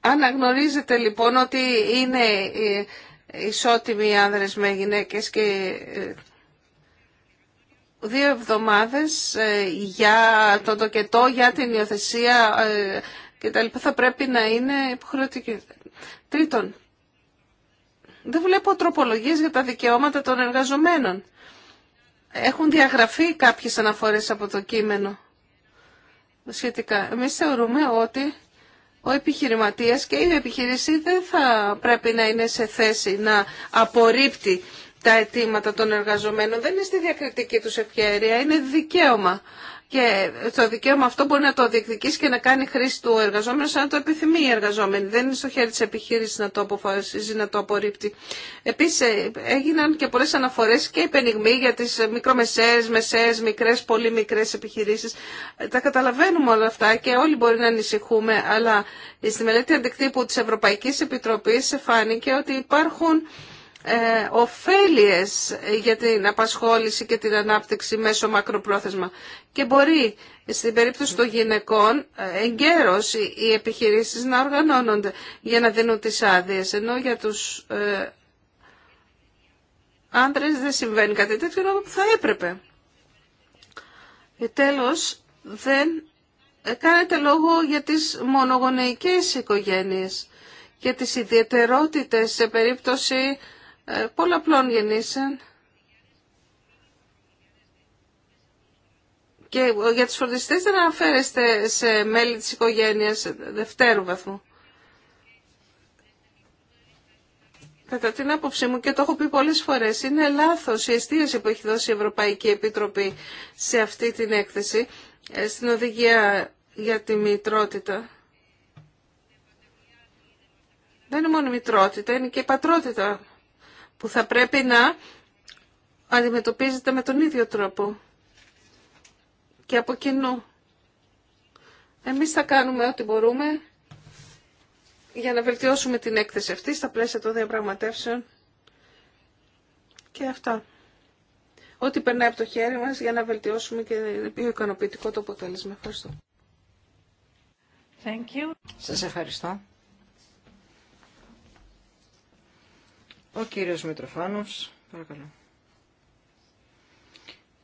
Αναγνωρίζετε λοιπόν ότι είναι ισότιμοι άνδρες με γυναίκες και ε, δύο εβδομάδες ε, για το τοκετό, για την υιοθεσία ε, και τα λοιπά θα πρέπει να είναι υποχρεωτική. Τρίτον, δεν βλέπω τροπολογίες για τα δικαιώματα των εργαζομένων. Έχουν διαγραφεί κάποιες αναφορές από το κείμενο σχετικά. Εμείς θεωρούμε ότι ο επιχειρηματίας και η επιχείρηση δεν θα πρέπει να είναι σε θέση να απορρίπτει τα αιτήματα των εργαζομένων. Δεν είναι στη διακριτική τους ευκαιρία, είναι δικαίωμα. Και το δικαίωμα αυτό μπορεί να το διεκδικήσει και να κάνει χρήση του εργαζόμενου να το επιθυμεί η εργαζόμενη. Δεν είναι στο χέρι τη επιχείρηση να το αποφασίζει, να το απορρίπτει. Επίση, ε, έγιναν και πολλέ αναφορέ και υπενιγμοί για τι μικρομεσαίε, μεσαίε, μικρέ, πολύ μικρέ επιχειρήσει. Ε, τα καταλαβαίνουμε όλα αυτά και όλοι μπορεί να ανησυχούμε, αλλά στη μελέτη αντικτύπου τη Ευρωπαϊκή Επιτροπή φάνηκε ότι υπάρχουν ε, ωφέλειες για την απασχόληση και την ανάπτυξη μέσω μακροπρόθεσμα. Και μπορεί στην περίπτωση των γυναικών ε, εγκαίρως οι επιχειρήσεις να οργανώνονται για να δίνουν τις άδειε, ενώ για τους ε, άντρες δεν συμβαίνει κάτι τέτοιο που θα έπρεπε. Και ε, τέλος, δεν κάνετε λόγο για τις μονογονεϊκές οικογένειες και τις ιδιαιτερότητες σε περίπτωση ε, πολλαπλών γεννήσεων και για τους φροντιστές δεν αναφέρεστε σε μέλη της οικογένειας δευτέρου βαθμού. Κατά την άποψή μου και το έχω πει πολλές φορές, είναι λάθος η εστίαση που έχει δώσει η Ευρωπαϊκή Επίτροπη σε αυτή την έκθεση, ε, στην οδηγία για τη μητρότητα. Δεν είναι μόνο η μητρότητα, είναι και η πατρότητα που θα πρέπει να αντιμετωπίζεται με τον ίδιο τρόπο και από κοινού. Εμείς θα κάνουμε ό,τι μπορούμε για να βελτιώσουμε την έκθεση αυτή στα πλαίσια των διαπραγματεύσεων και αυτά. Ό,τι περνάει από το χέρι μας για να βελτιώσουμε και πιο ικανοποιητικό το αποτέλεσμα. Ευχαριστώ. Σας ευχαριστώ. Ο κύριος Μητροφάνος, παρακαλώ.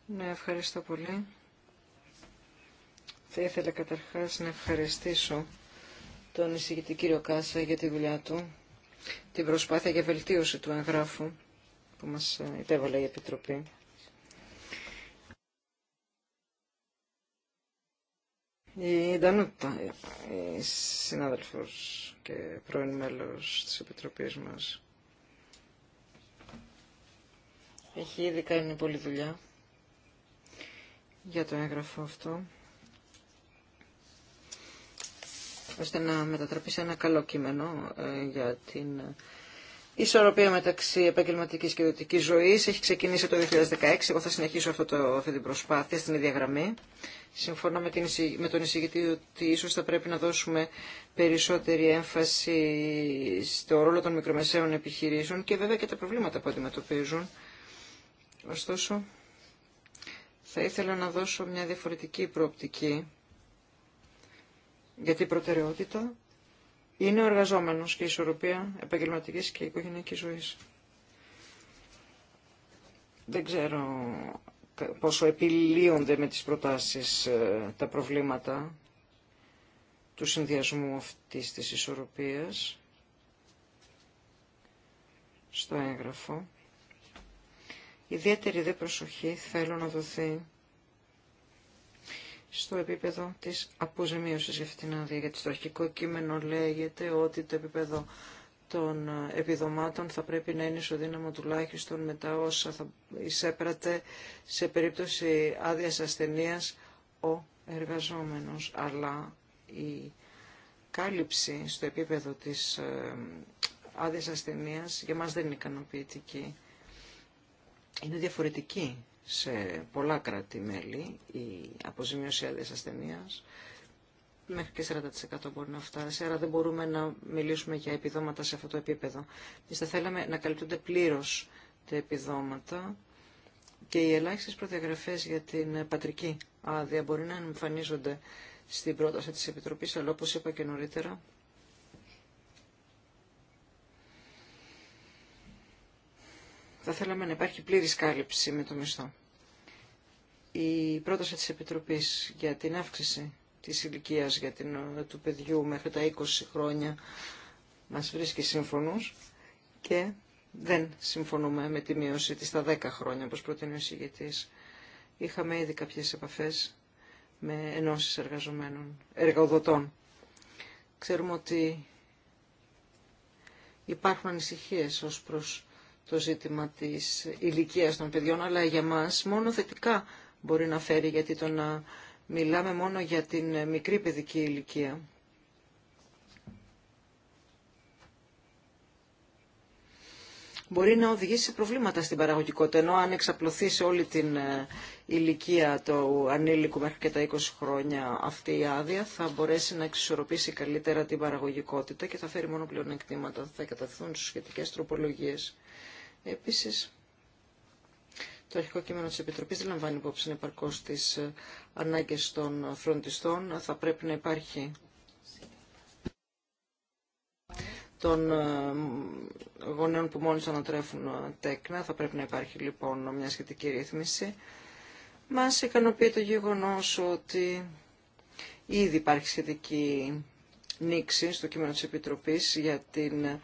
Ναι, ευχαριστώ πολύ. Θα ήθελα καταρχάς να ευχαριστήσω τον εισηγητή κύριο Κάσα για τη δουλειά του, την προσπάθεια για βελτίωση του εγγράφου που μας ε, υπέβαλε η Επιτροπή. Η Ντανούτα, η ε, ε, συνάδελφος και πρώην μέλος της Επιτροπής μας, Έχει ήδη κάνει πολλή δουλειά για το έγγραφο αυτό, ώστε να μετατραπεί σε ένα καλό κείμενο ε, για την ισορροπία μεταξύ επαγγελματικής και ιδιωτικής ζωής. Έχει ξεκινήσει το 2016, εγώ θα συνεχίσω αυτό το, αυτή την προσπάθεια στην ίδια γραμμή. Συμφωνώ με, την, με τον εισηγητή ότι ίσως θα πρέπει να δώσουμε περισσότερη έμφαση στο ρόλο των μικρομεσαίων επιχειρήσεων και βέβαια και τα προβλήματα που αντιμετωπίζουν Ωστόσο, θα ήθελα να δώσω μια διαφορετική προοπτική, γιατί η προτεραιότητα είναι ο εργαζόμενος και η ισορροπία επαγγελματικής και οικογενειακής ζωής. Δεν ξέρω πόσο επιλύονται με τις προτάσεις ε, τα προβλήματα του συνδυασμού αυτής της ισορροπίας στο έγγραφο. Ιδιαίτερη δε προσοχή θέλω να δοθεί στο επίπεδο της αποζημίωσης για αυτήν την άδεια. Γιατί στο αρχικό κείμενο λέγεται ότι το επίπεδο των επιδομάτων θα πρέπει να είναι ισοδύναμο τουλάχιστον μετά όσα θα εισέπρατε σε περίπτωση άδεια ασθενεία ο εργαζόμενος. Αλλά η κάλυψη στο επίπεδο της ε, άδεια ασθενεία για μας δεν είναι ικανοποιητική είναι διαφορετική σε πολλά κράτη-μέλη η αποζημίωση άδειας ασθενείας μέχρι και 40% μπορεί να φτάσει, άρα δεν μπορούμε να μιλήσουμε για επιδόματα σε αυτό το επίπεδο. Εμείς θα θέλαμε να καλυπτούνται πλήρως τα επιδόματα και οι ελάχιστε προδιαγραφέ για την πατρική άδεια μπορεί να εμφανίζονται στην πρόταση της Επιτροπής, αλλά όπως είπα και νωρίτερα, θα θέλαμε να υπάρχει πλήρης κάλυψη με το μισθό. Η πρόταση της Επιτροπής για την αύξηση της ηλικία για την, του παιδιού μέχρι τα 20 χρόνια μας βρίσκει σύμφωνος και δεν συμφωνούμε με τη μείωση της στα 10 χρόνια, όπως προτείνει ο Είχαμε ήδη κάποιες επαφές με ενώσεις εργαζομένων, εργοδοτών. Ξέρουμε ότι υπάρχουν ανησυχίες ως προς το ζήτημα της ηλικία των παιδιών, αλλά για μας μόνο θετικά μπορεί να φέρει, γιατί το να μιλάμε μόνο για την μικρή παιδική ηλικία. μπορεί να οδηγήσει προβλήματα στην παραγωγικότητα. Ενώ αν εξαπλωθεί σε όλη την ε, ηλικία του ανήλικου μέχρι και τα 20 χρόνια αυτή η άδεια, θα μπορέσει να εξισορροπήσει καλύτερα την παραγωγικότητα και θα φέρει μόνο πλεονεκτήματα. Θα καταθούν σχετικές τροπολογίες. Επίσης, το αρχικό κείμενο της Επιτροπής δεν λαμβάνει υπόψη επαρκώς τις ε, ανάγκες των φροντιστών. Θα πρέπει να υπάρχει των ε, γονέων που μόλις ανατρέφουν ε, τέκνα. Θα πρέπει να υπάρχει λοιπόν μια σχετική ρύθμιση. Μας ικανοποιεί το γεγονός ότι ήδη υπάρχει σχετική νήξη στο κείμενο της Επιτροπής για την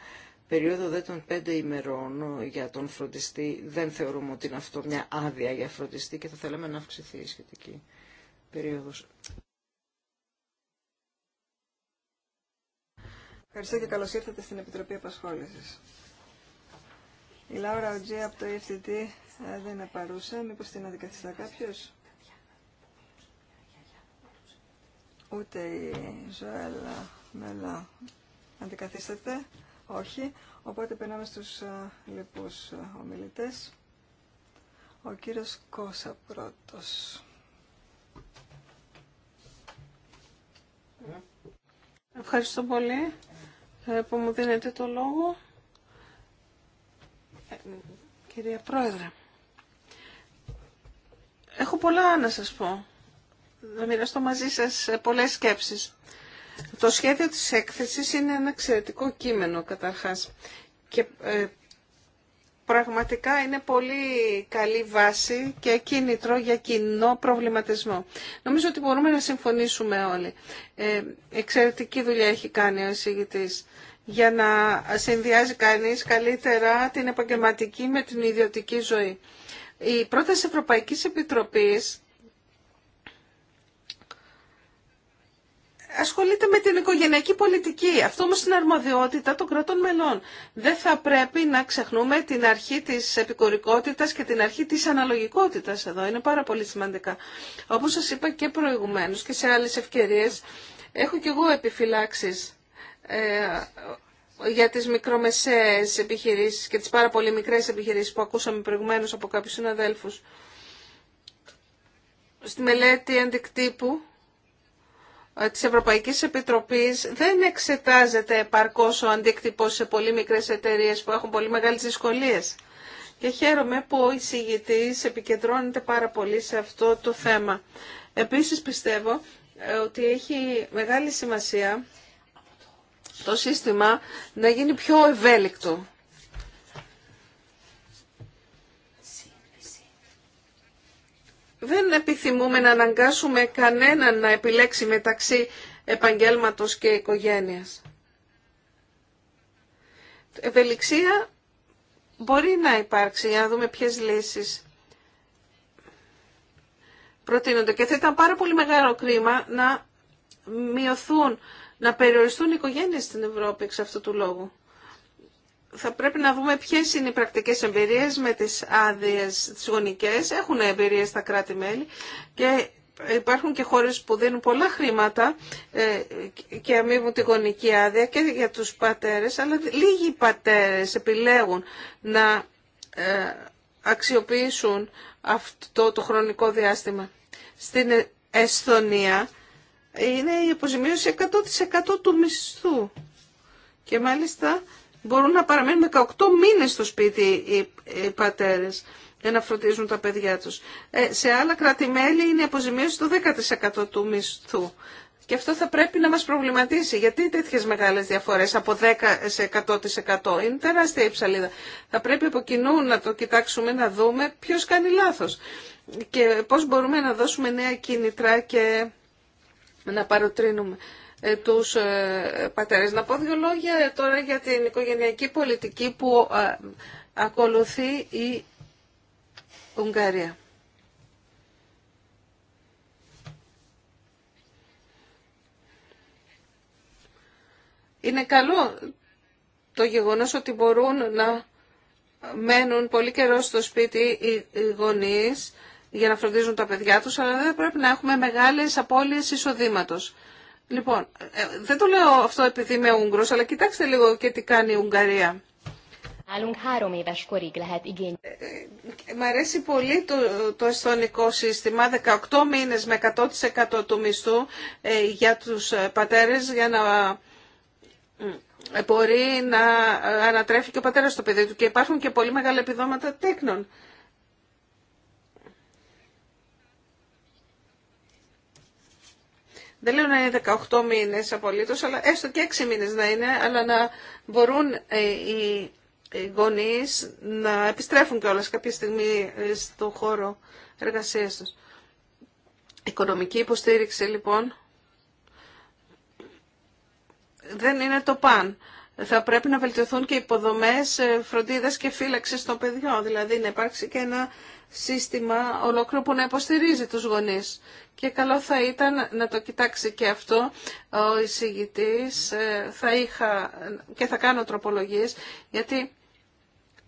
περίοδο δε των πέντε ημερών ε, για τον φροντιστή δεν θεωρούμε ότι είναι αυτό μια άδεια για φροντιστή και θα θέλαμε να αυξηθεί η σχετική περίοδος. Ευχαριστώ και καλώς ήρθατε στην Επιτροπή Απασχόλησης. Η Λάουρα Οτζή από το EFTT ε, δεν είναι παρούσα. Μήπως την αντικαθιστά κάποιος. Ούτε η Ζωέλα Μελά αντικαθίσταται. Όχι. Οπότε περνάμε στους λοιπούς ομιλητές. Ο κύριος Κώσα πρώτος. Ευχαριστώ πολύ ε, που μου δίνετε το λόγο. Ε, κυρία Πρόεδρε, έχω πολλά να σας πω. Να μοιραστώ μαζί σας ε, πολλές σκέψεις. Το σχέδιο της έκθεσης είναι ένα εξαιρετικό κείμενο καταρχάς και ε, πραγματικά είναι πολύ καλή βάση και κίνητρο για κοινό προβληματισμό. Νομίζω ότι μπορούμε να συμφωνήσουμε όλοι. Ε, εξαιρετική δουλειά έχει κάνει ο εισηγητής για να συνδυάζει κανείς καλύτερα την επαγγελματική με την ιδιωτική ζωή. Η πρόταση Ευρωπαϊκής Επιτροπής ασχολείται με την οικογενειακή πολιτική. Αυτό όμως είναι αρμοδιότητα των κρατών μελών. Δεν θα πρέπει να ξεχνούμε την αρχή της επικορικότητας και την αρχή της αναλογικότητας εδώ. Είναι πάρα πολύ σημαντικά. Όπως σας είπα και προηγουμένως και σε άλλες ευκαιρίες, έχω κι εγώ επιφυλάξεις ε, για τις μικρομεσαίες επιχειρήσεις και τις πάρα πολύ μικρές επιχειρήσεις που ακούσαμε προηγουμένως από κάποιους συναδέλφους. Στη μελέτη αντικτύπου ε, της Ευρωπαϊκής Επιτροπής δεν εξετάζεται επαρκώς ο αντίκτυπος σε πολύ μικρές εταιρείες που έχουν πολύ μεγάλες δυσκολίες. Και χαίρομαι που ο εισηγητής επικεντρώνεται πάρα πολύ σε αυτό το θέμα. Επίσης πιστεύω ε, ότι έχει μεγάλη σημασία το σύστημα να γίνει πιο ευέλικτο δεν επιθυμούμε να αναγκάσουμε κανέναν να επιλέξει μεταξύ επαγγέλματος και οικογένειας. Ευελιξία μπορεί να υπάρξει, για να δούμε ποιες λύσεις προτείνονται. Και θα ήταν πάρα πολύ μεγάλο κρίμα να μειωθούν, να περιοριστούν οι οικογένειες στην Ευρώπη εξ αυτού του λόγου θα πρέπει να δούμε ποιες είναι οι πρακτικές εμπειρίες με τις άδειε τις γονικές. Έχουν εμπειρίες τα κράτη-μέλη και υπάρχουν και χώρες που δίνουν πολλά χρήματα ε, και αμείβουν τη γονική άδεια και για τους πατέρες, αλλά λίγοι πατέρες επιλέγουν να ε, αξιοποιήσουν αυτό το χρονικό διάστημα. Στην Εσθονία είναι η αποζημίωση 100% του μισθού. Και μάλιστα μπορούν να παραμένουν 18 μήνες στο σπίτι οι πατέρες για να φροντίζουν τα παιδιά τους. Ε, σε άλλα κράτη-μέλη είναι αποζημίωση το 10% του μισθού. Και αυτό θα πρέπει να μας προβληματίσει. Γιατί τέτοιες μεγάλες διαφορές από 10% σε 100% είναι τεράστια η ψαλίδα. Θα πρέπει από κοινού να το κοιτάξουμε, να δούμε ποιος κάνει λάθος. Και πώς μπορούμε να δώσουμε νέα κίνητρα και να παροτρύνουμε. Ε, τους ε, πατέρες. Να πω δύο λόγια τώρα για την οικογενειακή πολιτική που ε, ακολουθεί η Ουγγαρία. Είναι καλό το γεγονός ότι μπορούν να μένουν πολύ καιρό στο σπίτι οι γονείς για να φροντίζουν τα παιδιά τους, αλλά δεν πρέπει να έχουμε μεγάλες απώλειες εισοδήματος. Λοιπόν, ε, δεν το λέω αυτό επειδή είμαι Ούγγρος, αλλά κοιτάξτε λίγο και τι κάνει η Ουγγαρία. Ε, ε, μ' αρέσει πολύ το, το εσθονικό σύστημα, 18 μήνες με 100% του μισθού για τους πατέρες για να ε, μπορεί να ανατρέφει και ο πατέρας το παιδί του. Και υπάρχουν και πολύ μεγάλα επιδόματα τέκνων. Δεν λέω να είναι 18 μήνες απολύτως, αλλά έστω και 6 μήνες να είναι, αλλά να μπορούν ε, οι γονείς να επιστρέφουν κιόλας κάποια στιγμή ε, στο χώρο εργασίας τους. Οικονομική υποστήριξη λοιπόν δεν είναι το παν. Θα πρέπει να βελτιωθούν και υποδομές ε, φροντίδας και φύλαξης των παιδιών, δηλαδή να υπάρξει και ένα σύστημα ολόκληρο που να υποστηρίζει τους γονείς. Και καλό θα ήταν να το κοιτάξει και αυτό ο εισηγητής. Ε, θα είχα και θα κάνω τροπολογίες, γιατί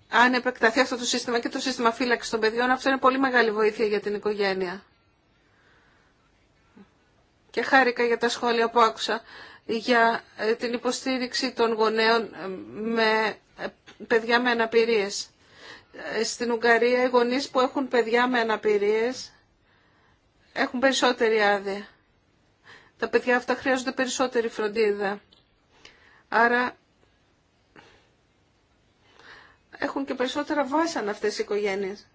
αν επεκταθεί αυτό το σύστημα και το σύστημα φύλαξη των παιδιών, αυτό είναι πολύ μεγάλη βοήθεια για την οικογένεια. Και χάρηκα για τα σχόλια που άκουσα για ε, την υποστήριξη των γονέων ε, με παιδιά με αναπηρίες στην Ουγγαρία οι γονείς που έχουν παιδιά με αναπηρίες έχουν περισσότερη άδεια. Τα παιδιά αυτά χρειάζονται περισσότερη φροντίδα. Άρα έχουν και περισσότερα βάσανα αυτές οι οικογένειες.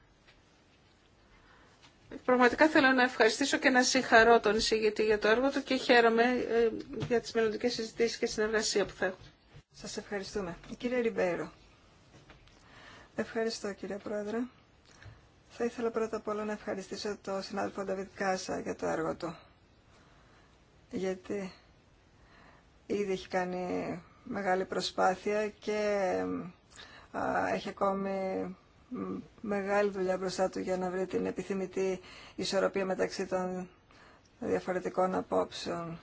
Πραγματικά θέλω να ευχαριστήσω και να συγχαρώ τον εισηγητή για το έργο του και χαίρομαι ε, για τις μελλοντικές συζητήσεις και συνεργασία που θα έχουν. Σας ευχαριστούμε. Κύριε Ριμπέρο. Ευχαριστώ κύριε Πρόεδρε. Θα ήθελα πρώτα απ' όλα να ευχαριστήσω τον συνάδελφο Νταβίτ Κάσα για το έργο του. Γιατί ήδη έχει κάνει μεγάλη προσπάθεια και έχει ακόμη μεγάλη δουλειά μπροστά του για να βρει την επιθυμητή ισορροπία μεταξύ των διαφορετικών απόψεων.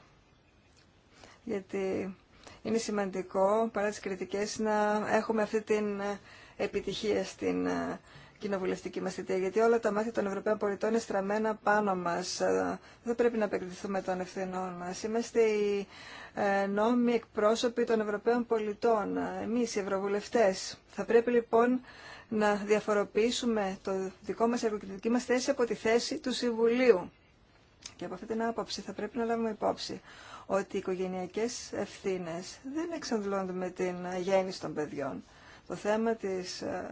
Γιατί είναι σημαντικό, παρά τις κριτικές, να έχουμε αυτή την επιτυχία στην ε, κοινοβουλευτική μας θητεία, γιατί όλα τα μάτια των Ευρωπαίων πολιτών είναι στραμμένα πάνω μας. Ε, δεν πρέπει να επεκδηθούμε των ευθυνών μας. Είμαστε οι ε, νόμοι εκπρόσωποι των Ευρωπαίων πολιτών, εμείς οι Ευρωβουλευτές. Θα πρέπει λοιπόν να διαφοροποιήσουμε το δικό μας έργο μας θέση από τη θέση του Συμβουλίου. Και από αυτή την άποψη θα πρέπει να λάβουμε υπόψη ότι οι οικογενειακές ευθύνες δεν εξαντλώνται με την γέννηση των παιδιών. Το θέμα της ε,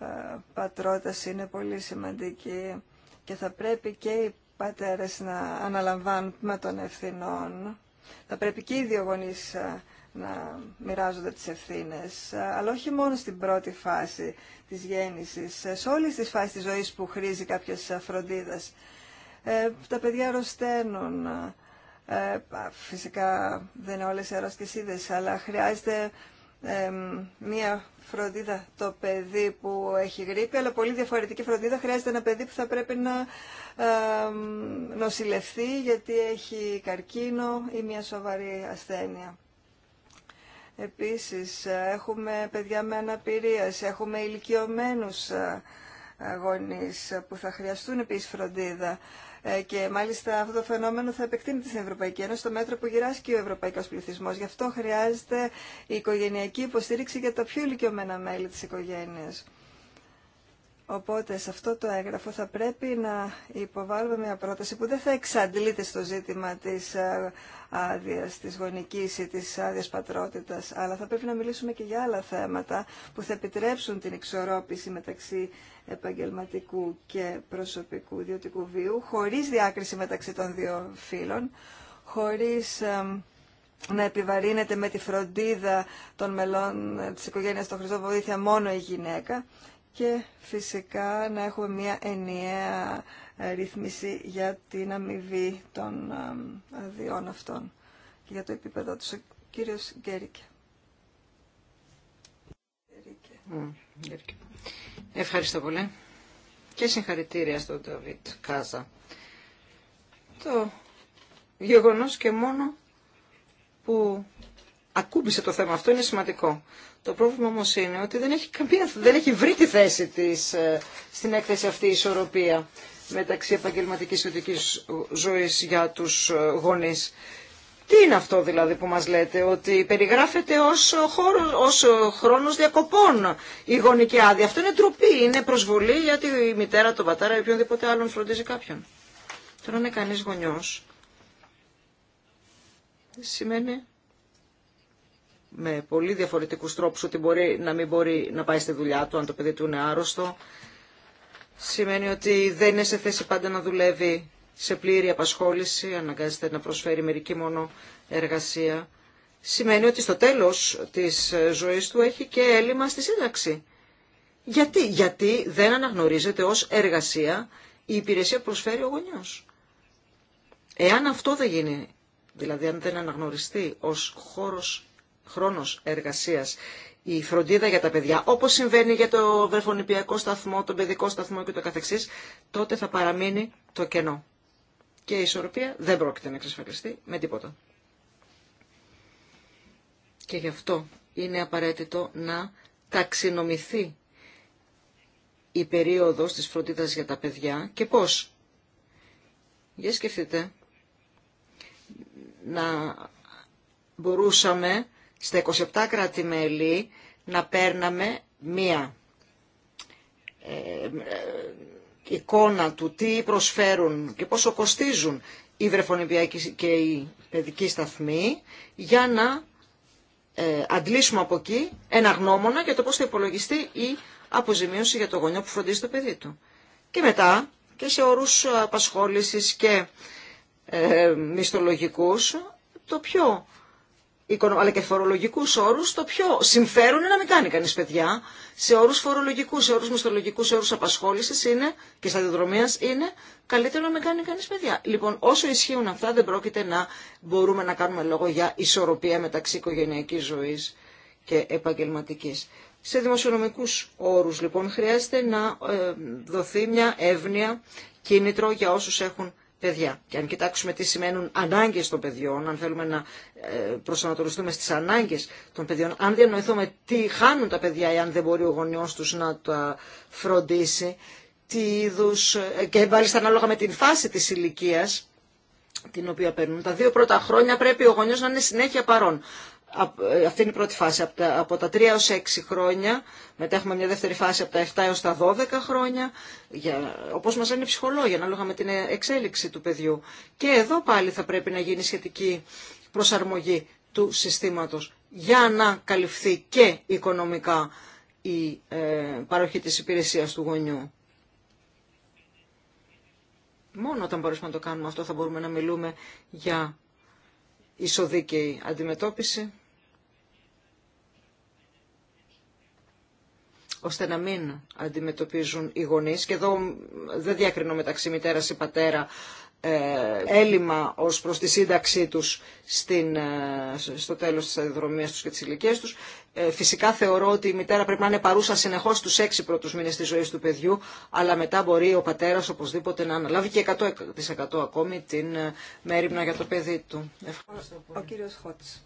ε, πατρότητας είναι πολύ σημαντική και θα πρέπει και οι πατέρες να αναλαμβάνουν με των ευθυνών. Θα πρέπει και οι δύο γονείς ε, να μοιράζονται τις ευθύνες, αλλά όχι μόνο στην πρώτη φάση της γέννησης, σε όλες τις φάσεις της ζωής που χρήζει κάποιες φροντίδας. Ε, τα παιδιά αρρωσταίνουν, φυσικά δεν είναι όλες οι είδες, αλλά χρειάζεται μία φροντίδα το παιδί που έχει γρήπη, αλλά πολύ διαφορετική φροντίδα χρειάζεται ένα παιδί που θα πρέπει να ε, νοσηλευθεί γιατί έχει καρκίνο ή μία σοβαρή ασθένεια. Επίσης, έχουμε παιδιά με αναπηρία έχουμε ηλικιωμένους ε, γονείς που θα χρειαστούν επίσης φροντίδα. Ε, και μάλιστα αυτό το φαινόμενο θα επεκτείνεται στην Ευρωπαϊκή Ένωση στο μέτρο που γυράσκει ο ευρωπαϊκός πληθυσμό. Γι' αυτό χρειάζεται η οικογενειακή υποστήριξη για τα πιο ηλικιωμένα μέλη τη οικογένεια. Οπότε σε αυτό το έγγραφο θα πρέπει να υποβάλουμε μια πρόταση που δεν θα εξαντλείται στο ζήτημα της ε, άδεια της γονικής ή της άδεια πατρότητας, αλλά θα πρέπει να μιλήσουμε και για άλλα θέματα που θα επιτρέψουν την εξορρόπηση μεταξύ επαγγελματικού και προσωπικού ιδιωτικού βίου, χωρίς διάκριση μεταξύ των δύο φύλων, χωρίς ε, να επιβαρύνεται με τη φροντίδα των μελών ε, της οικογένειας των Χρυσό Βοήθεια μόνο η γυναίκα και φυσικά να έχουμε μια ενιαία ε, ρύθμιση για την αμοιβή των αδειών αυτών και για το επίπεδο τους. Ο κύριος Γκέρικε. Ευχαριστώ πολύ και συγχαρητήρια στον Ντοβιτ Κάζα. Το γεγονός και μόνο που ακούμπησε το θέμα αυτό είναι σημαντικό. Το πρόβλημα όμω είναι ότι δεν έχει, καμία, δεν έχει βρει τη θέση της ε, στην έκθεση αυτή η ισορροπία μεταξύ επαγγελματικής ιδιωτική ζωή για τους ε, γονεί. Τι είναι αυτό δηλαδή που μας λέτε, ότι περιγράφεται ως, χώρος, ως χρόνος διακοπών η γονική άδεια. Αυτό είναι ντροπή, είναι προσβολή γιατί η μητέρα, το πατέρα ή οποιονδήποτε άλλον φροντίζει κάποιον. Τώρα είναι κανείς γονιός. Σημαίνει με πολύ διαφορετικούς τρόπους ότι μπορεί να μην μπορεί να πάει στη δουλειά του αν το παιδί του είναι άρρωστο. Σημαίνει ότι δεν είναι σε θέση πάντα να δουλεύει σε πλήρη απασχόληση, αναγκάζεται να προσφέρει μερική μόνο εργασία. Σημαίνει ότι στο τέλος της ζωής του έχει και έλλειμμα στη σύνταξη. Γιατί, Γιατί δεν αναγνωρίζεται ως εργασία η υπηρεσία που προσφέρει ο γονιός. Εάν αυτό δεν γίνει, δηλαδή αν δεν αναγνωριστεί ως χώρος χρόνος εργασίας, η φροντίδα για τα παιδιά, όπως συμβαίνει για το βρεφονιπιακό σταθμό, τον παιδικό σταθμό και το καθεξής, τότε θα παραμείνει το κενό. Και η ισορροπία δεν πρόκειται να εξασφαλιστεί με τίποτα. Και γι' αυτό είναι απαραίτητο να ταξινομηθεί η περίοδος της φροντίδας για τα παιδιά και πώς. Για σκεφτείτε να μπορούσαμε στα 27 κράτη-μέλη να παίρναμε μία ε, ε, εικόνα του τι προσφέρουν και πόσο κοστίζουν οι βρεφονιπιακοί και η παιδική σταθμοί για να ε, αντλήσουμε από εκεί ένα γνώμονα για το πώς θα υπολογιστεί η αποζημίωση για το γονιό που φροντίζει το παιδί του. Και μετά και σε όρους απασχόλησης και ε, μισθολογικούς το πιο αλλά και φορολογικού όρου, το πιο συμφέρον είναι να μην κάνει κανεί παιδιά. Σε όρου φορολογικού, σε όρου μισθολογικού, σε όρου απασχόληση είναι και σταδιοδρομία είναι καλύτερο να μην κάνει κανεί παιδιά. Λοιπόν, όσο ισχύουν αυτά, δεν πρόκειται να μπορούμε να κάνουμε λόγο για ισορροπία μεταξύ οικογενειακή ζωή και επαγγελματική. Σε δημοσιονομικού όρου, λοιπόν χρειάζεται να ε, δοθεί μια εύνοια κίνητρο για όσου έχουν παιδιά. Και αν κοιτάξουμε τι σημαίνουν ανάγκες των παιδιών, αν θέλουμε να ε, προσανατολιστούμε στις ανάγκες των παιδιών, αν διανοηθούμε τι χάνουν τα παιδιά εάν δεν μπορεί ο γονιός τους να τα φροντίσει, τι είδους, ε, και μάλιστα ανάλογα με την φάση της ηλικίας την οποία παίρνουν. Τα δύο πρώτα χρόνια πρέπει ο γονιός να είναι συνέχεια παρόν. Ε, αυτή είναι η πρώτη φάση, από τα, από τα 3 έως 6 χρόνια, μετά έχουμε μια δεύτερη φάση από τα 7 έως τα 12 χρόνια, για, όπως μας λένε οι ψυχολόγοι, ανάλογα με την εξέλιξη του παιδιού. Και εδώ πάλι θα πρέπει να γίνει σχετική προσαρμογή του συστήματος για να καλυφθεί και οικονομικά η ε, παροχή της υπηρεσίας του γονιού. Μόνο όταν μπορούμε να το κάνουμε αυτό θα μπορούμε να μιλούμε για ισοδίκαιη αντιμετώπιση ώστε να μην αντιμετωπίζουν οι γονείς. Και εδώ δεν διακρινώ μεταξύ μητέρα ή πατέρα ε, έλλειμμα ως προς τη σύνταξή τους στην, ε, στο τέλος της αδειοδρομία τους και της ηλικία τους. Ε, φυσικά θεωρώ ότι η μητέρα πρέπει να είναι παρούσα συνεχώς τους έξι πρώτους μήνες της ζωής του παιδιού, αλλά μετά μπορεί ο πατέρας οπωσδήποτε να αναλάβει και 100% ακόμη την μέρημνα για το παιδί του. Ευχαριστώ πολύ. Ο κύριος Χότς.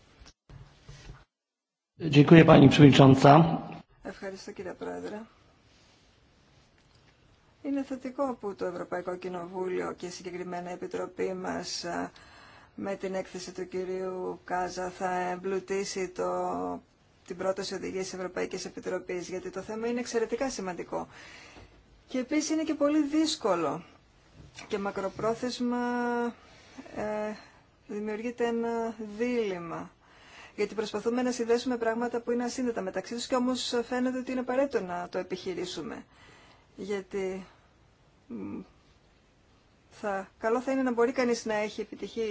Ευχαριστώ κύριε Πρόεδρε. Είναι θετικό που το Ευρωπαϊκό Κοινοβούλιο και συγκεκριμένα η Επιτροπή μας με την έκθεση του κυρίου Κάζα θα εμπλουτίσει το, την πρόταση οδηγίας Ευρωπαϊκής Επιτροπής γιατί το θέμα είναι εξαιρετικά σημαντικό. Και επίσης είναι και πολύ δύσκολο και μακροπρόθεσμα ε, δημιουργείται ένα δίλημα γιατί προσπαθούμε να συνδέσουμε πράγματα που είναι ασύνδετα μεταξύ τους και όμως φαίνεται ότι είναι απαραίτητο να το επιχειρήσουμε. Γιατί θα, καλό θα είναι να μπορεί κανείς να έχει επιτυχή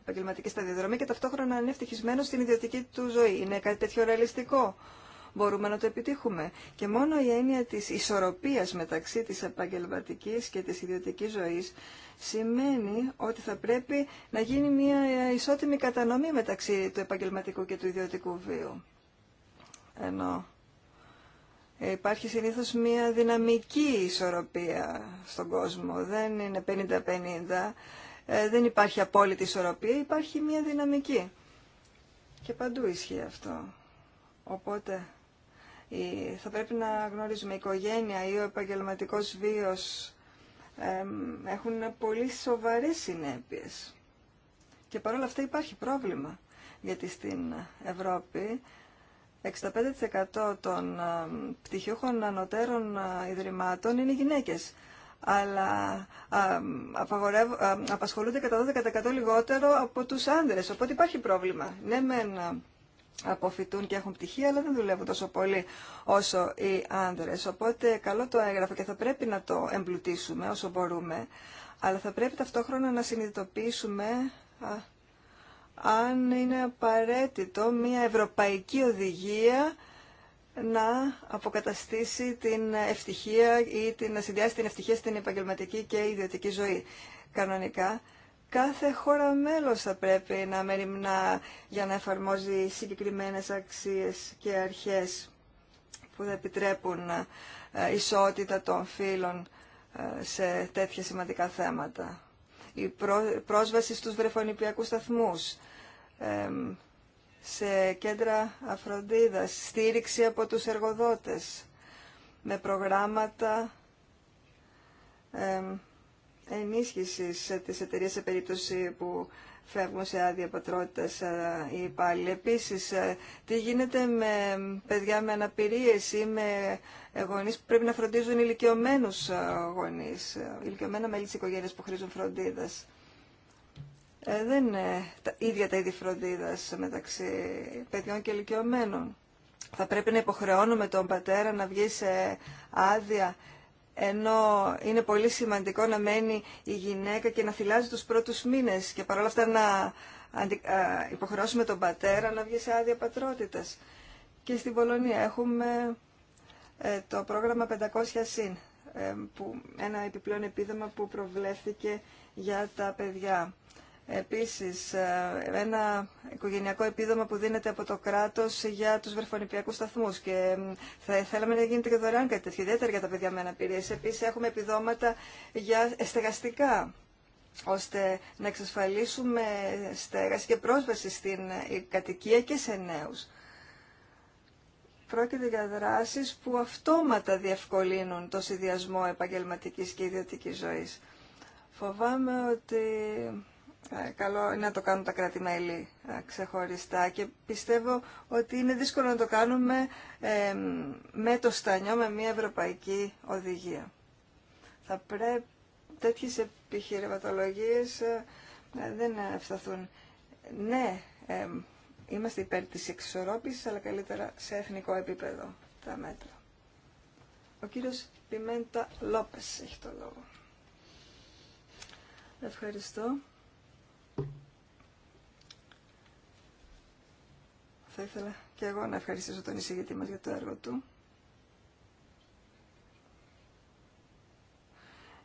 επαγγελματική σταδιοδρομή και ταυτόχρονα να είναι ευτυχισμένο στην ιδιωτική του ζωή. Είναι κάτι τέτοιο ρεαλιστικό μπορούμε να το επιτύχουμε. Και μόνο η έννοια της ισορροπίας μεταξύ της επαγγελματική και της ιδιωτικής ζωής σημαίνει ότι θα πρέπει να γίνει μια ισότιμη κατανομή μεταξύ του επαγγελματικού και του ιδιωτικού βίου. Ενώ υπάρχει συνήθως μια δυναμική ισορροπία στον κόσμο, δεν είναι 50-50, ε, δεν υπάρχει απόλυτη ισορροπία, υπάρχει μια δυναμική. Και παντού ισχύει αυτό. Οπότε θα πρέπει να γνωρίζουμε η οικογένεια ή ο επαγγελματικός βίος έχουν πολύ σοβαρές συνέπειες. Και παρόλα αυτά υπάρχει πρόβλημα, γιατί στην Ευρώπη 65% των πτυχιούχων ανωτέρων ε, ιδρυμάτων είναι γυναίκες, αλλά απασχολούνται κατά 12% λιγότερο από τους άνδρες, οπότε υπάρχει πρόβλημα. Ναι, μεν αποφυτούν και έχουν πτυχία, αλλά δεν δουλεύουν τόσο πολύ όσο οι άνδρες. Οπότε καλό το έγγραφο και θα πρέπει να το εμπλουτίσουμε όσο μπορούμε, αλλά θα πρέπει ταυτόχρονα να συνειδητοποιήσουμε α, αν είναι απαραίτητο μια ευρωπαϊκή οδηγία να αποκαταστήσει την ευτυχία ή την, να συνδυάσει την ευτυχία στην επαγγελματική και ιδιωτική ζωή. Κανονικά Κάθε χώρα μέλος θα πρέπει να μεριμνά για να εφαρμόζει συγκεκριμένες αξίες και αρχές που θα επιτρέπουν ε, ισότητα των φύλων ε, σε τέτοια σημαντικά θέματα. Η πρόσβαση στους βρεφονιπιακούς σταθμούς, σε κέντρα αφροντίδας, στήριξη από τους εργοδότες, με προγράμματα ενίσχυσης της εταιρείας σε περίπτωση που φεύγουν σε άδεια πατρότητας ε, οι υπάλληλοι. Επίσης, ε, τι γίνεται με παιδιά με αναπηρίες ή με γονεί που πρέπει να φροντίζουν ηλικιωμένου ε, γονεί, ηλικιωμένα μέλη τη οικογένεια που χρήζουν φροντίδας. δεν είναι τα ίδια τα είδη φροντίδας μεταξύ παιδιών και ηλικιωμένων. Θα πρέπει να υποχρεώνουμε τον πατέρα να βγει σε άδεια ενώ είναι πολύ σημαντικό να μένει η γυναίκα και να θυλάζει τους πρώτους μήνες και παρόλα αυτά να υποχρεώσουμε τον πατέρα να βγει σε άδεια πατρότητας. Και στην Πολωνία έχουμε ε, το πρόγραμμα 500 συν, ε, που, ένα επιπλέον επίδομα που προβλέφθηκε για τα παιδιά. Επίσης, ε, ένα οικογενειακό επίδομα που δίνεται από το κράτος για τους βερφονιπιακούς σταθμούς και θα θέλαμε να γίνεται και δωρεάν κάτι τέτοιο, ιδιαίτερα για τα παιδιά με αναπηρίες. Επίσης, έχουμε επιδόματα για στεγαστικά ώστε να εξασφαλίσουμε στέγαση και πρόσβαση στην ε, κατοικία και σε νέους. Πρόκειται για δράσεις που αυτόματα διευκολύνουν το συνδυασμό επαγγελματικής και ιδιωτικής ζωής. Φοβάμαι ότι ε, καλό είναι να το κάνουν τα κράτη-μέλη ε, ξεχωριστά και πιστεύω ότι είναι δύσκολο να το κάνουμε με το στανιό, με μια ευρωπαϊκή οδηγία. Θα πρέπει τέτοιες επιχειρηματολογίες ε, δεν ευσταθούν. Ναι, είμαστε υπέρ της εξισορρόπησης, αλλά καλύτερα σε εθνικό επίπεδο τα μέτρα. Ο κύριος Πιμέντα Λόπες έχει το λόγο. Ευχαριστώ. Θα ήθελα και εγώ να ευχαριστήσω τον εισηγητή μας για το έργο του.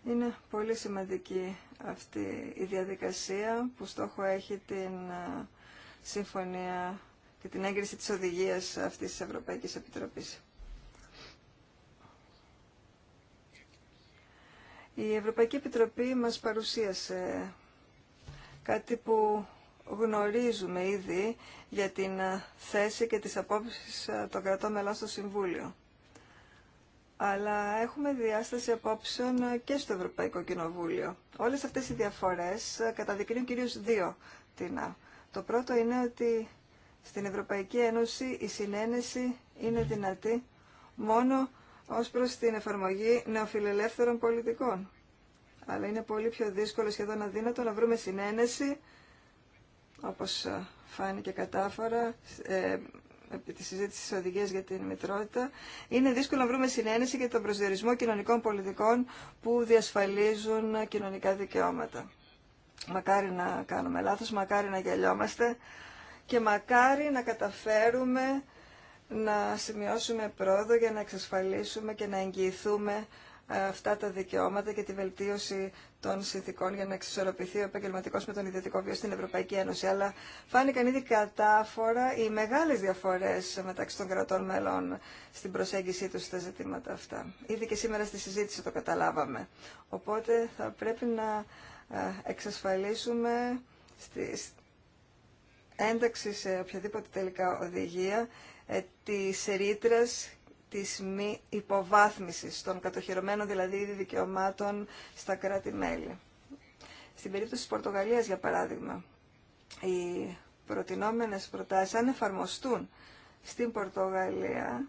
Είναι πολύ σημαντική αυτή η διαδικασία που στόχο έχει την συμφωνία και την έγκριση της οδηγίας αυτής της Ευρωπαϊκής Επιτροπής. Η Ευρωπαϊκή Επιτροπή μας παρουσίασε κάτι που γνωρίζουμε ήδη για την ε, θέση και τις απόψεις ε, των κρατών μελών στο Συμβούλιο. Αλλά έχουμε διάσταση απόψεων ε, και στο Ευρωπαϊκό Κοινοβούλιο. Όλες αυτές οι διαφορές καταδεικνύουν κυρίως δύο τεινά. Το πρώτο είναι ότι στην Ευρωπαϊκή Ένωση η συνένεση είναι δυνατή μόνο ως προς την εφαρμογή νεοφιλελεύθερων πολιτικών. Αλλά είναι πολύ πιο δύσκολο, σχεδόν αδύνατο, να βρούμε συνένεση όπως ε, φάνηκε κατάφορα ε, επί τη συζήτηση της οδηγίας για την μητρότητα, είναι δύσκολο να βρούμε συνένεση για τον προσδιορισμό κοινωνικών πολιτικών που διασφαλίζουν κοινωνικά δικαιώματα. Μακάρι να κάνουμε λάθος, μακάρι να γελιόμαστε και μακάρι να καταφέρουμε να σημειώσουμε πρόοδο για να εξασφαλίσουμε και να εγγυηθούμε αυτά τα δικαιώματα και τη βελτίωση των συνθήκων για να εξισορροπηθεί ο επαγγελματικό με τον ιδιωτικό βίο στην Ευρωπαϊκή Ένωση. Αλλά φάνηκαν ήδη κατάφορα οι μεγάλε διαφορέ μεταξύ των κρατών μελών στην προσέγγιση του στα ζητήματα αυτά. Ήδη και σήμερα στη συζήτηση το καταλάβαμε. Οπότε θα πρέπει να ε, εξασφαλίσουμε στη ένταξη σε οποιαδήποτε τελικά οδηγία ε, τη ρήτρα της μη υποβάθμισης των κατοχυρωμένων δηλαδή δικαιωμάτων στα κράτη-μέλη. Στην περίπτωση της Πορτογαλίας, για παράδειγμα, οι προτινόμενες προτάσεις, αν εφαρμοστούν στην Πορτογαλία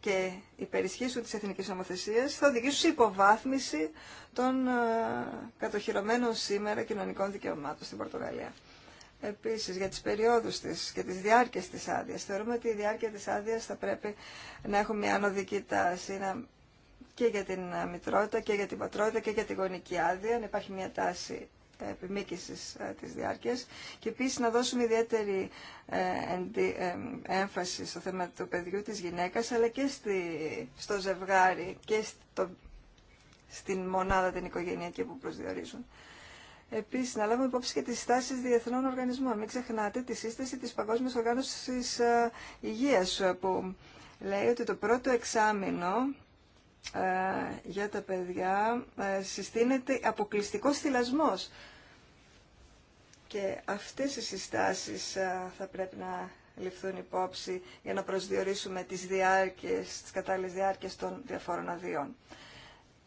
και υπερισχύσουν της εθνικής νομοθεσίες, θα οδηγήσουν σε υποβάθμιση των ε, κατοχυρωμένων σήμερα κοινωνικών δικαιωμάτων στην Πορτογαλία. Επίσης, για τις περιόδους της και τι διάρκειε τη άδεια. Θεωρούμε ότι η διάρκεια τη άδεια θα πρέπει να έχουμε μια ανωδική τάση και για την ε, μητρότητα και για την πατρότητα και για την γονική άδεια. Να υπάρχει μια τάση ε, επιμήκυσης ε, της διάρκεια και επίσης να δώσουμε ιδιαίτερη έμφαση στο θέμα του παιδιού, τη γυναίκα, αλλά και στο ζευγάρι και στο, στην μονάδα την οικογενειακή που προσδιορίζουν. Επίση, να λάβουμε υπόψη και τι στάσει διεθνών οργανισμών. Μην ξεχνάτε τη σύσταση τη Παγκόσμια Οργάνωση ε, Υγεία, που λέει ότι το πρώτο εξάμεινο ε, για τα παιδιά ε, συστήνεται αποκλειστικό θυλασμό. Και αυτές οι συστάσεις θα πρέπει να ληφθούν υπόψη για να προσδιορίσουμε τις, διάρκειες, τις κατάλληλες διάρκειες των διαφόρων αδειών.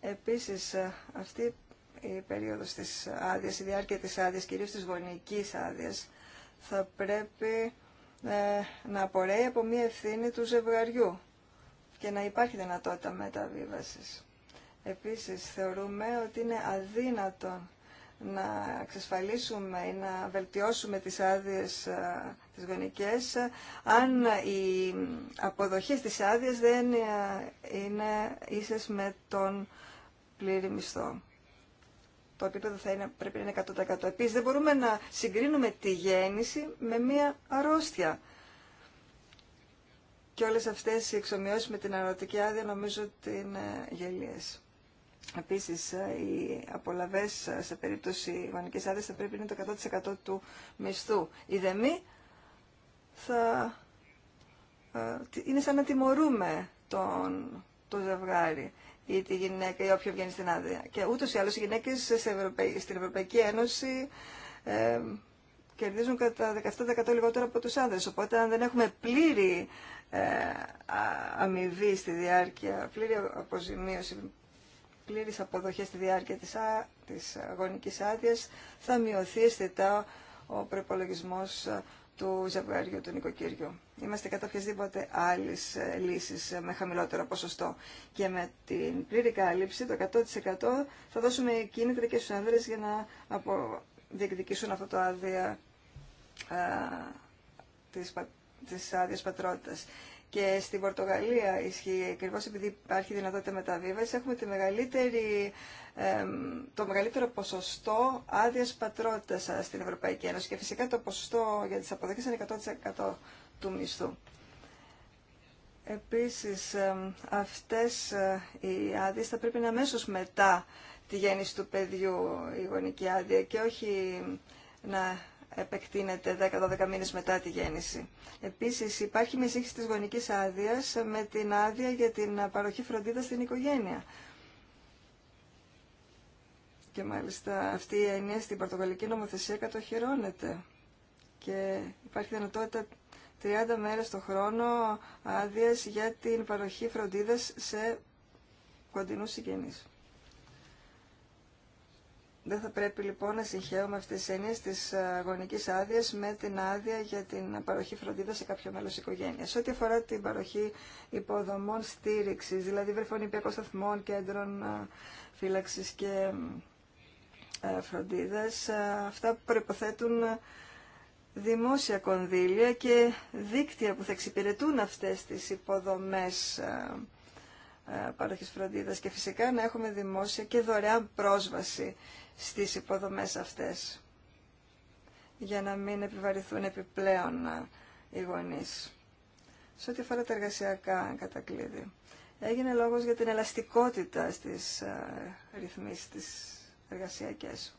Επίσης, αυτή η η περίοδος της άδειας, η διάρκεια της άδειας, κυρίως της γονικής άδειας, θα πρέπει ε, να απορρέει από μία ευθύνη του ζευγαριού και να υπάρχει δυνατότητα μεταβίβασης. Επίσης, θεωρούμε ότι είναι αδύνατο να εξασφαλίσουμε ή να βελτιώσουμε τις άδειες ε, τις γονικές αν η αποδοχές της άδειας δεν ε, είναι ίσες με τον πλήρη μισθό το επίπεδο θα είναι, πρέπει να είναι 100%. Επίσης δεν μπορούμε να συγκρίνουμε τη γέννηση με μία αρρώστια. Και όλες αυτές οι εξομοιώσεις με την αρρωτική άδεια νομίζω ότι είναι γελίες. Επίσης, ε, οι απολαβές ε, σε περίπτωση γονικής άδειας θα πρέπει να είναι το 100% του μισθού. Η δεμή θα... Ε, είναι σαν να τιμωρούμε τον, το ζευγάρι ή τη γυναίκα ή όποιο βγαίνει στην άδεια. Και ούτω ή άλλω οι γυναίκε στην Ευρωπαϊκή Ένωση κερδίζουν κατά 17% λιγότερο από τους άνδρες. Οπότε αν δεν έχουμε πλήρη ε, αμοιβή στη διάρκεια, πλήρη αποζημίωση, πλήρης αποδοχή στη διάρκεια της, αγωνικής άδεια, θα μειωθεί αισθητά ο προπολογισμό ε, του ζευγαριού του νοικοκύριου είμαστε κατά οποιασδήποτε άλλη ε, λύση ε, με χαμηλότερο ποσοστό. Και με την πλήρη κάλυψη, το 100% θα δώσουμε κίνητρα και στου άνδρε για να διεκδικήσουν αυτό το άδεια τη άδεια πατρότητα. Και στην Πορτογαλία ισχύει, ακριβώ επειδή υπάρχει δυνατότητα μεταβίβαση, έχουμε τη μεγαλύτερη, το μεγαλύτερο ποσοστό άδεια πατρότητα στην Ευρωπαϊκή Ένωση. Και φυσικά το ποσοστό για τι αποδοχέ είναι 100% του μισθού. Επίσης, αυτές ε, οι άδειε θα πρέπει να μέσως μετά τη γέννηση του παιδιού η γονική άδεια και όχι να επεκτείνεται 10-12 μήνες μετά τη γέννηση. Επίσης, υπάρχει μια της γονικής άδειας με την άδεια για την παροχή φροντίδα στην οικογένεια. Και μάλιστα αυτή η έννοια στην πορτογαλική νομοθεσία κατοχυρώνεται και υπάρχει δυνατότητα 30 μέρες το χρόνο άδειε για την παροχή φροντίδας σε κοντινούς συγγενείς. Δεν θα πρέπει λοιπόν να συγχαίουμε αυτέ τι έννοιε τη γονική άδεια με την άδεια για την παροχή φροντίδα σε κάποιο μέλο οικογένεια. Ό,τι αφορά την παροχή υποδομών στήριξη, δηλαδή βρεφονιπιακών σταθμών, κέντρων ε, φύλαξη και ε, φροντίδα, ε, αυτά προποθέτουν δημόσια κονδύλια και δίκτυα που θα εξυπηρετούν αυτές τις υποδομές ε, ε, παροχής φροντίδας και φυσικά να έχουμε δημόσια και δωρεάν πρόσβαση στις υποδομές αυτές για να μην επιβαρυθούν επιπλέον ε, οι γονείς. Σε ό,τι αφορά τα εργασιακά κατακλείδη, έγινε λόγος για την ελαστικότητα στις ρυθμίσεις της εργασιακές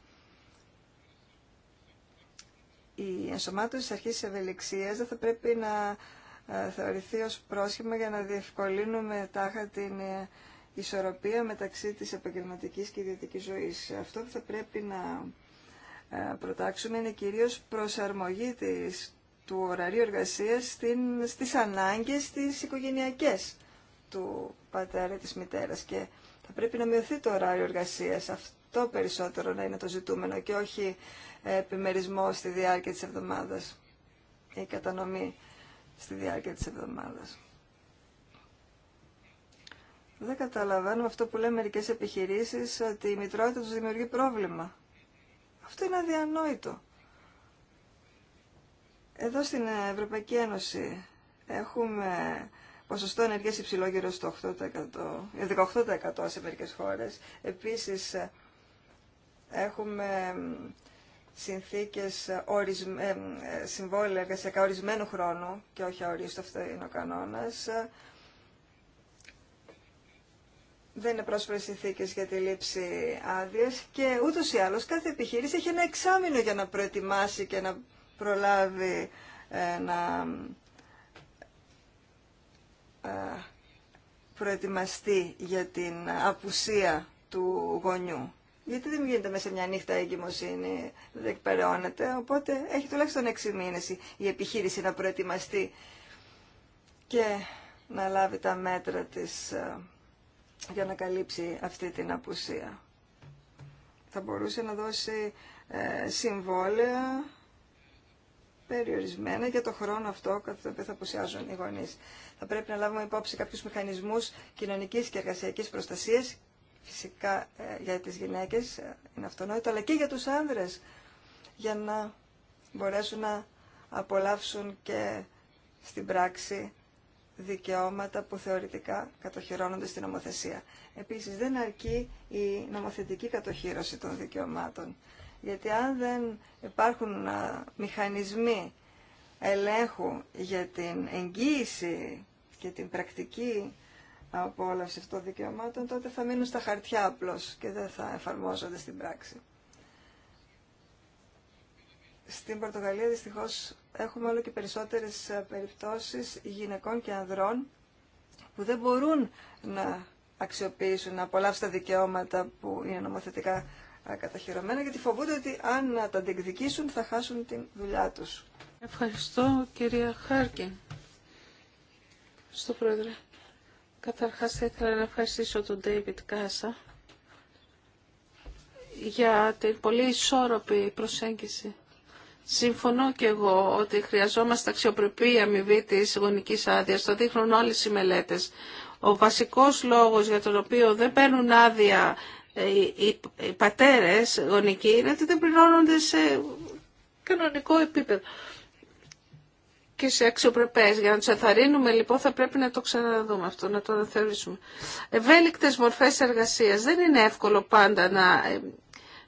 η ενσωμάτωση της αρχής της ευελιξίας δεν θα πρέπει να ε, θεωρηθεί ως πρόσχημα για να διευκολύνουμε τάχα την ε, ισορροπία μεταξύ της επαγγελματικής και ιδιωτικής ζωής. Αυτό που θα πρέπει να ε, προτάξουμε είναι κυρίως προσαρμογή της, του ωραρίου εργασίας στην, στις ανάγκες της οικογενειακές του πατέρα της μητέρας και θα πρέπει να μειωθεί το ωράριο εργασίας. Αυτό το περισσότερο να είναι το ζητούμενο και όχι ε, επιμερισμό στη διάρκεια της εβδομάδας ή κατανομή στη διάρκεια της εβδομάδας. Δεν καταλαβαίνουμε αυτό που λένε μερικές επιχειρήσεις ότι η μητρότητα τους δημιουργεί πρόβλημα. Αυτό είναι αδιανόητο. Εδώ στην Ευρωπαϊκή Ένωση έχουμε ποσοστό ενεργείας υψηλό γύρω στο 8%, 18% ε, σε μερικές χώρες. Επίσης, Έχουμε συνθήκες ορισμέ, ε, ε, συμβόλαια εργασιακά ορισμένου χρόνου και όχι αορίστο αυτό είναι ο κανόνας. Δεν είναι πρόσφορες συνθήκε για τη λήψη άδεια και ούτως ή άλλως κάθε επιχείρηση έχει ένα εξάμεινο για να προετοιμάσει και να προλάβει ε, να προετοιμαστεί για την απουσία του γονιού γιατί δεν γίνεται μέσα μια νύχτα η εγκυμοσύνη, δεν εκπεραιώνεται. Οπότε έχει τουλάχιστον έξι μήνες η επιχείρηση να προετοιμαστεί και να λάβει τα μέτρα της ε, για να καλύψει αυτή την απουσία. Θα μπορούσε να δώσει ε, συμβόλαια περιορισμένα για το χρόνο αυτό κατά το οποίο θα απουσιάζουν οι γονείς. Θα πρέπει να λάβουμε υπόψη κάποιους μηχανισμούς κοινωνικής και εργασιακής προστασίας φυσικά ε, για τις γυναίκες ε, είναι αυτονόητο, αλλά και για τους άνδρες, για να μπορέσουν να απολαύσουν και στην πράξη δικαιώματα που θεωρητικά κατοχυρώνονται στην νομοθεσία. Επίσης, δεν αρκεί η νομοθετική κατοχύρωση των δικαιωμάτων, γιατί αν δεν υπάρχουν μηχανισμοί ελέγχου για την εγγύηση και την πρακτική απόλαυση αυτών των δικαιωμάτων, τότε θα μείνουν στα χαρτιά απλώ και δεν θα εφαρμόζονται στην πράξη. Στην Πορτογαλία δυστυχώς έχουμε όλο και περισσότερες ε, περιπτώσεις γυναικών και ανδρών που δεν μπορούν να αξιοποιήσουν, να απολαύσουν τα δικαιώματα που είναι νομοθετικά ε, καταχειρωμένα γιατί φοβούνται ότι αν ε, τα αντεκδικήσουν θα χάσουν την δουλειά τους. Ευχαριστώ κυρία Χάρκιν. Στο πρόεδρε. Καταρχάς θα ήθελα να ευχαριστήσω τον David Κάσα για την πολύ ισόρροπη προσέγγιση. Συμφωνώ και εγώ ότι χρειαζόμαστε αξιοπρεπή αμοιβή τη γονική άδεια. Το δείχνουν όλε οι μελέτε. Ο βασικό λόγο για τον οποίο δεν παίρνουν άδεια ε, οι πατέρε γονικοί είναι ότι δεν πληρώνονται σε κανονικό επίπεδο και σε αξιοπρεπές. Για να τους αθαρρύνουμε λοιπόν θα πρέπει να το ξαναδούμε αυτό, να το αναθεωρήσουμε. Ευέλικτες μορφές εργασίας. Δεν είναι εύκολο πάντα να ε,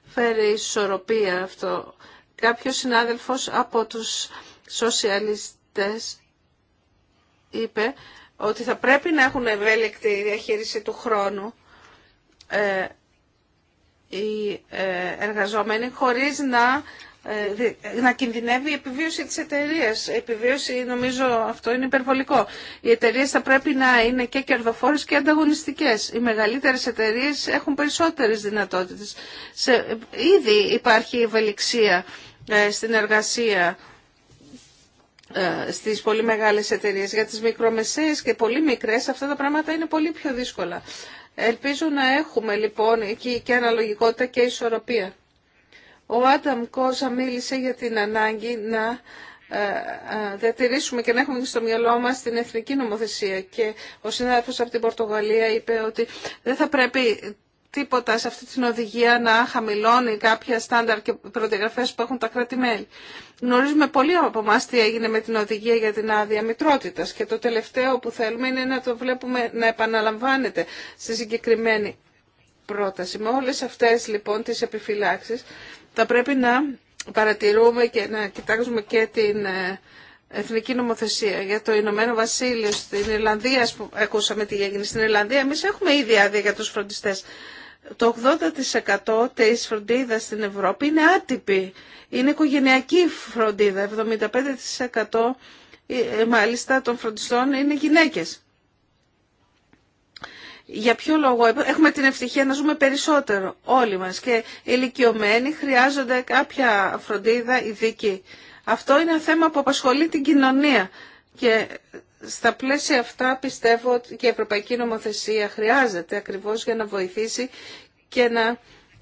φέρει ισορροπία αυτό. Κάποιος συνάδελφος από τους σοσιαλιστές είπε ότι θα πρέπει να έχουν ευέλικτη διαχείριση του χρόνου ε, οι ε, εργαζόμενοι χωρίς να ε, να κινδυνεύει η επιβίωση της εταιρεία. Η επιβίωση νομίζω αυτό είναι υπερβολικό. Οι εταιρείε θα πρέπει να είναι και κερδοφόρες και ανταγωνιστικές. Οι μεγαλύτερες εταιρείε έχουν περισσότερες δυνατότητες. Σε, ήδη υπάρχει ευελιξία ε, στην εργασία ε, στις πολύ μεγάλες εταιρείες. Για τις μικρομεσαίες και πολύ μικρές αυτά τα πράγματα είναι πολύ πιο δύσκολα. Ελπίζω να έχουμε λοιπόν εκεί και αναλογικότητα και ισορροπία. Ο Άνταμ Κόζα μίλησε για την ανάγκη να ε, ε, διατηρήσουμε και να έχουμε στο μυαλό μας την εθνική νομοθεσία και ο συνάδελφος από την Πορτογαλία είπε ότι δεν θα πρέπει τίποτα σε αυτή την οδηγία να χαμηλώνει κάποια στάνταρ και προδιαγραφές που έχουν τα κράτη-μέλη. Γνωρίζουμε πολύ από εμά τι έγινε με την οδηγία για την άδεια μητρότητας και το τελευταίο που θέλουμε είναι να το βλέπουμε να επαναλαμβάνεται στη συγκεκριμένη πρόταση. Με όλες αυτές λοιπόν τις επιφυλάξεις θα πρέπει να παρατηρούμε και να κοιτάξουμε και την ε, εθνική νομοθεσία για το Ηνωμένο Βασίλειο στην Ιρλανδία, που ακούσαμε τι έγινε στην Ιρλανδία, εμείς έχουμε ήδη άδεια για τους φροντιστές. Το 80% της φροντίδας στην Ευρώπη είναι άτυπη, είναι οικογενειακή φροντίδα, 75% ε, μάλιστα των φροντιστών είναι γυναίκες. Για ποιο λόγο ε, έχουμε την ευτυχία να ζούμε περισσότερο όλοι μας και οι ηλικιωμένοι χρειάζονται κάποια φροντίδα ειδική. Αυτό είναι ένα θέμα που απασχολεί την κοινωνία και στα πλαίσια αυτά πιστεύω ότι και η Ευρωπαϊκή Νομοθεσία χρειάζεται ακριβώς για να βοηθήσει και να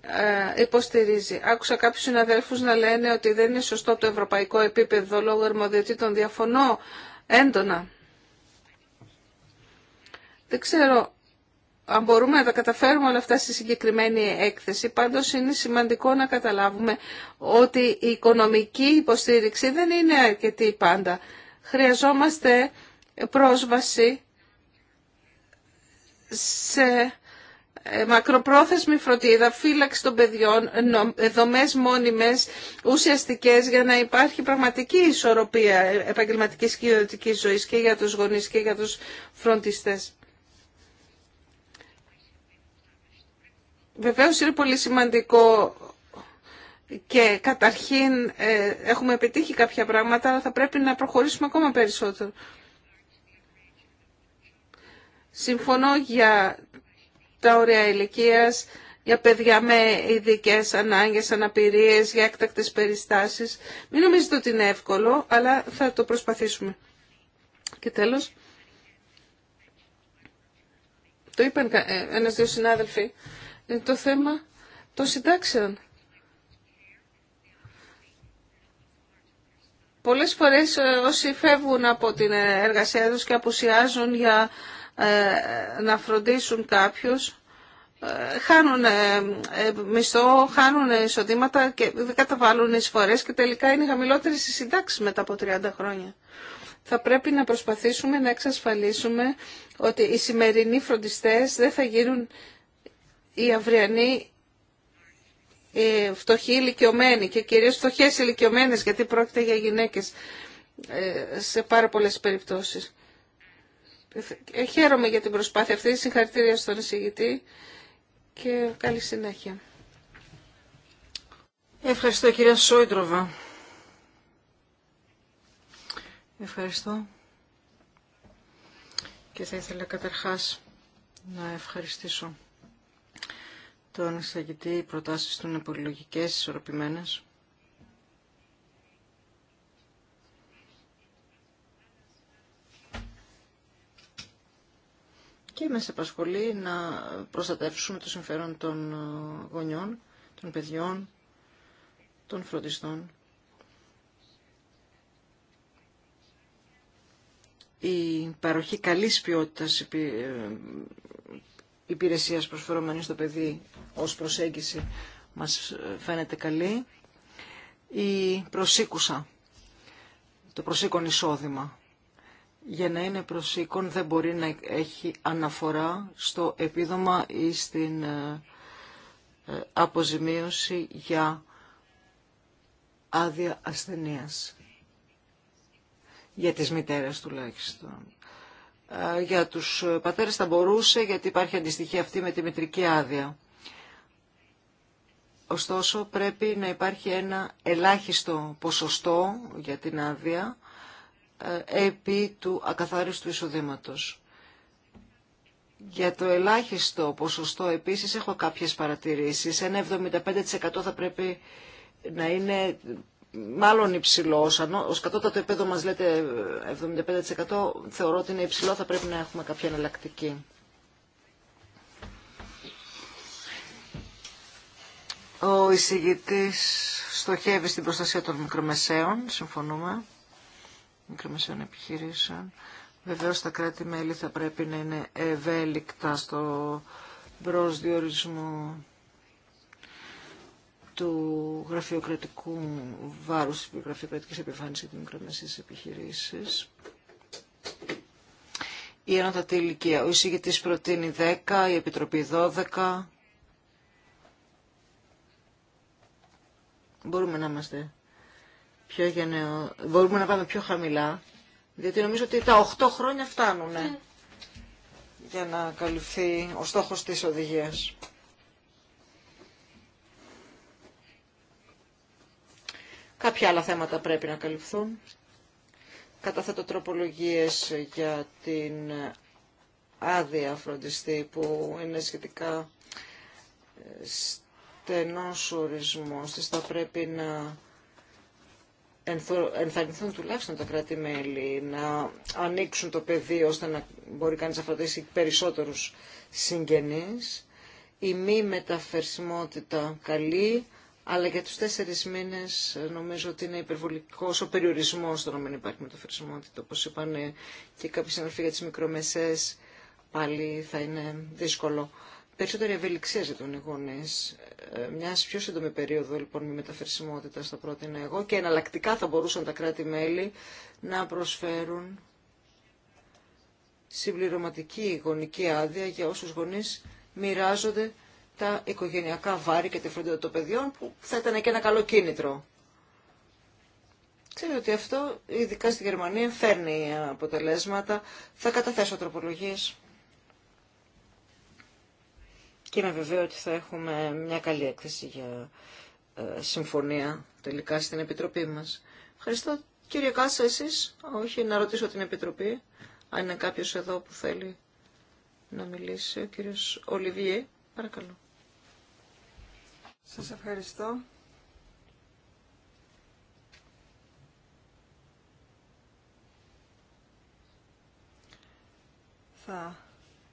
ε, υποστηρίζει. Άκουσα κάποιους συναδέλφους να λένε ότι δεν είναι σωστό το ευρωπαϊκό επίπεδο λόγω αρμοδιοτήτων διαφωνώ έντονα. Δεν ξέρω αν μπορούμε να τα καταφέρουμε όλα αυτά στη συγκεκριμένη έκθεση. Πάντως είναι σημαντικό να καταλάβουμε ότι η οικονομική υποστήριξη δεν είναι αρκετή πάντα. Χρειαζόμαστε πρόσβαση σε ε, μακροπρόθεσμη φροντίδα, φύλαξη των παιδιών, δομές μόνιμες, ουσιαστικές για να υπάρχει πραγματική ισορροπία επαγγελματικής και ιδιωτικής ζωής και για τους γονείς και για τους φροντιστές. Βεβαίως είναι πολύ σημαντικό και καταρχήν ε, έχουμε επιτύχει κάποια πράγματα, αλλά θα πρέπει να προχωρήσουμε ακόμα περισσότερο. Συμφωνώ για τα ωραία ηλικία, για παιδιά με ειδικέ ανάγκες, αναπηρίες, για έκτακτες περιστάσεις. Μην νομίζετε ότι είναι εύκολο, αλλά θα το προσπαθήσουμε. Και τέλος, το είπαν ε, ένας-δύο συνάδελφοι, το θέμα των συντάξεων. Πολλές φορές ε, όσοι φεύγουν από την εργασία τους και απουσιάζουν για ε, να φροντίσουν κάποιους, ε, χάνουν μισθό, χάνουν εισοδήματα και δεν καταβάλουν εισφορές και τελικά είναι χαμηλότερε οι συντάξει μετά από 30 χρόνια. Θα πρέπει να προσπαθήσουμε να εξασφαλίσουμε ότι οι σημερινοί φροντιστές δεν θα γίνουν οι αυριανοί ε, φτωχοί ηλικιωμένοι και κυρίως φτωχές ηλικιωμένε γιατί πρόκειται για γυναίκες ε, σε πάρα πολλές περιπτώσεις. Ε, χαίρομαι για την προσπάθεια αυτή, συγχαρητήρια στον εισηγητή και καλή συνέχεια. Ευχαριστώ κυρία Σόιτροβα. Ευχαριστώ. Και θα ήθελα καταρχάς να ευχαριστήσω τον εξαγητή, οι προτάσεις του είναι πολύ λογικές, ισορροπημένες. Και μας απασχολεί να προστατεύσουμε το συμφέρον των γονιών, των παιδιών, των φροντιστών. Η παροχή καλής ποιότητας ε, υπηρεσίας προσφερόμενης στο παιδί ως προσέγγιση μας φαίνεται καλή, η προσήκουσα, το προσήκον εισόδημα. Για να είναι προσήκον δεν μπορεί να έχει αναφορά στο επίδομα ή στην ε, ε, αποζημίωση για άδεια ασθενείας. Για τις μητέρες τουλάχιστον. Ε, για τους πατέρες θα μπορούσε γιατί υπάρχει αντιστοιχεία αυτή με τη μητρική άδεια. Ωστόσο πρέπει να υπάρχει ένα ελάχιστο ποσοστό για την άδεια ε, επί του ακαθάριστου εισοδήματος. Για το ελάχιστο ποσοστό επίσης έχω κάποιες παρατηρήσεις. Ένα 75% θα πρέπει να είναι μάλλον υψηλό. Ως κατώτατο επίπεδο μας λέτε 75% θεωρώ ότι είναι υψηλό, θα πρέπει να έχουμε κάποια εναλλακτική. Ο εισηγητής στοχεύει στην προστασία των μικρομεσαίων, συμφωνούμε, μικρομεσαίων επιχειρήσεων. Βεβαίως τα κράτη-μέλη θα πρέπει να είναι ευέλικτα στο προσδιορισμό του γραφειοκρατικού βάρους, της γραφειοκρατικής επιφάνεια για τις μικρομεσαίες επιχειρήσεις. Η ενότατη ηλικία. Ο εισηγητής προτείνει 10, η Επιτροπή 12. μπορούμε να είμαστε πιο γενναιο... μπορούμε να πάμε πιο χαμηλά, διότι νομίζω ότι τα 8 χρόνια φτάνουν ναι. για να καλυφθεί ο στόχος της οδηγίας. Κάποια άλλα θέματα πρέπει να καλυφθούν. Καταθέτω τροπολογίες για την άδεια φροντιστή που είναι σχετικά ε, στενός ορισμός της θα πρέπει να ενθαρρυνθούν τουλάχιστον τα κράτη-μέλη να ανοίξουν το πεδίο ώστε να μπορεί κανείς να φροντίσει περισσότερους συγγενείς. Η μη μεταφερσιμότητα καλή, αλλά για τους τέσσερις μήνες νομίζω ότι είναι υπερβολικός ο περιορισμός στο να μην υπάρχει μεταφερσιμότητα. Όπως είπαν και κάποιοι συναρφοί για τις μικρομεσαίες, πάλι θα είναι δύσκολο περισσότερη ευελιξία για τον γονεί. Ε, μια πιο σύντομη περίοδο λοιπόν με μεταφερσιμότητα θα πρότεινα εγώ και εναλλακτικά θα μπορούσαν τα κράτη-μέλη να προσφέρουν συμπληρωματική γονική άδεια για όσους γονείς μοιράζονται τα οικογενειακά βάρη και τη φροντίδα των παιδιών που θα ήταν και ένα καλό κίνητρο. Ξέρω ότι αυτό, ειδικά στη Γερμανία, φέρνει αποτελέσματα. Θα καταθέσω τροπολογίες και είμαι βεβαίω ότι θα έχουμε μια καλή έκθεση για ε, συμφωνία τελικά στην Επιτροπή μας. Ευχαριστώ. Κύριε Κάσα, εσείς, όχι, να ρωτήσω την Επιτροπή, αν είναι κάποιος εδώ που θέλει να μιλήσει. Ο κύριος Ολιβιέ, παρακαλώ. Σας ευχαριστώ. Θα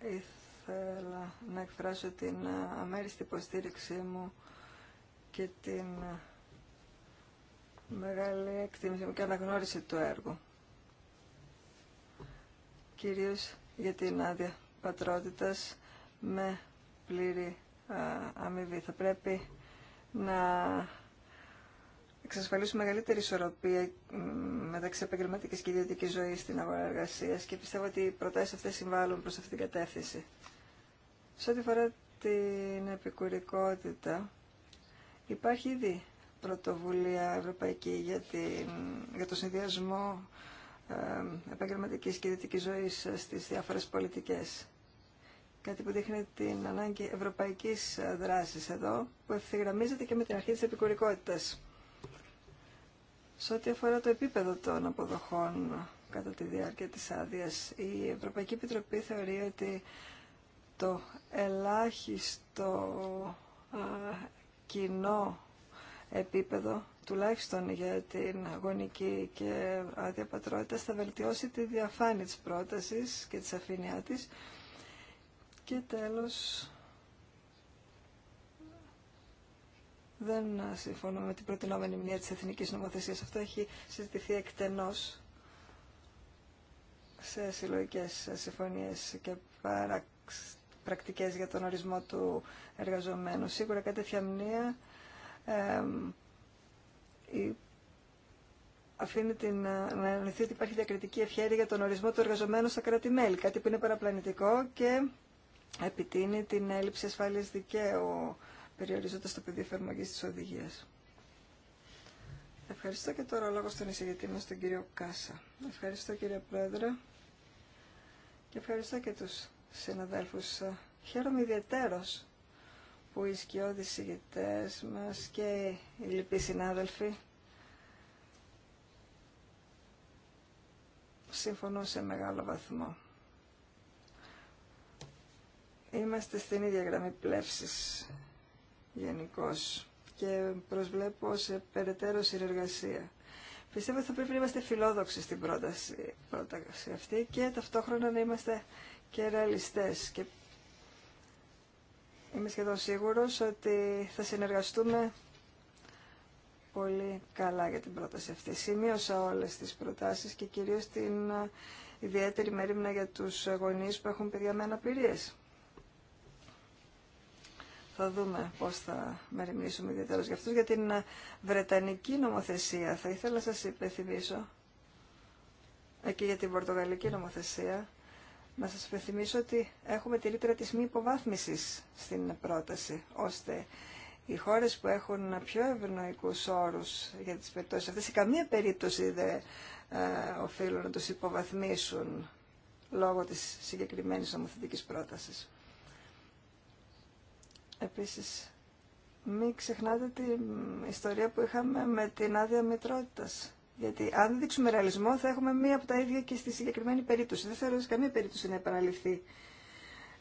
ήθελα ήθελα να εκφράσω την αμέριστη υποστήριξή μου και την μεγάλη εκτίμηση μου και αναγνώριση του έργου. Κυρίως για την άδεια πατρότητας με πλήρη αμοιβή. Θα πρέπει να εξασφαλίσουμε μεγαλύτερη ισορροπία μεταξύ επαγγελματική και ιδιωτική ζωή στην αγορά εργασία και πιστεύω ότι οι προτάσει αυτέ συμβάλλουν προ αυτή την κατεύθυνση. Σε ό,τι φορά την επικουρικότητα, υπάρχει ήδη πρωτοβουλία ευρωπαϊκή για, την, για το συνδυασμό ε, επαγγελματικής και ιδιωτικής ζωής στις διάφορες πολιτικές. Κάτι που δείχνει την ανάγκη ευρωπαϊκής δράσης εδώ, που ευθυγραμμίζεται και με την αρχή της επικουρικότητας. Σε ό,τι αφορά το επίπεδο των αποδοχών κατά τη διάρκεια της άδεια, η Ευρωπαϊκή Επιτροπή θεωρεί ότι το ελάχιστο κοινό επίπεδο, τουλάχιστον για την αγωνική και άδεια πατρότητας, θα βελτιώσει τη διαφάνεια της πρότασης και της αφήνειά της. Και τέλος, δεν συμφωνώ με την προτινόμενη μνήμα της εθνικής νομοθεσίας. Αυτό έχει συζητηθεί εκτενώς σε συλλογικές συμφωνίες και πάραξ πρακτικές για τον ορισμό του εργαζομένου. Σίγουρα κάτι τέτοια μνήμα αφήνει την, να εννοηθεί ότι υπάρχει διακριτική ευχαίρεια για τον ορισμό του εργαζομένου στα κράτη-μέλη, κάτι που είναι παραπλανητικό και επιτείνει την έλλειψη ασφάλειας δικαίου, περιορίζοντας το πεδίο εφαρμογή της οδηγίας. Ευχαριστώ και τώρα λόγο στον εισηγητή μας, τον κύριο Κάσα. Ευχαριστώ κύριε Πρόεδρε και ευχαριστώ και τους συναδέλφους. Ε, χαίρομαι ιδιαίτερο που οι σκιώδεις ηγητές μας και οι λοιποί συνάδελφοι συμφωνούν σε μεγάλο βαθμό. Είμαστε στην ίδια γραμμή πλεύσης γενικώ και προσβλέπω σε περαιτέρω συνεργασία. Πιστεύω ότι θα πρέπει να είμαστε φιλόδοξοι στην πρόταση, πρόταση αυτή και ταυτόχρονα να είμαστε και ρεαλιστές. Και είμαι σχεδόν σίγουρος ότι θα συνεργαστούμε πολύ καλά για την πρόταση αυτή. Σημείωσα όλες τις προτάσεις και κυρίως την ε, ιδιαίτερη μερίμνα για τους γονείς που έχουν παιδιά με αναπηρίες. Θα δούμε πώς θα μεριμνήσουμε ιδιαίτερα για αυτούς. Για την ε, Βρετανική νομοθεσία θα ήθελα να σας υπενθυμίσω ε, και για την Πορτογαλική νομοθεσία να σας υπενθυμίσω ότι έχουμε τη ρήτρα της μη υποβάθμισης στην πρόταση, ώστε οι χώρες που έχουν πιο ευνοϊκούς όρους για τις περιπτώσεις αυτές, σε καμία περίπτωση δεν ε, οφείλουν να τους υποβαθμίσουν λόγω της συγκεκριμένης νομοθετικής πρότασης. Επίσης, μην ξεχνάτε την ιστορία που είχαμε με την άδεια μητρότητας. Γιατί αν δείξουμε ρεαλισμό θα έχουμε μία από τα ίδια και στη συγκεκριμένη περίπτωση. Δεν θέλω σε καμία περίπτωση να επαναληφθεί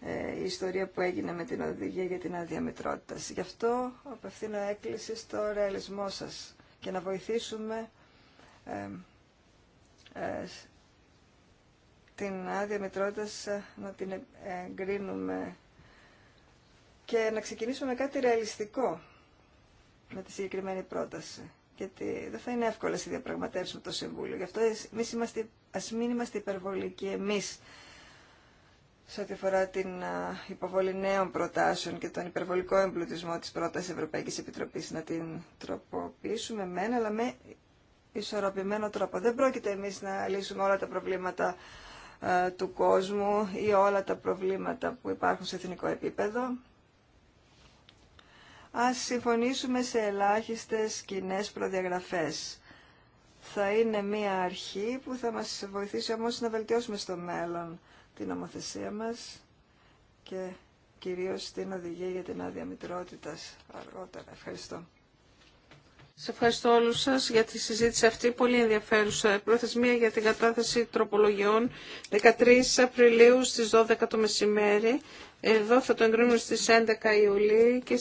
ε, η ιστορία που έγινε με την οδηγία για την άδεια μητρότητας. Γι' αυτό απευθύνω έκκληση στο ρεαλισμό σας και να βοηθήσουμε ε, την άδεια μητρότητας να την ε, εγκρίνουμε και να ξεκινήσουμε με κάτι ρεαλιστικό με τη συγκεκριμένη πρόταση γιατί δεν θα είναι εύκολο οι διαπραγματεύσουμε το Συμβούλιο. Γι' αυτό εμείς είμαστε, ας μην είμαστε υπερβολικοί εμείς σε ό,τι αφορά την υποβολή νέων προτάσεων και τον υπερβολικό εμπλουτισμό της πρότασης Ευρωπαϊκής Επιτροπής να την τροποποιήσουμε μεν, αλλά με ισορροπημένο τρόπο. Δεν πρόκειται εμείς να λύσουμε όλα τα προβλήματα του κόσμου ή όλα τα προβλήματα που υπάρχουν σε εθνικό επίπεδο ας συμφωνήσουμε σε ελάχιστες κοινέ προδιαγραφές. Θα είναι μία αρχή που θα μας βοηθήσει όμως να βελτιώσουμε στο μέλλον την νομοθεσία μας και κυρίως την οδηγία για την άδεια αργότερα. Ευχαριστώ. Σε ευχαριστώ όλους σας για τη συζήτηση αυτή, πολύ ενδιαφέρουσα. Προθεσμία για την κατάθεση τροπολογιών 13 Απριλίου στις 12 το μεσημέρι. Εδώ θα το εγκρίνουμε στις 11 Ιουλίου και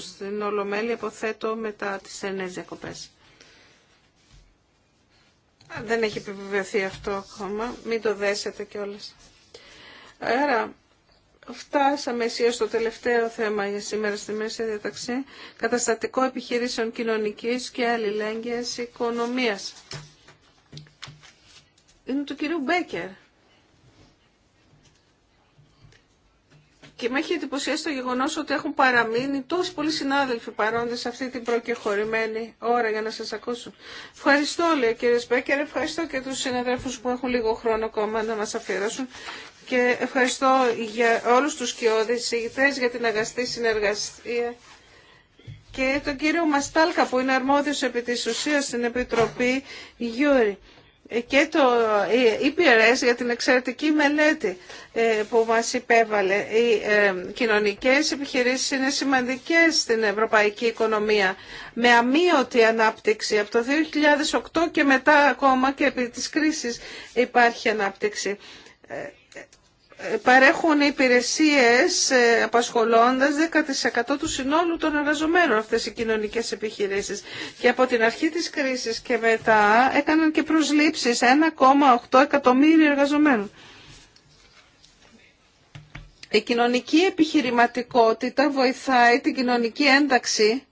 στην Ολομέλη αποθέτω μετά τις 9 διακοπές. Δεν έχει επιβεβαιωθεί αυτό ακόμα. Μην το δέσετε κιόλα. Άρα, φτάσαμε εσύ στο τελευταίο θέμα για σήμερα στη Μέση Διαταξή. Καταστατικό επιχειρήσεων κοινωνικής και αλληλέγγυας οικονομίας. Είναι του κυρίου Μπέκερ. Και με έχει εντυπωσιάσει το γεγονό ότι έχουν παραμείνει τόσοι πολλοί συνάδελφοι παρόντε σε αυτή την προκεχωρημένη ώρα για να σα ακούσουν. Ευχαριστώ, λέει ο κύριο Μπέκερ, ευχαριστώ και του συναδέλφου που έχουν λίγο χρόνο ακόμα να μα αφιερώσουν. Και ευχαριστώ για όλου του κοιόδη ηγητέ για την αγαστή συνεργασία και τον κύριο Μαστάλκα που είναι αρμόδιος επί της ουσίας στην Επιτροπή Γιούρι. Ε, και το EPRS ε, για την εξαιρετική μελέτη ε, που μας υπέβαλε. Οι κοινωνικές επιχειρήσεις είναι σημαντικές στην ευρωπαϊκή οικονομία με αμύωτη ανάπτυξη. Από το 2008 και μετά ακόμα και επί της κρίσης υπάρχει ανάπτυξη παρέχουν υπηρεσίες ε, απασχολώντας 10% του συνόλου των εργαζομένων αυτές οι κοινωνικές επιχειρήσεις. Και από την αρχή της κρίσης και μετά έκαναν και προσλήψεις 1,8 εκατομμύρια εργαζομένων. Η κοινωνική επιχειρηματικότητα βοηθάει την κοινωνική ένταξη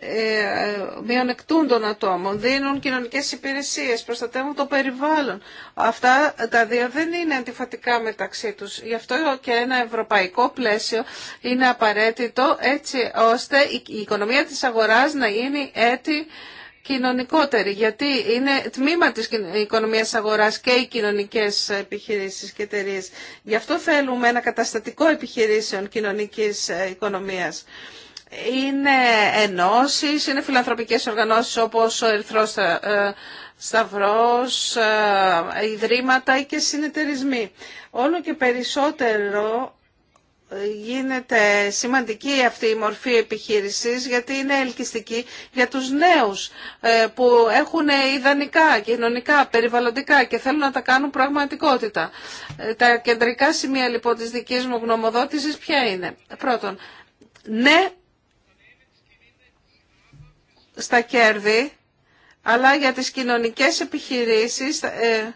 ε, ε, μειονεκτούν των ατόμων, δίνουν κοινωνικές υπηρεσίες, προστατεύουν το περιβάλλον. Αυτά τα δύο δεν είναι αντιφατικά μεταξύ τους. Γι' αυτό και ένα ευρωπαϊκό πλαίσιο είναι απαραίτητο έτσι ώστε η οικονομία της αγοράς να γίνει έτη κοινωνικότερη, γιατί είναι τμήμα της οικονομίας αγοράς και οι κοινωνικές επιχειρήσεις και εταιρείε. Γι' αυτό θέλουμε ένα καταστατικό επιχειρήσεων κοινωνικής ε, οικονομίας είναι ενώσεις, είναι φιλανθρωπικές οργανώσεις όπως ο Ερθρός ε, Σταυρός, ε, ιδρύματα και συνεταιρισμοί. Όλο και περισσότερο γίνεται σημαντική αυτή η μορφή επιχείρησης γιατί είναι ελκυστική για τους νέους ε, που έχουν ιδανικά, κοινωνικά, περιβαλλοντικά και θέλουν να τα κάνουν πραγματικότητα. Τα κεντρικά σημεία λοιπόν της δικής μου γνωμοδότησης ποια είναι. Πρώτον, ναι στα κέρδη, αλλά για τις κοινωνικές επιχειρήσεις ε,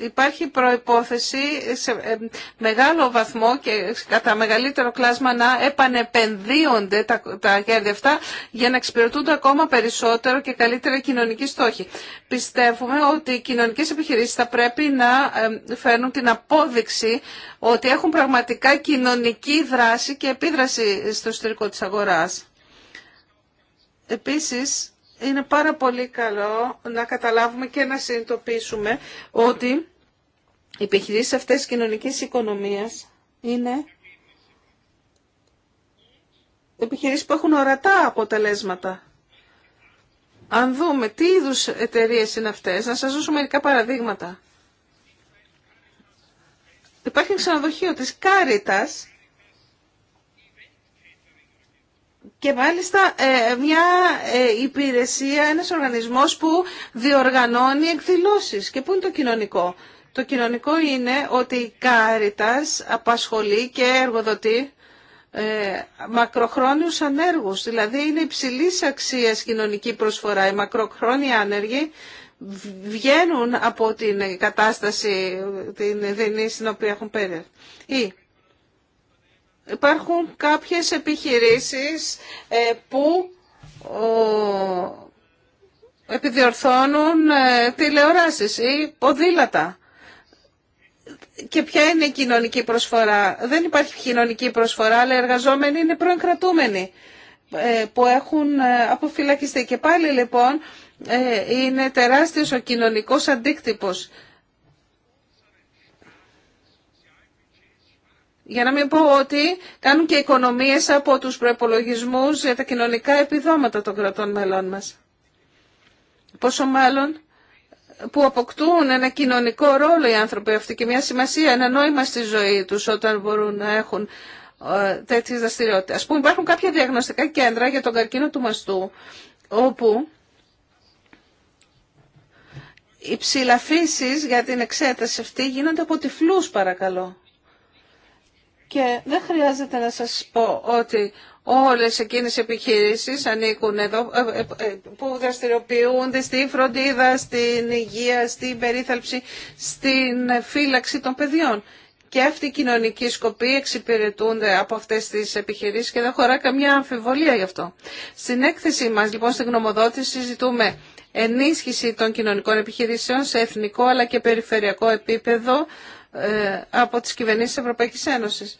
υπάρχει προϋπόθεση σε ε, μεγάλο βαθμό και κατά μεγαλύτερο κλάσμα να επανεπενδύονται τα, τα κέρδη αυτά για να εξυπηρετούνται ακόμα περισσότερο και καλύτερα κοινωνικοί στόχοι. Πιστεύουμε ότι οι κοινωνικές επιχειρήσεις θα πρέπει να ε, φέρνουν την απόδειξη ότι έχουν πραγματικά κοινωνική δράση και επίδραση στο εσωτερικό της αγοράς. Επίσης, είναι πάρα πολύ καλό να καταλάβουμε και να συνειδητοποιήσουμε ότι οι επιχειρήσεις αυτές τη κοινωνικής οικονομίας είναι επιχειρήσεις που έχουν ορατά αποτελέσματα. Αν δούμε τι είδους εταιρείε είναι αυτές, να σας δώσω μερικά παραδείγματα. Υπάρχει ξενοδοχείο της Κάριτας και μάλιστα ε, μια ε, υπηρεσία, ένας οργανισμός που διοργανώνει εκδηλώσεις. Και πού είναι το κοινωνικό. Το κοινωνικό είναι ότι η Κάριτας απασχολεί και εργοδοτεί ε, μακροχρόνιους ανέργους. Δηλαδή είναι υψηλή αξίας κοινωνική προσφορά. Οι μακροχρόνιοι άνεργοι βγαίνουν από την κατάσταση την δινή στην οποία έχουν πέρα. Ή υπάρχουν κάποιες επιχειρήσεις ε, που επιδιορθώνουν ε, τηλεοράσεις ή ποδήλατα και ποια είναι η κοινωνική προσφορά. Δεν υπάρχει κοινωνική προσφορά, αλλά οι εργαζόμενοι είναι προεγκρατούμενοι ε, που έχουν ε, αποφυλακιστεί. Και πάλι λοιπόν ε, είναι τεράστιος ο κοινωνικός αντίκτυπος. Για να μην πω ότι κάνουν και οικονομίες από τους προπολογισμού για τα κοινωνικά επιδόματα των κρατών μελών μας. Πόσο μάλλον που αποκτούν ένα κοινωνικό ρόλο οι άνθρωποι αυτοί και μια σημασία, ένα νόημα στη ζωή τους όταν μπορούν να έχουν ε, τέτοιε δραστηριότητε. Α πούμε, υπάρχουν κάποια διαγνωστικά κέντρα για τον καρκίνο του μαστού, όπου οι ψηλαφίσει για την εξέταση αυτή γίνονται από τυφλού, παρακαλώ. Και δεν χρειάζεται να σας πω ότι όλες εκείνες οι επιχειρήσεις ανήκουν εδώ ε, ε, ε, που δραστηριοποιούνται στη φροντίδα, στην υγεία, στην περίθαλψη, στην φύλαξη των παιδιών. Και αυτοί οι κοινωνικοί σκοποί εξυπηρετούνται από αυτές τις επιχειρήσεις και δεν χωρά καμιά αμφιβολία γι' αυτό. Στην έκθεση μας λοιπόν στην γνωμοδότηση ζητούμε ενίσχυση των κοινωνικών επιχειρήσεων σε εθνικό αλλά και περιφερειακό επίπεδο από τις κυβερνήσεις της Ευρωπαϊκής Ένωσης.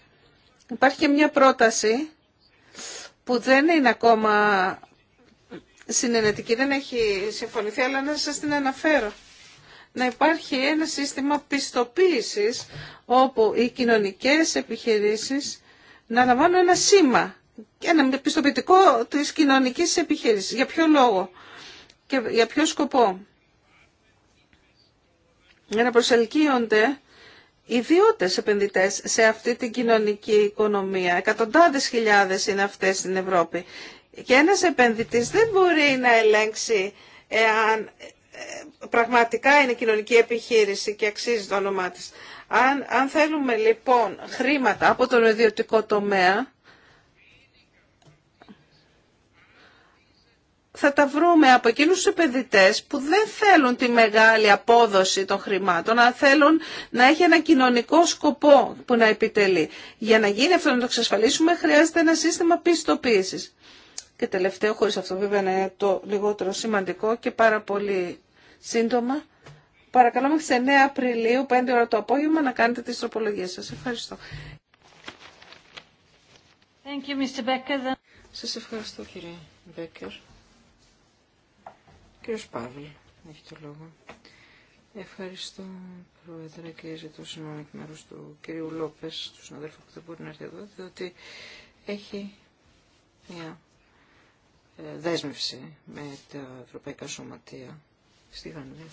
Υπάρχει και μια πρόταση που δεν είναι ακόμα συνενετική, δεν έχει συμφωνηθεί, αλλά να σας την αναφέρω. Να υπάρχει ένα σύστημα πιστοποίησης όπου οι κοινωνικές επιχειρήσεις να λαμβάνουν ένα σήμα, ένα πιστοποιητικό της κοινωνικής επιχείρησης. Για ποιο λόγο και για ποιο σκοπό. Για να προσελκύονται ιδιώτες επενδυτές σε αυτή την κοινωνική οικονομία. Εκατοντάδες χιλιάδες είναι αυτές στην Ευρώπη. Και ένας επενδυτής δεν μπορεί να ελέγξει εάν ε, πραγματικά είναι κοινωνική επιχείρηση και αξίζει το όνομά της. Αν, αν θέλουμε λοιπόν χρήματα από τον ιδιωτικό τομέα, θα τα βρούμε από εκείνους τους επενδυτές που δεν θέλουν τη μεγάλη απόδοση των χρημάτων, αλλά θέλουν να έχει ένα κοινωνικό σκοπό που να επιτελεί. Για να γίνει αυτό να το εξασφαλίσουμε χρειάζεται ένα σύστημα πιστοποίησης. Και τελευταίο, χωρίς αυτό βέβαια να είναι το λιγότερο σημαντικό και πάρα πολύ σύντομα, παρακαλώ μέχρι σε 9 Απριλίου, 5 ώρα το απόγευμα, να κάνετε τις τροπολογίες σας. Ευχαριστώ. Thank you, Mr. Becker. Σας ευχαριστώ κύριε Μπέκερ. Κύριος Παύλ, έχει το λόγο. Ευχαριστώ, Πρόεδρε, και ζητώ συγγνώμη του κυρίου Λόπε, του συναδέλφου που δεν μπορεί να έρθει εδώ, διότι έχει μια ε, δέσμευση με τα Ευρωπαϊκά Σωματεία στη Γανδία.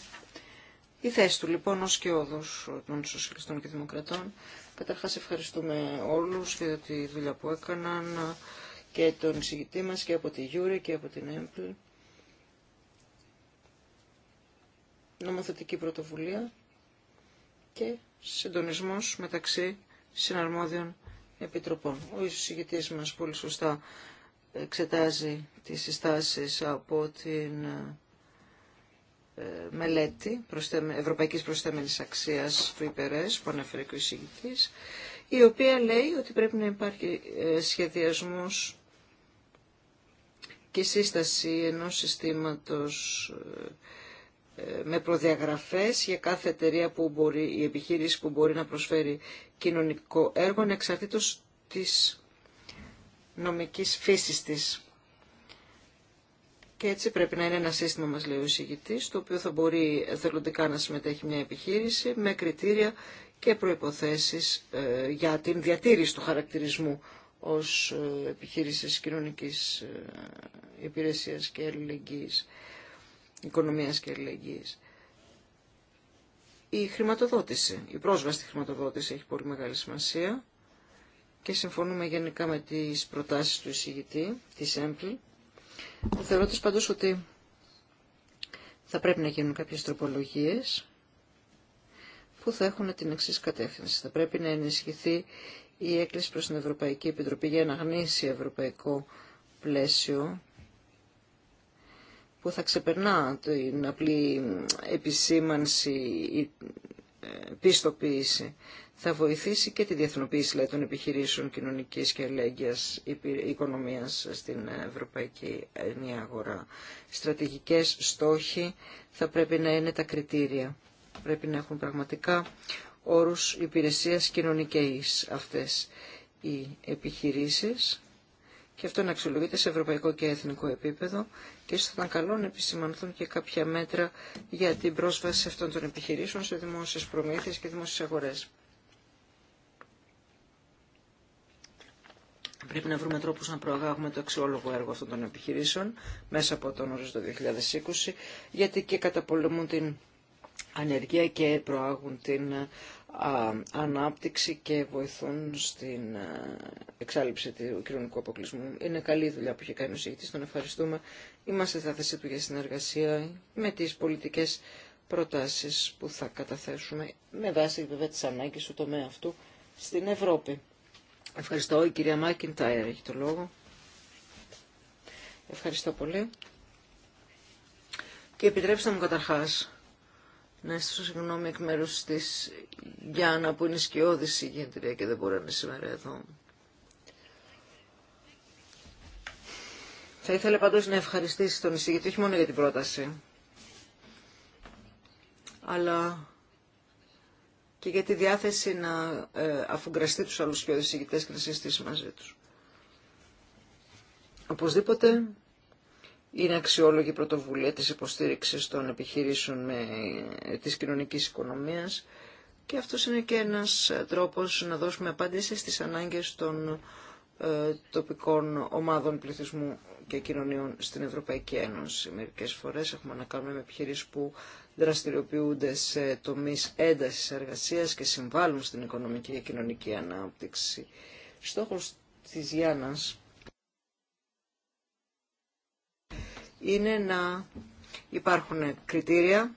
Η θέση του λοιπόν ως και όδος των Σοσιαλιστών και Δημοκρατών. Καταρχάς ευχαριστούμε όλους για τη δουλειά που έκαναν και τον εισηγητή μας και από τη Γιούρη και από την Έμπλη νομοθετική πρωτοβουλία και συντονισμός μεταξύ συναρμόδιων επιτροπών. Ο εισηγητής μας πολύ σωστά εξετάζει τις συστάσεις από την ε, μελέτη ευρωπαϊκής προσθέμενης αξίας του υπερές που ανέφερε και ο εισηγητής, η οποία λέει ότι πρέπει να υπάρχει ε, σχεδιασμός και σύσταση ενός συστήματος ε, με προδιαγραφές για κάθε εταιρεία που μπορεί, η επιχείρηση που μπορεί να προσφέρει κοινωνικό έργο εξαρτήτως της νομικής φύσης της. Και έτσι πρέπει να είναι ένα σύστημα, μας λέει ο εισηγητής, το οποίο θα μπορεί θελοντικά να συμμετέχει μια επιχείρηση με κριτήρια και προϋποθέσεις ε, για την διατήρηση του χαρακτηρισμού ως ε, επιχείρησης κοινωνικής ε, υπηρεσίας και ελληνικής οικονομίας και αλληλεγγύης. Η χρηματοδότηση, η πρόσβαση στη χρηματοδότηση έχει πολύ μεγάλη σημασία και συμφωνούμε γενικά με τις προτάσεις του εισηγητή, της ΕΜΠΛΗ. Θεωρώ τις πάντως ότι θα πρέπει να γίνουν κάποιες τροπολογίες που θα έχουν την εξή κατεύθυνση. Θα πρέπει να ενισχυθεί η έκκληση προς την Ευρωπαϊκή Επιτροπή για να γνήσει ευρωπαϊκό πλαίσιο που θα ξεπερνά την απλή επισήμανση ή ε, πιστοποίηση. Θα βοηθήσει και τη διεθνοποίηση των επιχειρήσεων κοινωνικής και αλληλέγγυας οικονομίας στην ευρωπαϊκή ενιαία αγορά. Στρατηγικές στόχοι θα πρέπει να είναι τα κριτήρια. Πρέπει να έχουν πραγματικά όρους υπηρεσίας κοινωνικής αυτές οι επιχειρήσεις και αυτό να αξιολογείται σε ευρωπαϊκό και εθνικό επίπεδο και ίσως θα ήταν καλό να επισημανθούν και κάποια μέτρα για την πρόσβαση αυτών των επιχειρήσεων σε δημόσιες προμήθειες και δημόσιες αγορές. Πρέπει να βρούμε τρόπους να προαγάγουμε το αξιόλογο έργο αυτών των επιχειρήσεων μέσα από τον ορίζοντα 2020, γιατί και καταπολεμούν την ανεργία και προάγουν την ανάπτυξη και βοηθούν στην εξάλληψη του κοινωνικού αποκλεισμού. Είναι καλή δουλειά που έχει κάνει ο τον ευχαριστούμε. Είμαστε στα θέση του για συνεργασία με τις πολιτικές προτάσεις που θα καταθέσουμε με βάση βέβαια τις ανάγκες του τομέα αυτού στην Ευρώπη. Ευχαριστώ. Η κυρία Μάκιντάιρ έχει το λόγο. Ευχαριστώ πολύ. Και επιτρέψτε μου καταρχάς να ζητήσω συγγνώμη εκ μέρου τη Γιάννα που είναι σκιώδη συγγεντρία και δεν μπορεί να είναι σήμερα εδώ. Θα ήθελα πάντως να ευχαριστήσει τον εισηγητή, όχι μόνο για την πρόταση, αλλά και για τη διάθεση να ε, αφουγκραστεί τους άλλους σκιώδη οδησηγητές και να συζητήσει μαζί τους. Οπωσδήποτε είναι αξιόλογη πρωτοβουλία της υποστήριξης των επιχειρήσεων με, της κοινωνικής οικονομίας και αυτός είναι και ένας τρόπος να δώσουμε απάντηση στις ανάγκες των ε, τοπικών ομάδων πληθυσμού και κοινωνίων στην Ευρωπαϊκή Ένωση. Μερικές φορές έχουμε να κάνουμε με επιχειρήσεις που δραστηριοποιούνται σε τομείς έντασης εργασίας και συμβάλλουν στην οικονομική και κοινωνική ανάπτυξη. Στόχος της Γιάννας είναι να υπάρχουν κριτήρια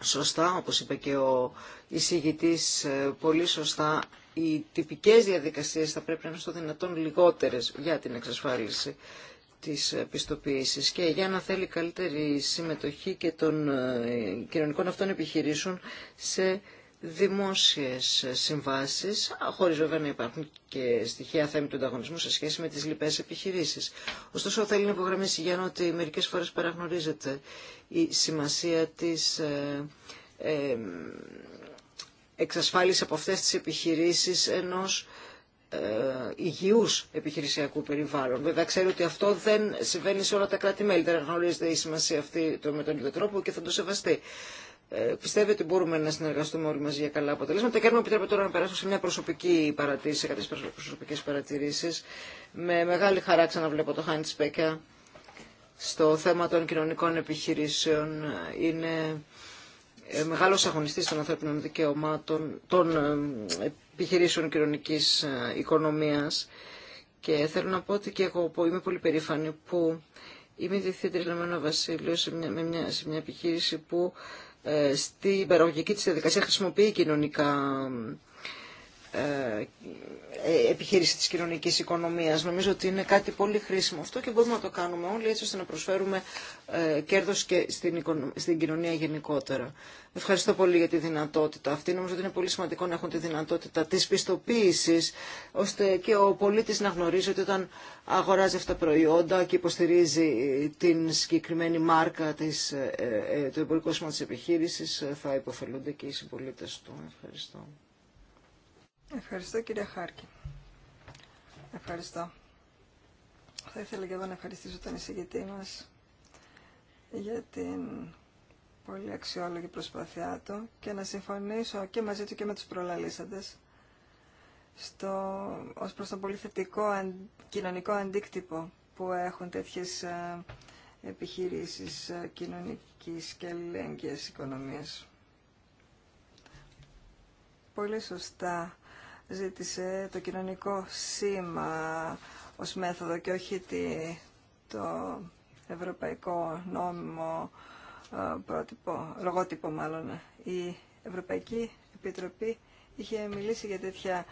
σωστά, όπως είπε και ο εισηγητής ε, πολύ σωστά, οι τυπικές διαδικασίες θα πρέπει να είναι στο δυνατόν λιγότερες για την εξασφάλιση της πιστοποίησης και για να θέλει καλύτερη συμμετοχή και των ε, κοινωνικών αυτών επιχειρήσεων σε δημόσιες συμβάσεις, χωρίς βέβαια να υπάρχουν και στοιχεία θέμη του ανταγωνισμού σε σχέση με τις λοιπές επιχειρήσεις. Ωστόσο, θέλει να υπογραμμίσει για να ότι μερικές φορές παραγνωρίζεται η σημασία της ε, ε, εξασφάλιση από αυτές τις επιχειρήσεις ενός ε, υγιούς επιχειρησιακού περιβάλλον. Βέβαια ξέρω ότι αυτό δεν συμβαίνει σε όλα τα κράτη-μέλη, δεν γνωρίζεται η σημασία αυτή το, με τον ίδιο τρόπο και θα το σεβαστεί. Ε, πιστεύω ότι μπορούμε να συνεργαστούμε όλοι μαζί για καλά αποτελέσματα. Και αν μου επιτρέπετε τώρα να περάσω σε μια προσωπική παρατήρηση, σε κάποιε προσωπικέ παρατηρήσει. Με μεγάλη χαρά ξαναβλέπω το Χάιντ Σπέκια στο θέμα των κοινωνικών επιχειρήσεων. Είναι ε, μεγάλος αγωνιστής των ανθρώπινων δικαιωμάτων, των ε, επιχειρήσεων κοινωνική οικονομίας και θέλω να πω ότι και εγώ που είμαι πολύ περήφανη που είμαι διευθύντρια Λεμένα Βασίλειο σε με μια, σε μια επιχείρηση που ε, στην παραγωγική της διαδικασία χρησιμοποιεί κοινωνικά ε, ε, επιχείρηση της κοινωνικής οικονομίας. Νομίζω ότι είναι κάτι πολύ χρήσιμο αυτό και μπορούμε να το κάνουμε όλοι έτσι ώστε να προσφέρουμε ε, κέρδος και στην κοινωνία γενικότερα. Ευχαριστώ πολύ για τη δυνατότητα αυτή. Νομίζω ότι είναι πολύ σημαντικό να έχουν τη δυνατότητα της πιστοποίησης ώστε και ο πολίτης να γνωρίζει ότι όταν αγοράζει αυτά τα προϊόντα και υποστηρίζει την συγκεκριμένη μάρκα της, του εμπορικό σώμα της επιχείρησης θα υποφελούνται και οι συμπολίτε του. Ευχαριστώ. Ευχαριστώ κύριε Χάρκη. Ευχαριστώ. Θα ήθελα και εγώ να ευχαριστήσω τον εισηγητή μας για την πολύ αξιόλογη προσπάθειά του και να συμφωνήσω και μαζί του και με τους προλαλήσαντες στο, ως προς τον πολύ θετικό κοινωνικό αντίκτυπο που έχουν τέτοιες ε, επιχειρήσεις ε, κοινωνικής και αλληλέγγυας οικονομίας. Πολύ σωστά ζήτησε το κοινωνικό σήμα ως μέθοδο και όχι το ευρωπαϊκό νόμιμο ε, πρότυπο, λογότυπο μάλλον. Η Ευρωπαϊκή Επιτροπή είχε μιλήσει για τέτοια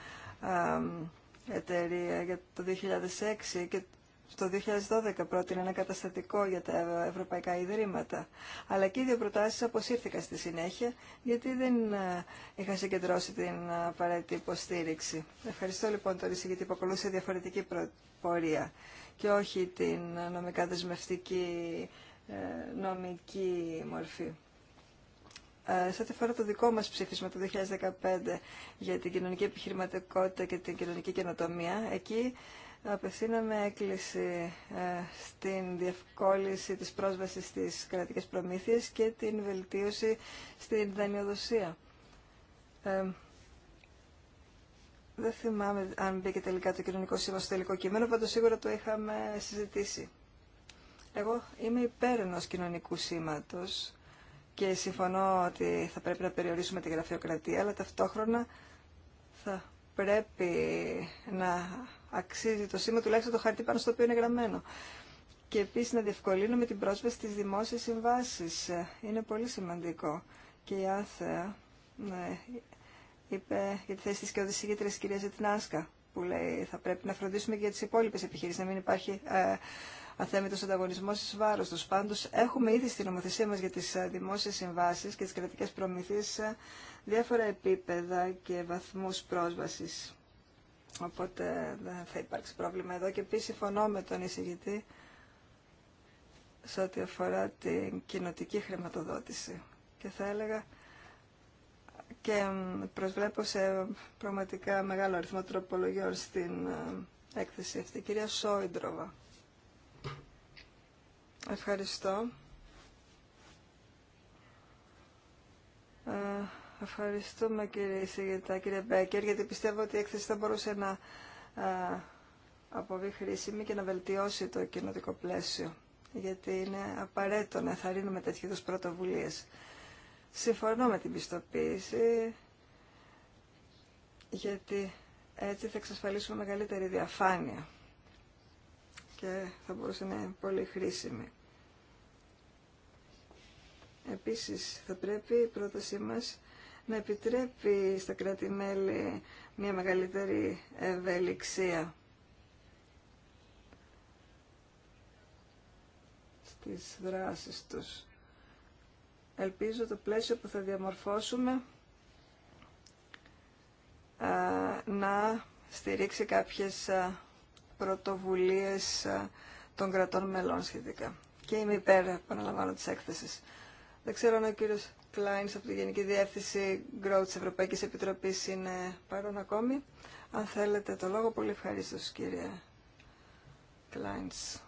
ε, εταιρεία για το 2006 και το 2012 πρότεινε ένα καταστατικό για τα ευρωπαϊκά ιδρύματα. Αλλά και οι δύο προτάσεις αποσύρθηκαν στη συνέχεια, γιατί δεν ε, είχαν συγκεντρώσει την απαραίτητη υποστήριξη. Ευχαριστώ λοιπόν τον Ρίση, γιατί υποκολούσε διαφορετική πορεία και όχι την νομικά δεσμευτική ε, νομική μορφή. Ε, σε ό,τι αφορά το δικό μας ψήφισμα το 2015 για την κοινωνική επιχειρηματικότητα και την κοινωνική καινοτομία, εκεί απευθύναμε έκκληση ε, στην διευκόλυνση της πρόσβασης στις κρατικές προμήθειες και την βελτίωση στην δανειοδοσία. Ε, δεν θυμάμαι αν μπήκε τελικά το κοινωνικό σήμα στο τελικό κείμενο, πάντως σίγουρα το είχαμε συζητήσει. Εγώ είμαι υπέρ ενός κοινωνικού σήματος και συμφωνώ ότι θα πρέπει να περιορίσουμε τη γραφειοκρατία, αλλά ταυτόχρονα θα πρέπει να αξίζει το σήμα, τουλάχιστον το χαρτί πάνω στο οποίο είναι γραμμένο. Και επίση να διευκολύνουμε την πρόσβαση στι δημόσιε συμβάσει. Ε, είναι πολύ σημαντικό. Και η Άθεα ναι, είπε για τη θέση τη και οδησηγήτρια κυρία Ζετινάσκα, που λέει θα πρέπει να φροντίσουμε και για τι υπόλοιπε επιχειρήσει, να μην υπάρχει ε, αθέμητο ανταγωνισμό ει βάρο του. Πάντω, έχουμε ήδη στην νομοθεσία μα για τι ε, δημόσιε συμβάσει και τι κρατικέ προμηθείε διάφορα επίπεδα και βαθμού πρόσβαση. Οπότε δεν θα υπάρξει πρόβλημα εδώ. Και επίση συμφωνώ με τον εισηγητή σε ό,τι αφορά την κοινοτική χρηματοδότηση. Και θα έλεγα και προσβλέπω σε πραγματικά μεγάλο αριθμό τροπολογιών στην ε, έκθεση αυτή. Κυρία Σόιντροβα. Ευχαριστώ. Ε, Ευχαριστούμε κύριε Ισηγητά, κύριε Μπέκερ, γιατί πιστεύω ότι η έκθεση θα μπορούσε να αποβεί χρήσιμη και να βελτιώσει το κοινωτικό πλαίσιο. Γιατί είναι απαραίτητο να θαρρύνουμε τέτοιου είδου πρωτοβουλίε. Συμφωνώ με την πιστοποίηση, γιατί έτσι θα εξασφαλίσουμε μεγαλύτερη διαφάνεια και θα μπορούσε να είναι πολύ χρήσιμη. Επίσης, θα πρέπει η πρότασή μας να επιτρέπει στα κράτη-μέλη μια μεγαλύτερη ευελιξία στις δράσεις τους. Ελπίζω το πλαίσιο που θα διαμορφώσουμε να στηρίξει κάποιες πρωτοβουλίες των κρατών μελών σχετικά. Και είμαι υπέρ, επαναλαμβάνω, της έκθεσης. Δεν ξέρω αν ο κύριος Κλάινς από τη Γενική Διεύθυνση Growth της Ευρωπαϊκής Επιτροπής είναι παρόν ακόμη. Αν θέλετε το λόγο, πολύ ευχαριστώ κύριε Κλάινς.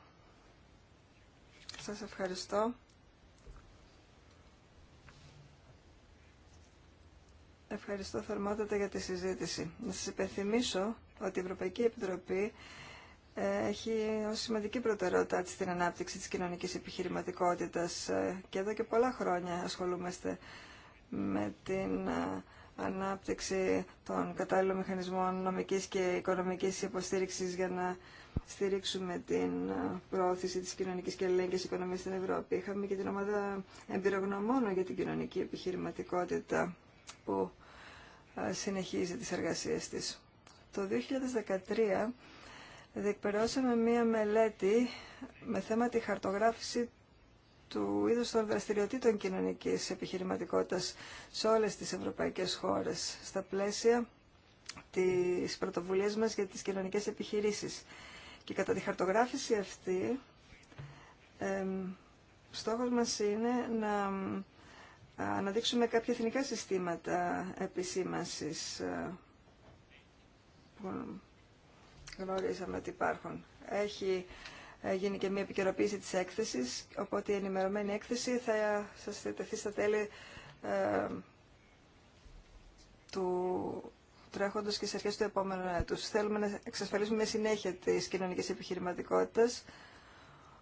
Σας ευχαριστώ. Ευχαριστώ θερμότατα για τη συζήτηση. Να σας υπενθυμίσω ότι η Ευρωπαϊκή Επιτροπή έχει ως σημαντική προτεραιότητά την ανάπτυξη της κοινωνικής επιχειρηματικότητας ε, και εδώ και πολλά χρόνια ασχολούμαστε με την ε, ανάπτυξη των κατάλληλων μηχανισμών νομικής και οικονομικής υποστήριξης για να στηρίξουμε την ε, προώθηση της κοινωνικής και ελληνικής οικονομίας στην Ευρώπη. Είχαμε και την ομάδα εμπειρογνωμόνων για την κοινωνική επιχειρηματικότητα που συνεχίζει τις εργασίες της. Το 2013 διεκπαιρεώσαμε μία μελέτη με θέμα τη χαρτογράφηση του είδους των δραστηριοτήτων κοινωνικής επιχειρηματικότητας σε όλες τις ευρωπαϊκές χώρες, στα πλαίσια της πρωτοβουλίας μας για τις κοινωνικές επιχειρήσεις. Και κατά τη χαρτογράφηση αυτή, ε, στόχος μας είναι να αναδείξουμε κάποια εθνικά συστήματα επισήμασης ε, γνωρίζαμε ότι υπάρχουν. Έχει ε, γίνει και μια επικαιροποίηση της έκθεσης, οπότε η ενημερωμένη έκθεση θα σας θετεθεί στα τέλη ε, του τρέχοντος και σε αρχές του επόμενου έτους. Θέλουμε να εξασφαλίσουμε μια συνέχεια της κοινωνικής επιχειρηματικότητας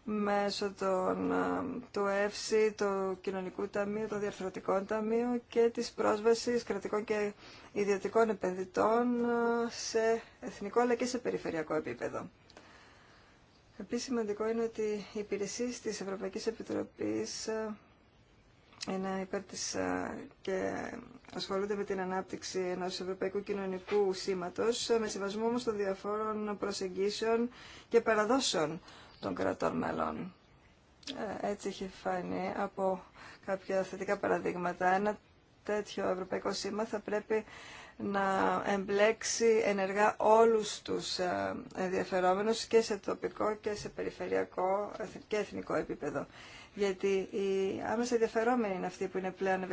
μέσω των, ε, του ΕΦΣΥ, του Κοινωνικού Ταμείου, των Διαρθρωτικών Ταμείου και της πρόσβασης κρατικών και ιδιωτικών επενδυτών ε, σε εθνικό αλλά και σε περιφερειακό επίπεδο. Επίσης σημαντικό είναι ότι οι υπηρεσίε της Ευρωπαϊκής Επιτροπής ε, είναι υπέρ και ασχολούνται με την ανάπτυξη ενός ευρωπαϊκού κοινωνικού σήματος με συμβασμό όμως των διαφόρων προσεγγίσεων και παραδόσεων των κρατών μελών. Ε, έτσι έχει φανεί από κάποια θετικά παραδείγματα. Ένα τέτοιο ευρωπαϊκό σήμα θα πρέπει να εμπλέξει ενεργά όλους τους ε, ενδιαφερόμενους και σε τοπικό και σε περιφερειακό και εθνικό επίπεδο. Γιατί οι άμεσα ενδιαφερόμενοι είναι αυτοί που είναι πλέον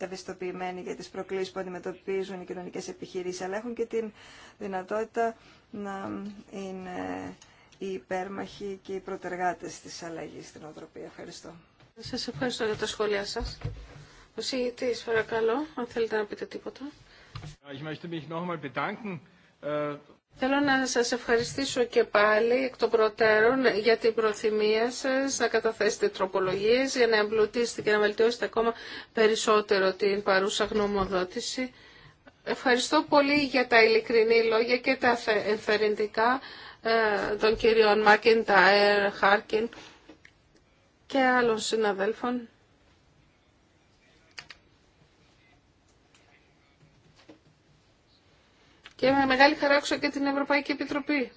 ευαισθητοποιημένοι για τις προκλήσεις που αντιμετωπίζουν οι κοινωνικές επιχειρήσεις, αλλά έχουν και την δυνατότητα να είναι οι υπέρμαχοι και οι προτεργάτες της αλλαγή στην οτροπία. Ευχαριστώ. Σας ευχαριστώ για τα σχόλιά σας. Ο συγητής, παρακαλώ, αν θέλετε να πείτε τίποτα. Äh, Θέλω να σας ευχαριστήσω και πάλι εκ των προτέρων για την προθυμία σας να καταθέσετε τροπολογίες για να εμπλουτίσετε και να βελτιώσετε ακόμα περισσότερο την παρούσα γνωμοδότηση. Ευχαριστώ πολύ για τα ειλικρινή λόγια και τα ενθαρρυντικά ε, των κυρίων Μακεντάερ, Χάρκιν και άλλων συναδέλφων. Και με μεγάλη χαρά έξω και την Ευρωπαϊκή Επιτροπή.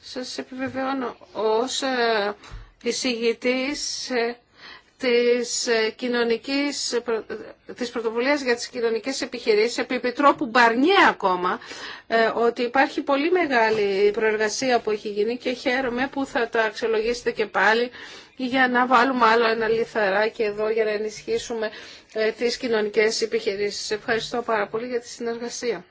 Σας επιβεβαιώνω, ως ε, εισηγητής ε, της, ε, κοινωνικής, ε, της πρωτοβουλίας για τις κοινωνικές επιχειρήσεις, επί Επιτρόπου Μπαρνιέ ακόμα, ε, ότι υπάρχει πολύ μεγάλη προεργασία που έχει γίνει και χαίρομαι που θα τα αξιολογήσετε και πάλι για να βάλουμε άλλο ένα λιθαράκι εδώ για να ενισχύσουμε τις κοινωνικές επιχειρήσεις. Ευχαριστώ πάρα πολύ για τη συνεργασία.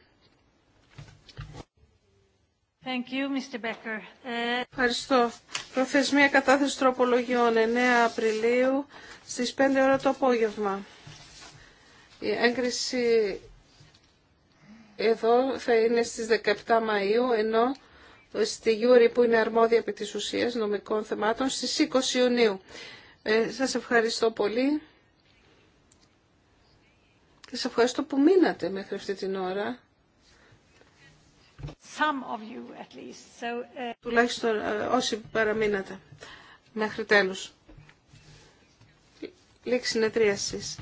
Ε, ευχαριστώ. Προθεσμία κατάθεση τροπολογιών 9 Απριλίου στις 5 ώρα το απόγευμα. Η έγκριση εδώ θα είναι στις 17 Μαΐου, ενώ στη Γιούρη που είναι αρμόδια επί της ουσίας νομικών θεμάτων στις 20 Ιουνίου. Ε, σας ευχαριστώ πολύ Σα σας ευχαριστώ που μείνατε μέχρι αυτή την ώρα. Uh, Τουλάχιστον ε, όσοι παραμείνατε μέχρι τέλους. Λήξη συνεδρίασης. Yeah.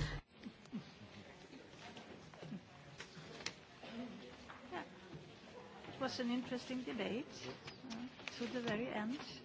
It was an interesting debate uh, to the very end.